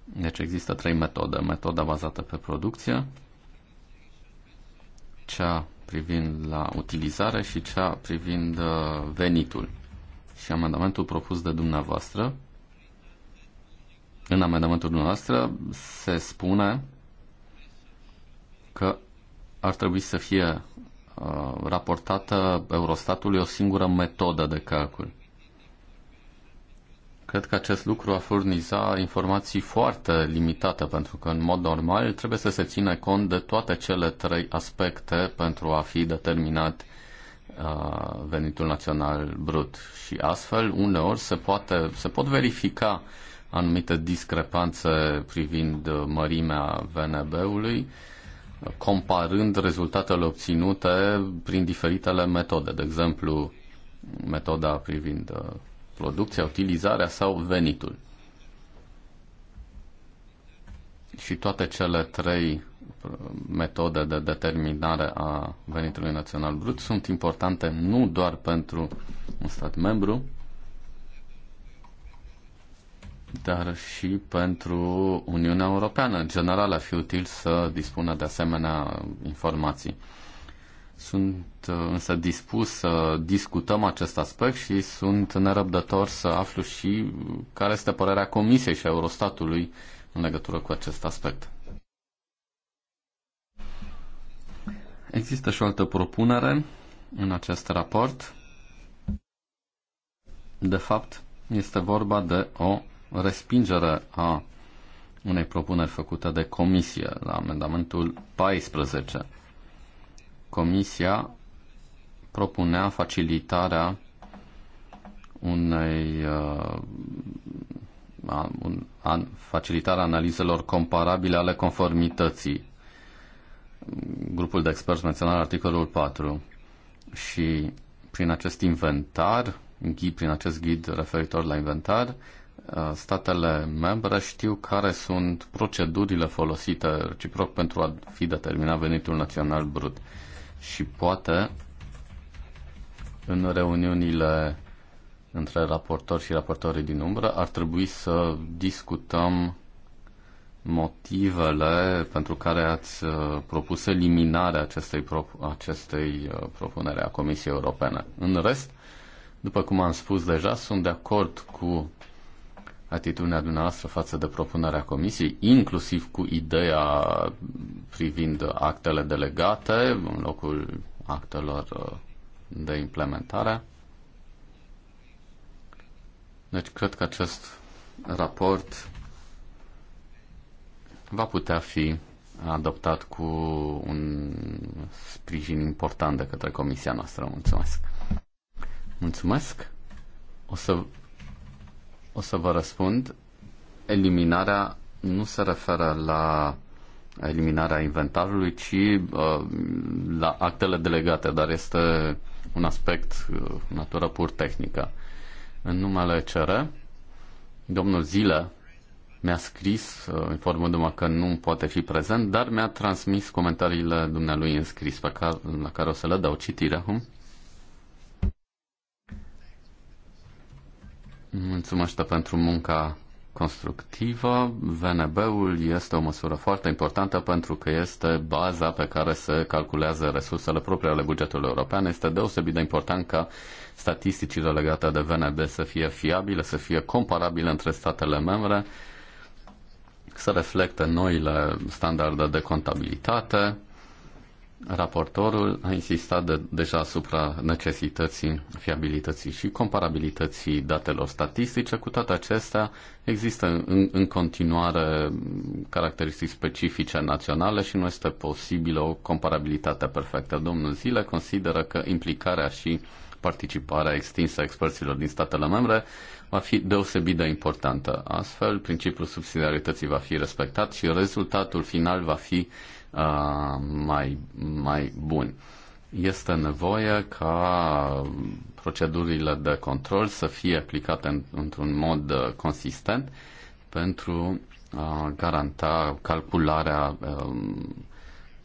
S4: Deci există trei metode. Metoda bazată pe producție, cea privind la utilizare și cea privind uh, venitul. Și amendamentul propus de dumneavoastră, în amendamentul dumneavoastră se spune că ar trebui să fie uh, raportată Eurostatului o singură metodă de calcul. Cred că acest lucru a furniza informații foarte limitate, pentru că, în mod normal, trebuie să se ține cont de toate cele trei aspecte pentru a fi determinat uh, venitul național brut. Și astfel, uneori, se, poate, se pot verifica anumite discrepanțe privind uh, mărimea VNB-ului, comparând rezultatele obținute prin diferitele metode, de exemplu, metoda privind uh, producția, utilizarea sau venitul. Și toate cele trei uh, metode de determinare a venitului național brut sunt importante nu doar pentru un stat membru, dar și pentru Uniunea Europeană. În general, ar fi util să dispună de asemenea informații. Sunt uh, însă dispus să discutăm acest aspect și sunt nerăbdător să aflu și care este părerea Comisiei și a Eurostatului în legătură cu acest aspect. Există și o altă propunere în acest raport. De fapt, este vorba de o respingere a unei propuneri făcute de comisie la amendamentul 14 Comisia propunea facilitarea unei uh, un, an, facilitarea analizelor comparabile ale conformității. Grupul de experți menționat articolul 4 și prin acest inventar, ghid, prin acest ghid referitor la inventar, uh, statele membre știu care sunt procedurile folosite reciproc pentru a fi determinat venitul național brut și poate în reuniunile între raportori și raportorii din umbră ar trebui să discutăm motivele pentru care ați uh, propus eliminarea acestei, pro- acestei uh, propunere a Comisiei Europene. În rest, după cum am spus deja, sunt de acord cu atitudinea dumneavoastră față de propunerea comisiei, inclusiv cu ideea privind actele delegate în locul actelor uh, de implementare. Deci cred că acest raport va putea fi adoptat cu un sprijin important de către comisia noastră. Mulțumesc! Mulțumesc! O să o să vă răspund. Eliminarea nu se referă la eliminarea inventarului, ci uh, la actele delegate, dar este un aspect uh, natură pur tehnică. În numele CR, domnul Zile mi-a scris, uh, informându-mă că nu poate fi prezent, dar mi-a transmis comentariile dumnealui în scris, pe care, la care o să le dau citire acum. Mulțumesc pentru munca constructivă. VNB-ul este o măsură foarte importantă pentru că este baza pe care se calculează resursele proprii ale bugetului european. Este deosebit de important ca statisticile legate de VNB să fie fiabile, să fie comparabile între statele membre, să reflecte noile standarde de contabilitate Raportorul a insistat de, deja asupra necesității, fiabilității și comparabilității datelor statistice. Cu toate acestea, există în, în continuare caracteristici specifice naționale și nu este posibilă o comparabilitate perfectă. Domnul Zile consideră că implicarea și participarea extinsă a experților din statele membre va fi deosebit de importantă. Astfel, principiul subsidiarității va fi respectat și rezultatul final va fi uh, mai, mai buni. Este nevoie ca procedurile de control să fie aplicate într-un mod uh, consistent pentru a garanta calcularea um,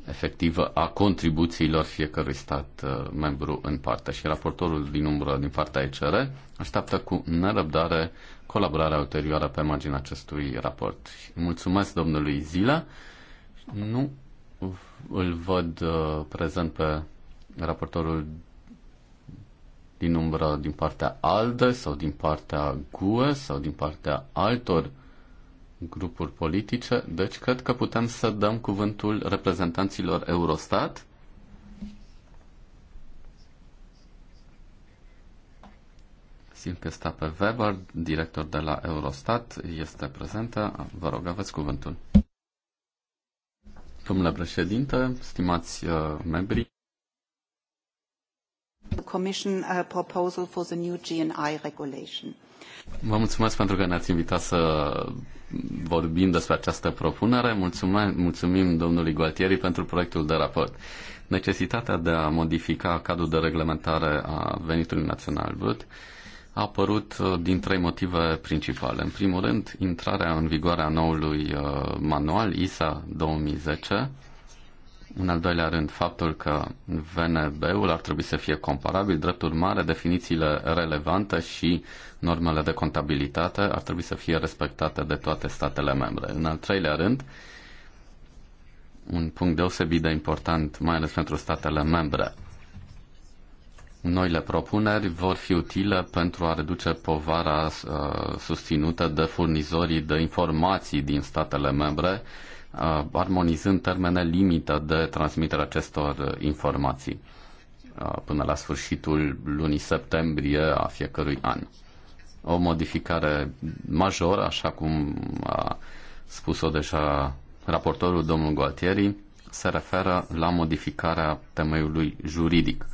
S4: efectivă a contribuțiilor fiecărui stat uh, membru în parte. Și raportorul din umbră din partea ECR așteaptă cu nerăbdare colaborarea ulterioară pe marginea acestui raport. Mulțumesc domnului Zila. Nu îl văd uh, prezent pe raportorul din umbră din partea ALDE sau din partea GUE sau din partea altor grupuri politice, deci cred că putem să dăm cuvântul reprezentanților Eurostat. Silke pe Weber, director de la Eurostat, este prezentă. Vă rog, aveți cuvântul. Domnule președinte, stimați uh, membri,
S1: Commission uh, proposal for the new GNI regulation.
S4: Vă mulțumesc pentru că ne-ați invitat să vorbim despre această propunere. Mulțumim, mulțumim domnului Gualtieri pentru proiectul de raport. Necesitatea de a modifica cadrul de reglementare a venitului național brut uh, a apărut uh, din trei motive principale. În primul rând, intrarea în vigoare a noului uh, manual ISA 2010. În al doilea rând, faptul că VNB-ul ar trebui să fie comparabil, drept urmare, definițiile relevante și normele de contabilitate ar trebui să fie respectate de toate statele membre. În al treilea rând, un punct deosebit de important, mai ales pentru statele membre, Noile propuneri vor fi utile pentru a reduce povara uh, susținută de furnizorii de informații din statele membre, uh, armonizând termene limită de transmitere acestor informații uh, până la sfârșitul lunii septembrie a fiecărui an. O modificare majoră, așa cum a spus-o deja raportorul domnul Gualtieri, se referă la modificarea temeiului juridic –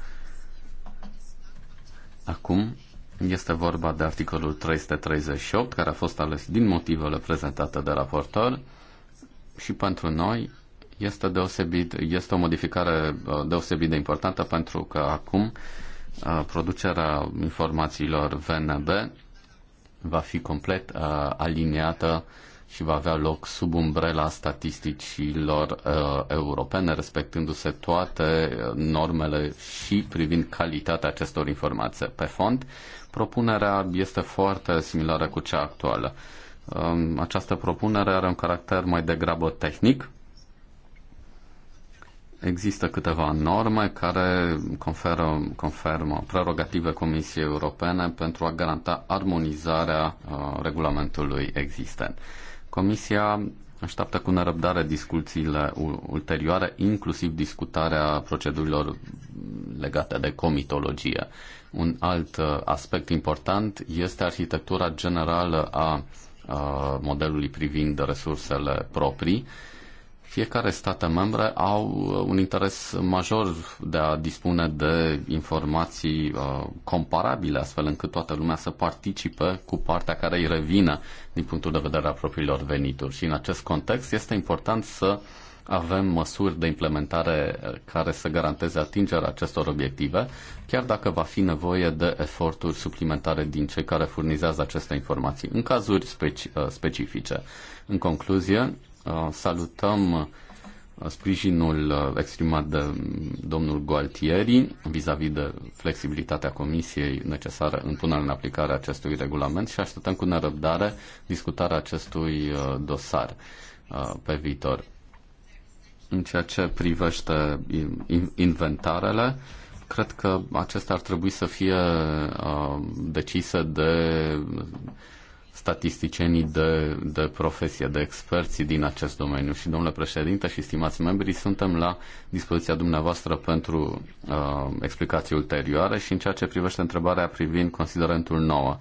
S4: Acum este vorba de articolul 338, care a fost ales din motivele prezentate de raportor și pentru noi este, deosebit, este o modificare uh, deosebit de importantă pentru că acum uh, producerea informațiilor VNB va fi complet uh, aliniată și va avea loc sub umbrela statisticilor uh, europene, respectându-se toate uh, normele și privind calitatea acestor informații pe fond. Propunerea este foarte similară cu cea actuală. Uh, această propunere are un caracter mai degrabă tehnic, Există câteva norme care conferă, conferă prerogative Comisiei Europene pentru a garanta armonizarea uh, regulamentului existent. Comisia așteaptă cu nerăbdare discuțiile ulterioare, inclusiv discutarea procedurilor legate de comitologie. Un alt uh, aspect important este arhitectura generală a uh, modelului privind resursele proprii fiecare state membre au uh, un interes major de a dispune de informații uh, comparabile, astfel încât toată lumea să participe cu partea care îi revine din punctul de vedere a propriilor venituri. Și în acest context este important să avem măsuri de implementare uh, care să garanteze atingerea acestor obiective, chiar dacă va fi nevoie de eforturi suplimentare din cei care furnizează aceste informații, în cazuri speci- uh, specifice. În concluzie, Uh, salutăm uh, sprijinul uh, exprimat de domnul Gualtieri vis-a-vis -vis de flexibilitatea comisiei necesară în punerea în aplicare a acestui regulament și așteptăm cu nerăbdare discutarea acestui dosar pe viitor. În ceea ce privește inventarele, cred că acestea ar trebui să fie decise de statisticienii de, de profesie, de experții din acest domeniu. Și, domnule președinte și stimați membri, suntem la dispoziția dumneavoastră pentru uh, explicații ulterioare și în ceea ce privește întrebarea privind considerentul nouă.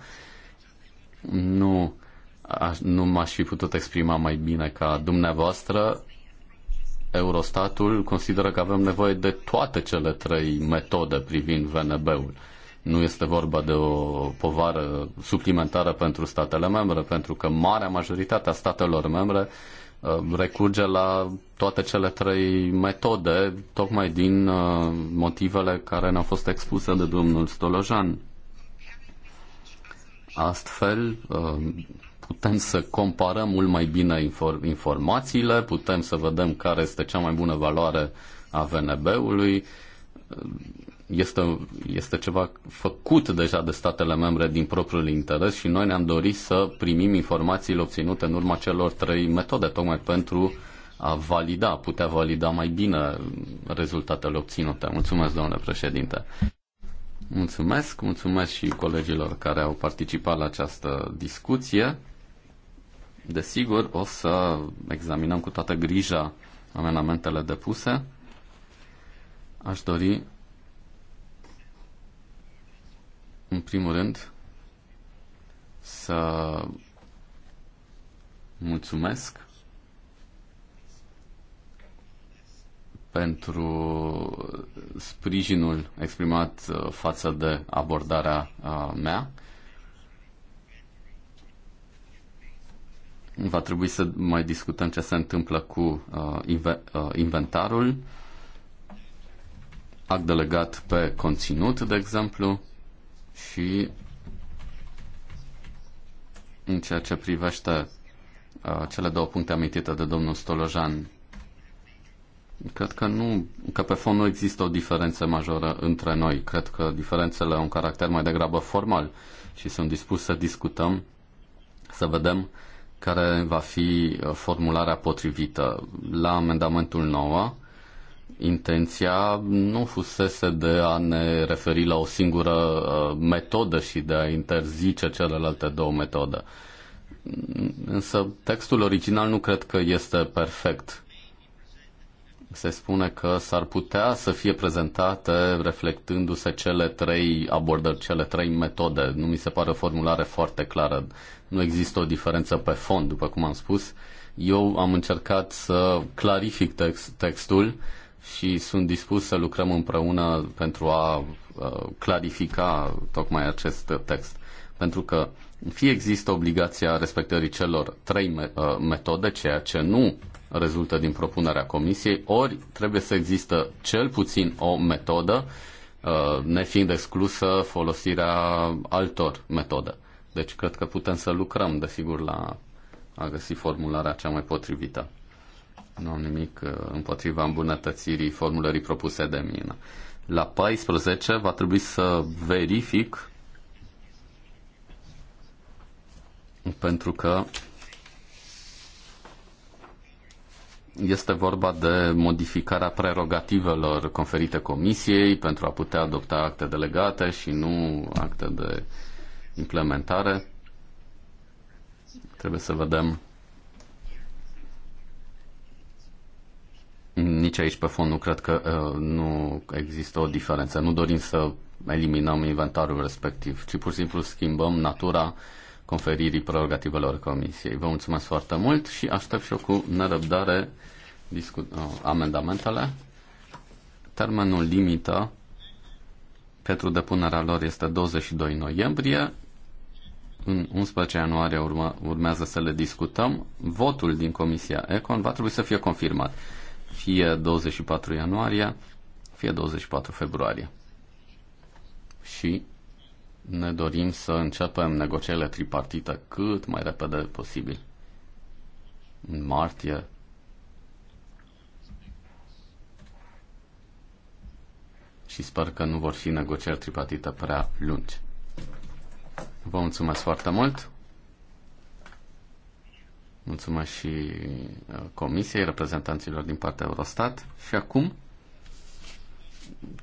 S4: Nu, aș, nu m-aș fi putut exprima mai bine ca dumneavoastră. Eurostatul consideră că avem nevoie de toate cele trei metode privind VNB-ul. Uh, nu este vorba de o povară suplimentară pentru statele membre, pentru că marea majoritate a statelor membre uh, recurge la toate cele trei metode, tocmai din uh, motivele care ne-au fost expuse de domnul Stolojan. Astfel, uh, putem să comparăm mult mai bine informațiile, putem să vedem care este cea mai bună valoare a VNB-ului este, este ceva făcut deja de statele membre din propriul interes și noi ne-am dorit să primim informațiile obținute în urma celor trei metode, tocmai pentru a valida, putea valida mai bine rezultatele obținute. Mulțumesc, domnule președinte. Mulțumesc, mulțumesc și colegilor care au participat la această discuție. Desigur, o să examinăm cu toată grija amenamentele depuse. Aș dori în primul rând, să mulțumesc pentru sprijinul exprimat uh, față de abordarea uh, mea. Va trebui să mai discutăm ce se întâmplă cu uh, inventarul, act delegat pe conținut, de exemplu și în ceea ce privește uh, cele două puncte amintite de domnul Stolojan, cred că nu, că pe fond nu există o diferență majoră între noi. Cred că diferențele au un caracter mai degrabă formal și sunt dispus să discutăm, să vedem care va fi uh, formularea potrivită. La amendamentul 9 intenția nu fusese de a ne referi la o singură uh, metodă și de a interzice celelalte două metode. Însă textul original nu cred că este perfect. Se spune că s-ar putea să fie prezentate reflectându-se cele trei abordări, cele trei metode. Nu mi se pare o formulare foarte clară. Nu există o diferență pe fond, după cum am spus. Eu am încercat să clarific text, textul și sunt dispus să lucrăm împreună pentru a uh, clarifica tocmai acest text. Pentru că fie există obligația respectării celor trei uh, metode, ceea ce nu rezultă din propunerea comisiei, ori trebuie să există cel puțin o metodă, uh, nefiind exclusă folosirea altor metode. Deci cred că putem să lucrăm, desigur, la a găsi formularea cea mai potrivită. Nu am nimic uh, împotriva îmbunătățirii formulării propuse de mine. La 14 va trebui să verific pentru că este vorba de modificarea prerogativelor conferite comisiei pentru a putea adopta acte delegate și nu acte de implementare. Trebuie să vedem Nici aici pe fond nu cred că uh, nu există o diferență. Nu dorim să eliminăm inventarul respectiv, ci pur și simplu schimbăm natura conferirii prerogativelor Comisiei. Vă mulțumesc foarte mult și aștept și eu cu nerăbdare discu- uh, amendamentele. Termenul limită pentru depunerea lor este 22 noiembrie. În 11 ianuarie urma, urmează să le discutăm. Votul din Comisia Econ va trebui să fie confirmat fie 24 ianuarie, fie 24 februarie. Și ne dorim să începem negocierile tripartite cât mai repede posibil. În martie. Și sper că nu vor fi negocieri tripartite prea lungi. Vă mulțumesc foarte mult! Mulțumesc și uh, comisiei, reprezentanților din partea Eurostat. Și acum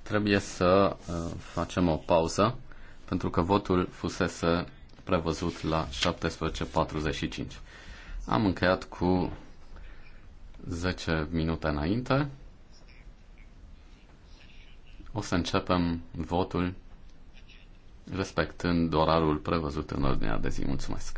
S4: trebuie să uh, facem o pauză pentru că votul fusese prevăzut la 17.45. Am încheiat cu 10 minute înainte. O să începem votul respectând orarul prevăzut în ordinea de zi. Mulțumesc!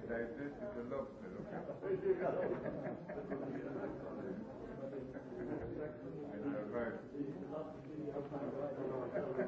S5: diverse și de loc pe loc.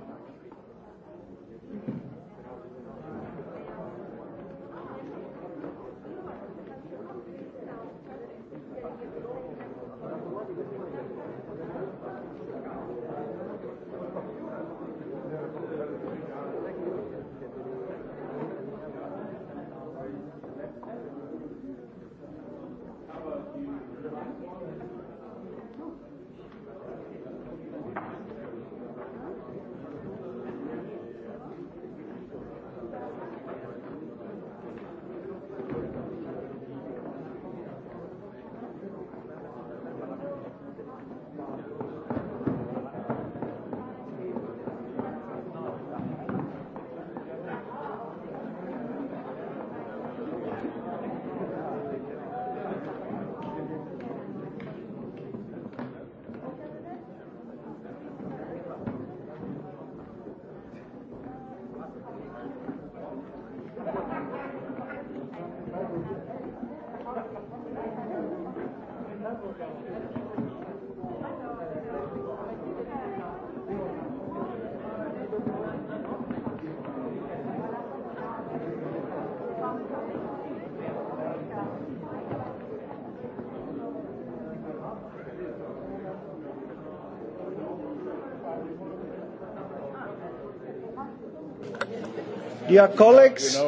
S1: Dear colleagues,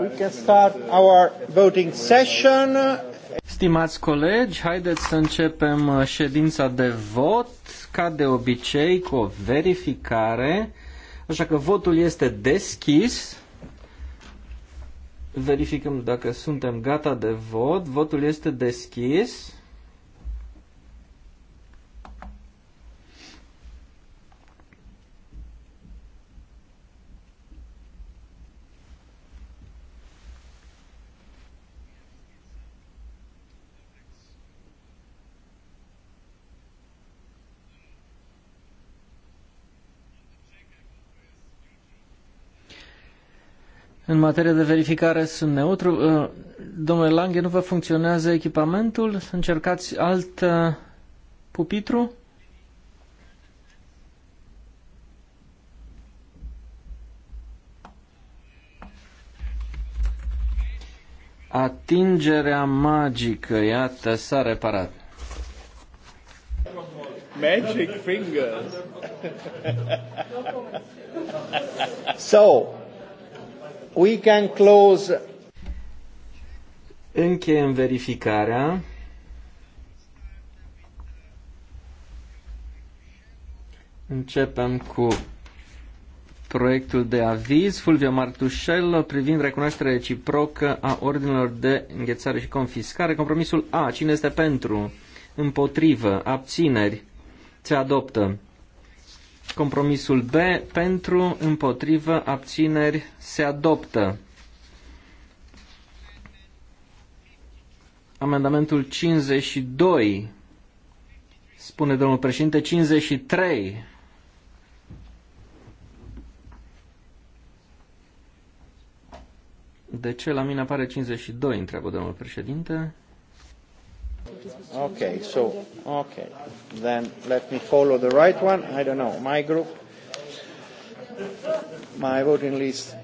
S1: we can start our voting session. Stimați colegi, haideți
S2: să începem uh, ședința de vot, ca de obicei, cu o verificare. Așa că votul este deschis. Verificăm dacă suntem gata de vot. Votul este deschis. În materie de verificare sunt neutru. Uh, domnule Lange, nu vă funcționează echipamentul? Încercați alt uh, pupitru? Atingerea magică, iată, s-a reparat.
S5: Magic fingers.
S1: so, We can close.
S2: Încheiem verificarea. Începem cu proiectul de aviz Fulvio Martușello privind recunoașterea reciprocă a ordinelor de înghețare și confiscare. Compromisul A. Cine este pentru? Împotrivă. Abțineri. Se adoptă. Compromisul B pentru, împotrivă, abțineri se adoptă. Amendamentul 52, spune domnul președinte, 53. De ce la mine apare 52, întreabă domnul președinte.
S1: Okay, so, okay. Then let me follow the right one. I don't know. My group, my voting list.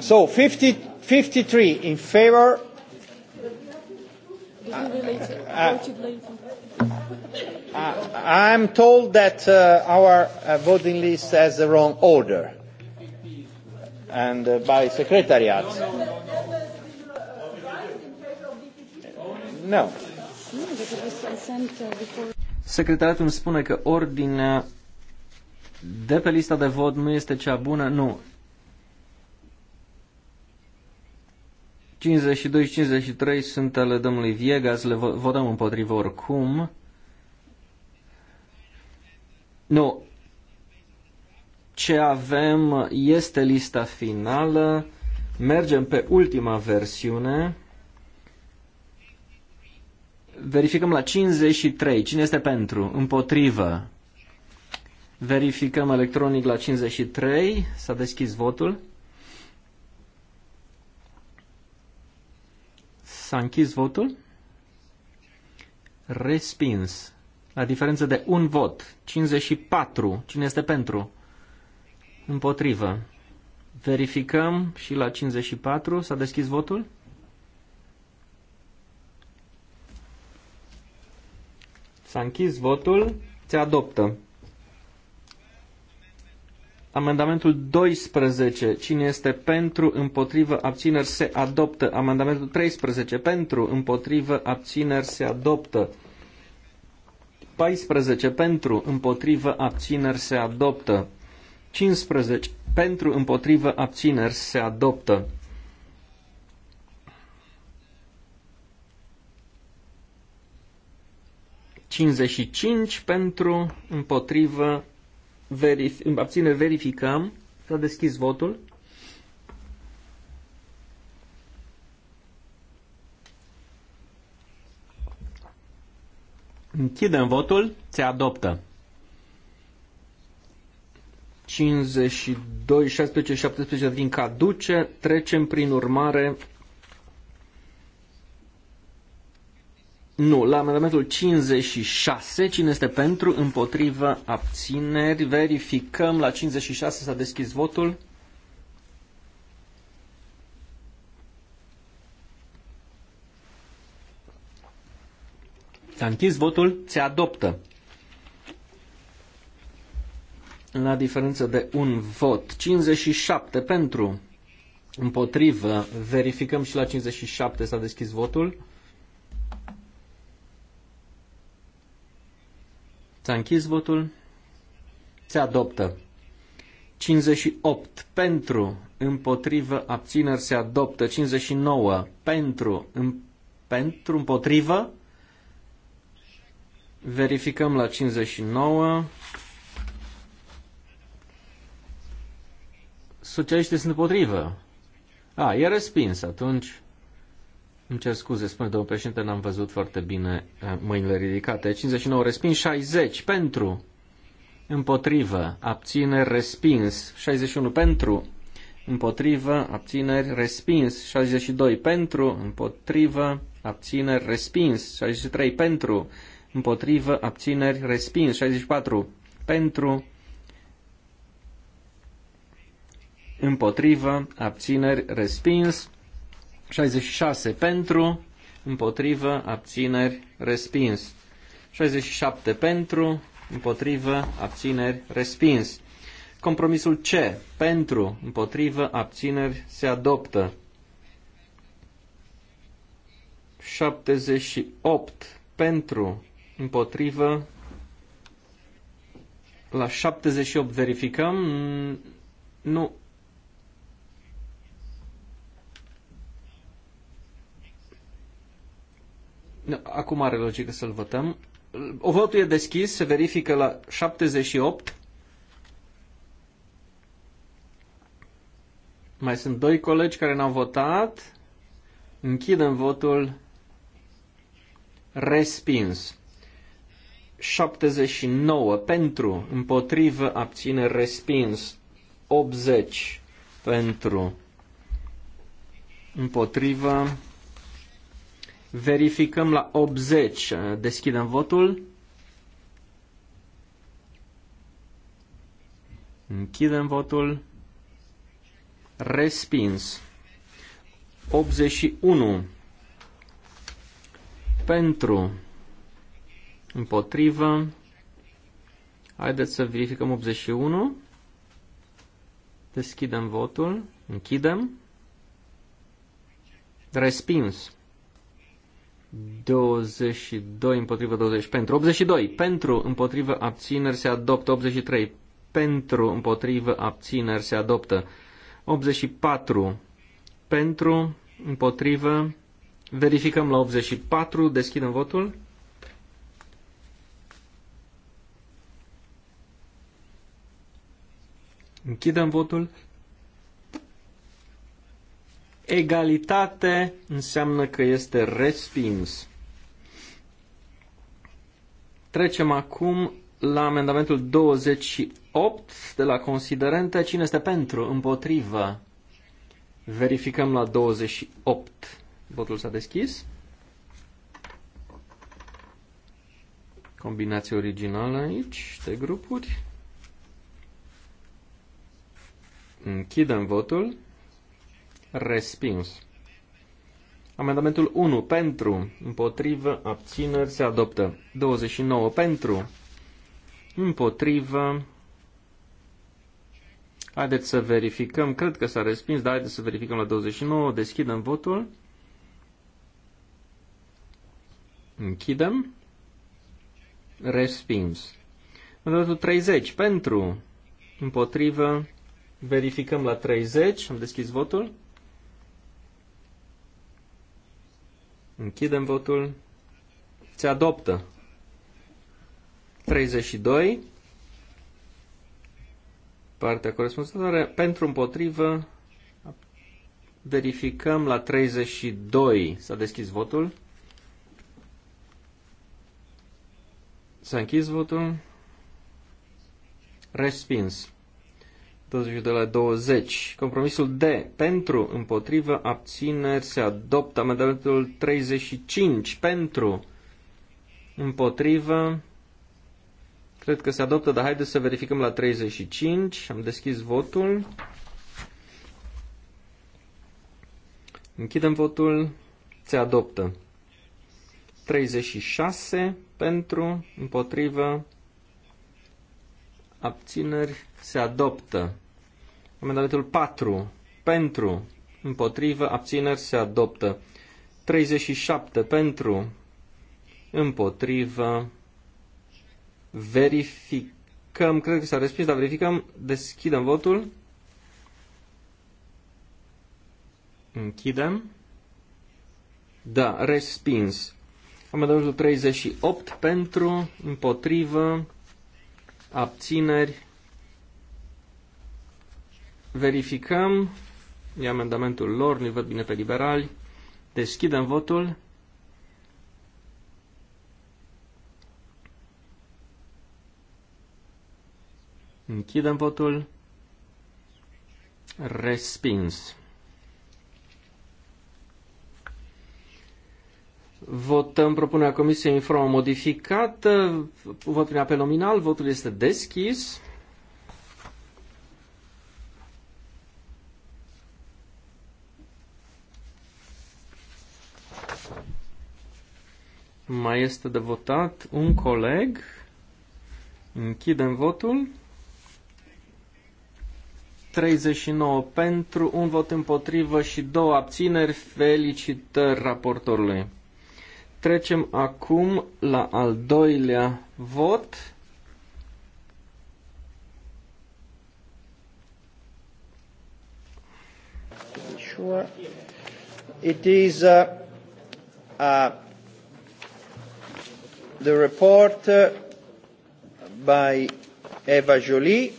S1: So 50, 53 in favor.
S5: Uh, uh,
S1: uh, I'm told that uh, our uh, voting list has the wrong order. And uh, by secretariat. No.
S2: Secretariatul îmi spune că ordinea de pe lista de vot nu este cea bună. Nu. 52 și 53 sunt ale domnului Viegas, le votăm împotriva oricum. Nu. Ce avem este lista finală. Mergem pe ultima versiune. Verificăm la 53. Cine este pentru? Împotrivă. Verificăm electronic la 53. S-a deschis votul. S-a închis votul. Respins. La diferență de un vot. 54. Cine este pentru? Împotrivă. Verificăm și la 54. S-a deschis votul. S-a închis votul. Se adoptă. Amendamentul 12. Cine este pentru, împotrivă, abțineri, se adoptă. Amendamentul 13. Pentru, împotrivă, abțineri, se adoptă. 14. Pentru, împotrivă, abțineri, se adoptă. 15. Pentru, împotrivă, abțineri, se adoptă. 55 pentru, împotrivă, verifi, abține, verificăm. S-a deschis votul. Închidem votul, se adoptă. 52, 16, 17 din caduce, trecem prin urmare Nu, la amendamentul 56, cine este pentru, împotrivă, abțineri, verificăm, la 56 s-a deschis votul. S-a închis votul, se adoptă. La diferență de un vot, 57 pentru, împotrivă, verificăm și la 57 s-a deschis votul. S-a închis votul. Se adoptă. 58 pentru, împotrivă, abțineri se adoptă. 59 pentru, în, pentru, împotrivă. Verificăm la 59. Socialiștii sunt împotrivă. A, e respins atunci. Îmi cer scuze, spune domnul președinte, n-am văzut foarte bine eh, mâinile ridicate. 59 respins, 60 pentru, împotrivă, abțineri, respins, 61 pentru, împotrivă, abțineri, respins, 62 pentru, împotrivă, abțineri, respins, 63 pentru, împotrivă, abțineri, respins, 64 pentru, împotrivă, abțineri, respins, 66 pentru, împotrivă, abțineri, respins. 67 pentru, împotrivă, abțineri, respins. Compromisul C, pentru, împotrivă, abțineri, se adoptă. 78 pentru, împotrivă, la 78 verificăm, nu Acum are logică să-l votăm. O votul e deschis, se verifică la 78. Mai sunt doi colegi care n-au votat. Închidem votul. Respins. 79 pentru, împotrivă, abține, respins. 80 pentru, împotrivă, Verificăm la 80. Deschidem votul. Închidem votul. Respins. 81. Pentru. Împotrivă. Haideți să verificăm 81. Deschidem votul. Închidem. Respins. 22 împotrivă 20 pentru. 82 pentru împotrivă abțineri se adoptă. 83 pentru împotrivă abțineri se adoptă. 84 pentru împotrivă. Verificăm la 84. Deschidem votul. Închidem votul egalitate înseamnă că este respins. Trecem acum la amendamentul 28 de la considerente. Cine este pentru? Împotrivă? Verificăm la 28. Votul s-a deschis. Combinație originală aici de grupuri. Închidem votul. Respins. Amendamentul 1 pentru, împotrivă, abțineri, se adoptă. 29 pentru, împotrivă. Haideți să verificăm, cred că s-a respins, dar haideți să verificăm la 29, deschidem votul. Închidem. Respins. Amendamentul 30 pentru, împotrivă, verificăm la 30, am deschis votul. Închidem votul. Se adoptă. 32. Partea corespunzătoare. Pentru împotrivă. Verificăm la 32. S-a deschis votul. S-a închis votul. Respins de la 20. Compromisul D. Pentru, împotrivă, abțineri, se adoptă. Amendamentul 35. Pentru, împotrivă, cred că se adoptă, dar haideți să verificăm la 35. Am deschis votul. Închidem votul. Se adoptă. 36 pentru, împotrivă, abțineri, se adoptă. Amendamentul 4, pentru, împotrivă, abțineri, se adoptă. 37, pentru, împotrivă, verificăm, cred că s-a respins, dar verificăm, deschidem votul. Închidem. Da, respins. Amendamentul 38 pentru, împotrivă, abțineri. Verificăm. E amendamentul lor, nu văd bine pe liberali. Deschidem votul. Închidem votul. Respins. Votăm propunerea Comisiei în formă modificată. Vot prin apel nominal. Votul este deschis. Mai este de votat un coleg. Închidem votul. 39 pentru, un vot împotrivă și două abțineri. Felicitări raportorului. Trecem acum la al doilea vot.
S1: Sure. It is uh, uh, the report uh, by Eva Jolie.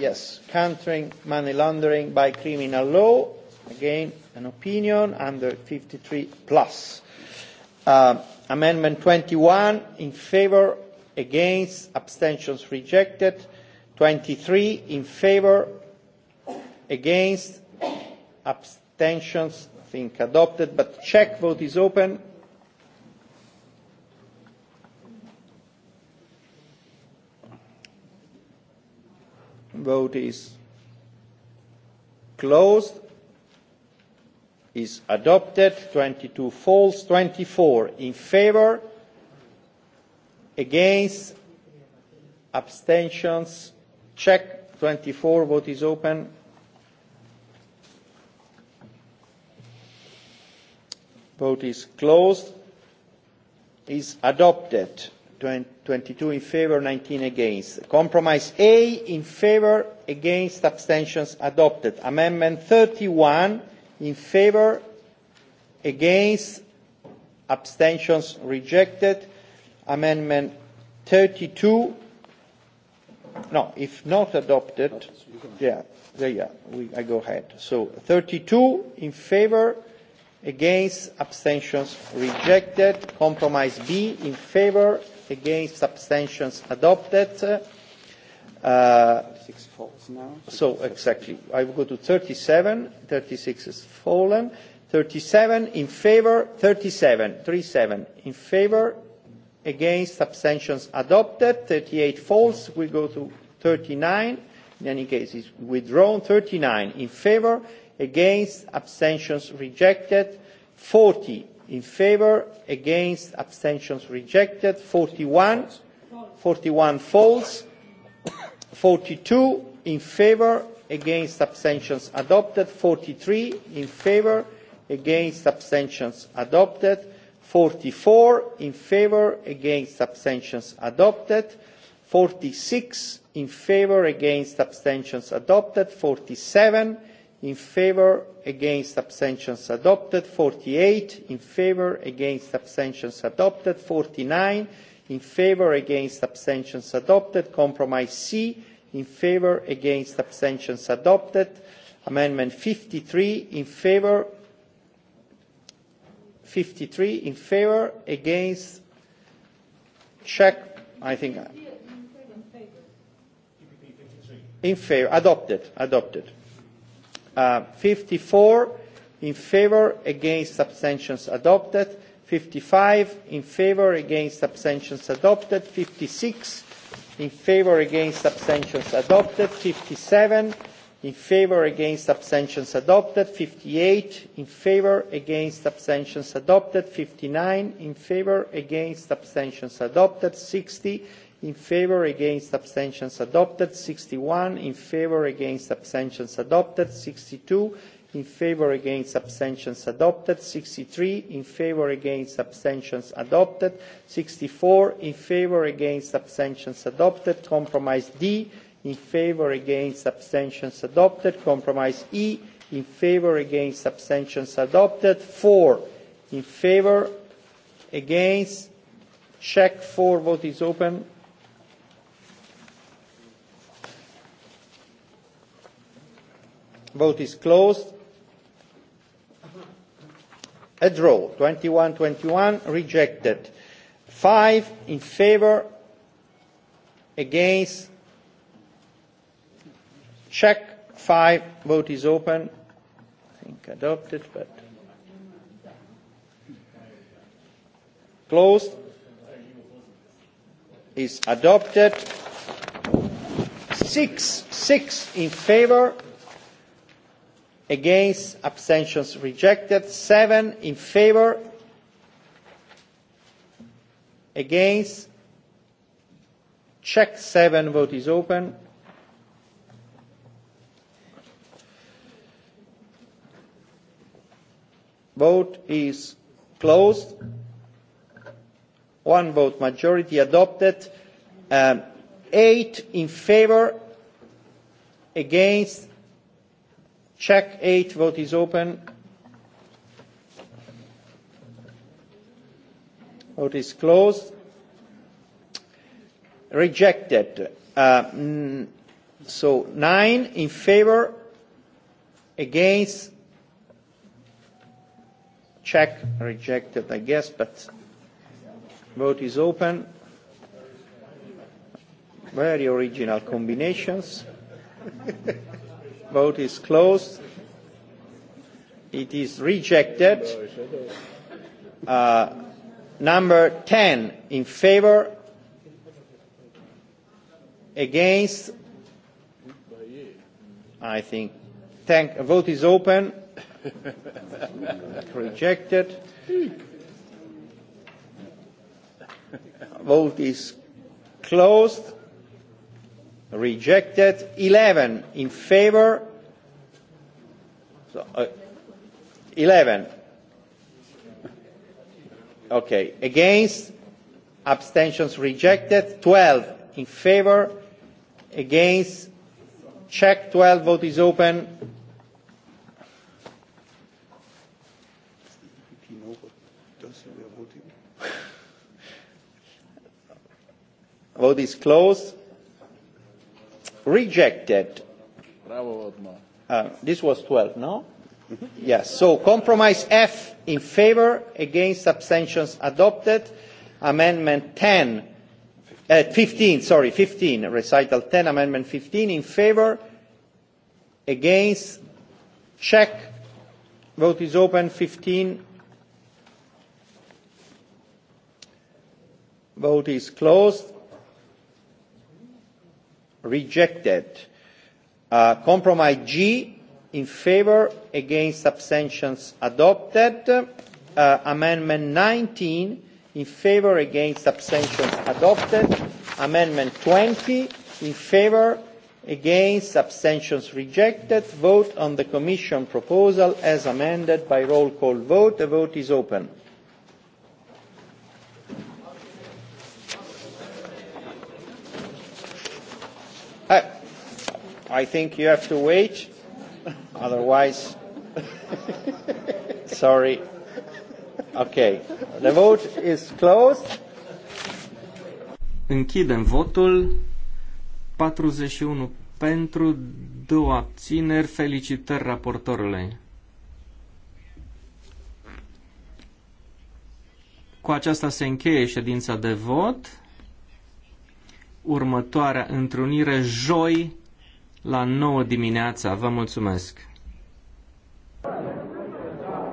S1: Yes, countering money laundering by criminal law. Again, an opinion under 53 plus. Uh, amendment twenty one in favour, against, abstentions rejected. twenty three in favour, against, abstentions, I think adopted, but check, vote is open. Vote is closed is adopted 22 falls 24 in favor against abstentions check 24 vote is open vote is closed is adopted 22 in favor 19 against compromise a in favor against abstentions adopted amendment 31 in favor against abstentions rejected amendment 32 no if not adopted yeah there yeah we, I go ahead so 32 in favor against abstentions rejected compromise B in favor against abstentions adopted uh, 36 falls now. So exactly. I will go to 37. 36 has fallen. 37 in favor, 37, 37 in favor, against, abstentions adopted, 38 falls. we go to 39, in any case it's withdrawn, 39 in favor, against, abstentions rejected, 40 in favor, against, abstentions rejected, 41, 41 falls. 42 in favour against abstentions adopted 43 in favour against abstentions adopted 44 in favour against abstentions adopted 46 in favour against abstentions adopted 47 in favour against abstentions adopted 48 in favour against abstentions adopted 49 in favour against abstentions adopted compromise c in favour against abstentions adopted amendment 53 in favour 53 in favour against check i think uh, in favour adopted adopted uh, 54 in favour against abstentions adopted 55 in favour against abstentions adopted 56 in favour against abstentions adopted 57 in favour against abstentions adopted 58 in favour against abstentions adopted 59 in favour against abstentions adopted 60 in favour against abstentions adopted 61 in favour against abstentions adopted 62 in favour against abstentions adopted sixty three in favour against abstentions adopted sixty four in favour against abstentions adopted compromise D in favour against abstentions adopted compromise E in favour against abstentions adopted four in favour against check four vote is open vote is closed a draw 21 21 rejected Five in favor against check five vote is open I think adopted but closed is adopted Six, six in favor against abstentions rejected seven in favor against check seven vote is open vote is closed one vote majority adopted um, eight in favour. against Check 8. Vote is open. Vote is closed. Rejected. Uh, so 9 in favor, against, check, rejected, I guess, but vote is open. Very original combinations. Vote is closed. It is rejected. Uh, number 10 in favor, against. I think. Thank, vote is open. rejected. Vote is closed rejected 11 in favor so, uh, 11 okay against abstentions rejected 12 in favor against check 12 vote is open vote is closed rejected. Bravo, Uh, this was 12, no? yes. So compromise F in favor, against abstentions adopted. Amendment 10, uh, 15, sorry, 15, recital 10, amendment 15 in favor, against, check. Vote is open, 15. Vote is closed rejected. Uh, compromise G in favour against abstentions adopted. Uh, amendment 19 in favour against abstentions adopted. Amendment 20 in favour against abstentions rejected. Vote on the Commission proposal as amended by roll call vote. The vote is open. Uh, I think you have to wait, otherwise. Sorry. Okay. The vote is closed.
S2: Închidem votul. 41 pentru, 2 abțineri. Felicitări raportorului. Cu aceasta se încheie ședința de vot următoarea întrunire joi la 9 dimineața. Vă mulțumesc!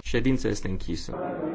S2: Ședința este închisă.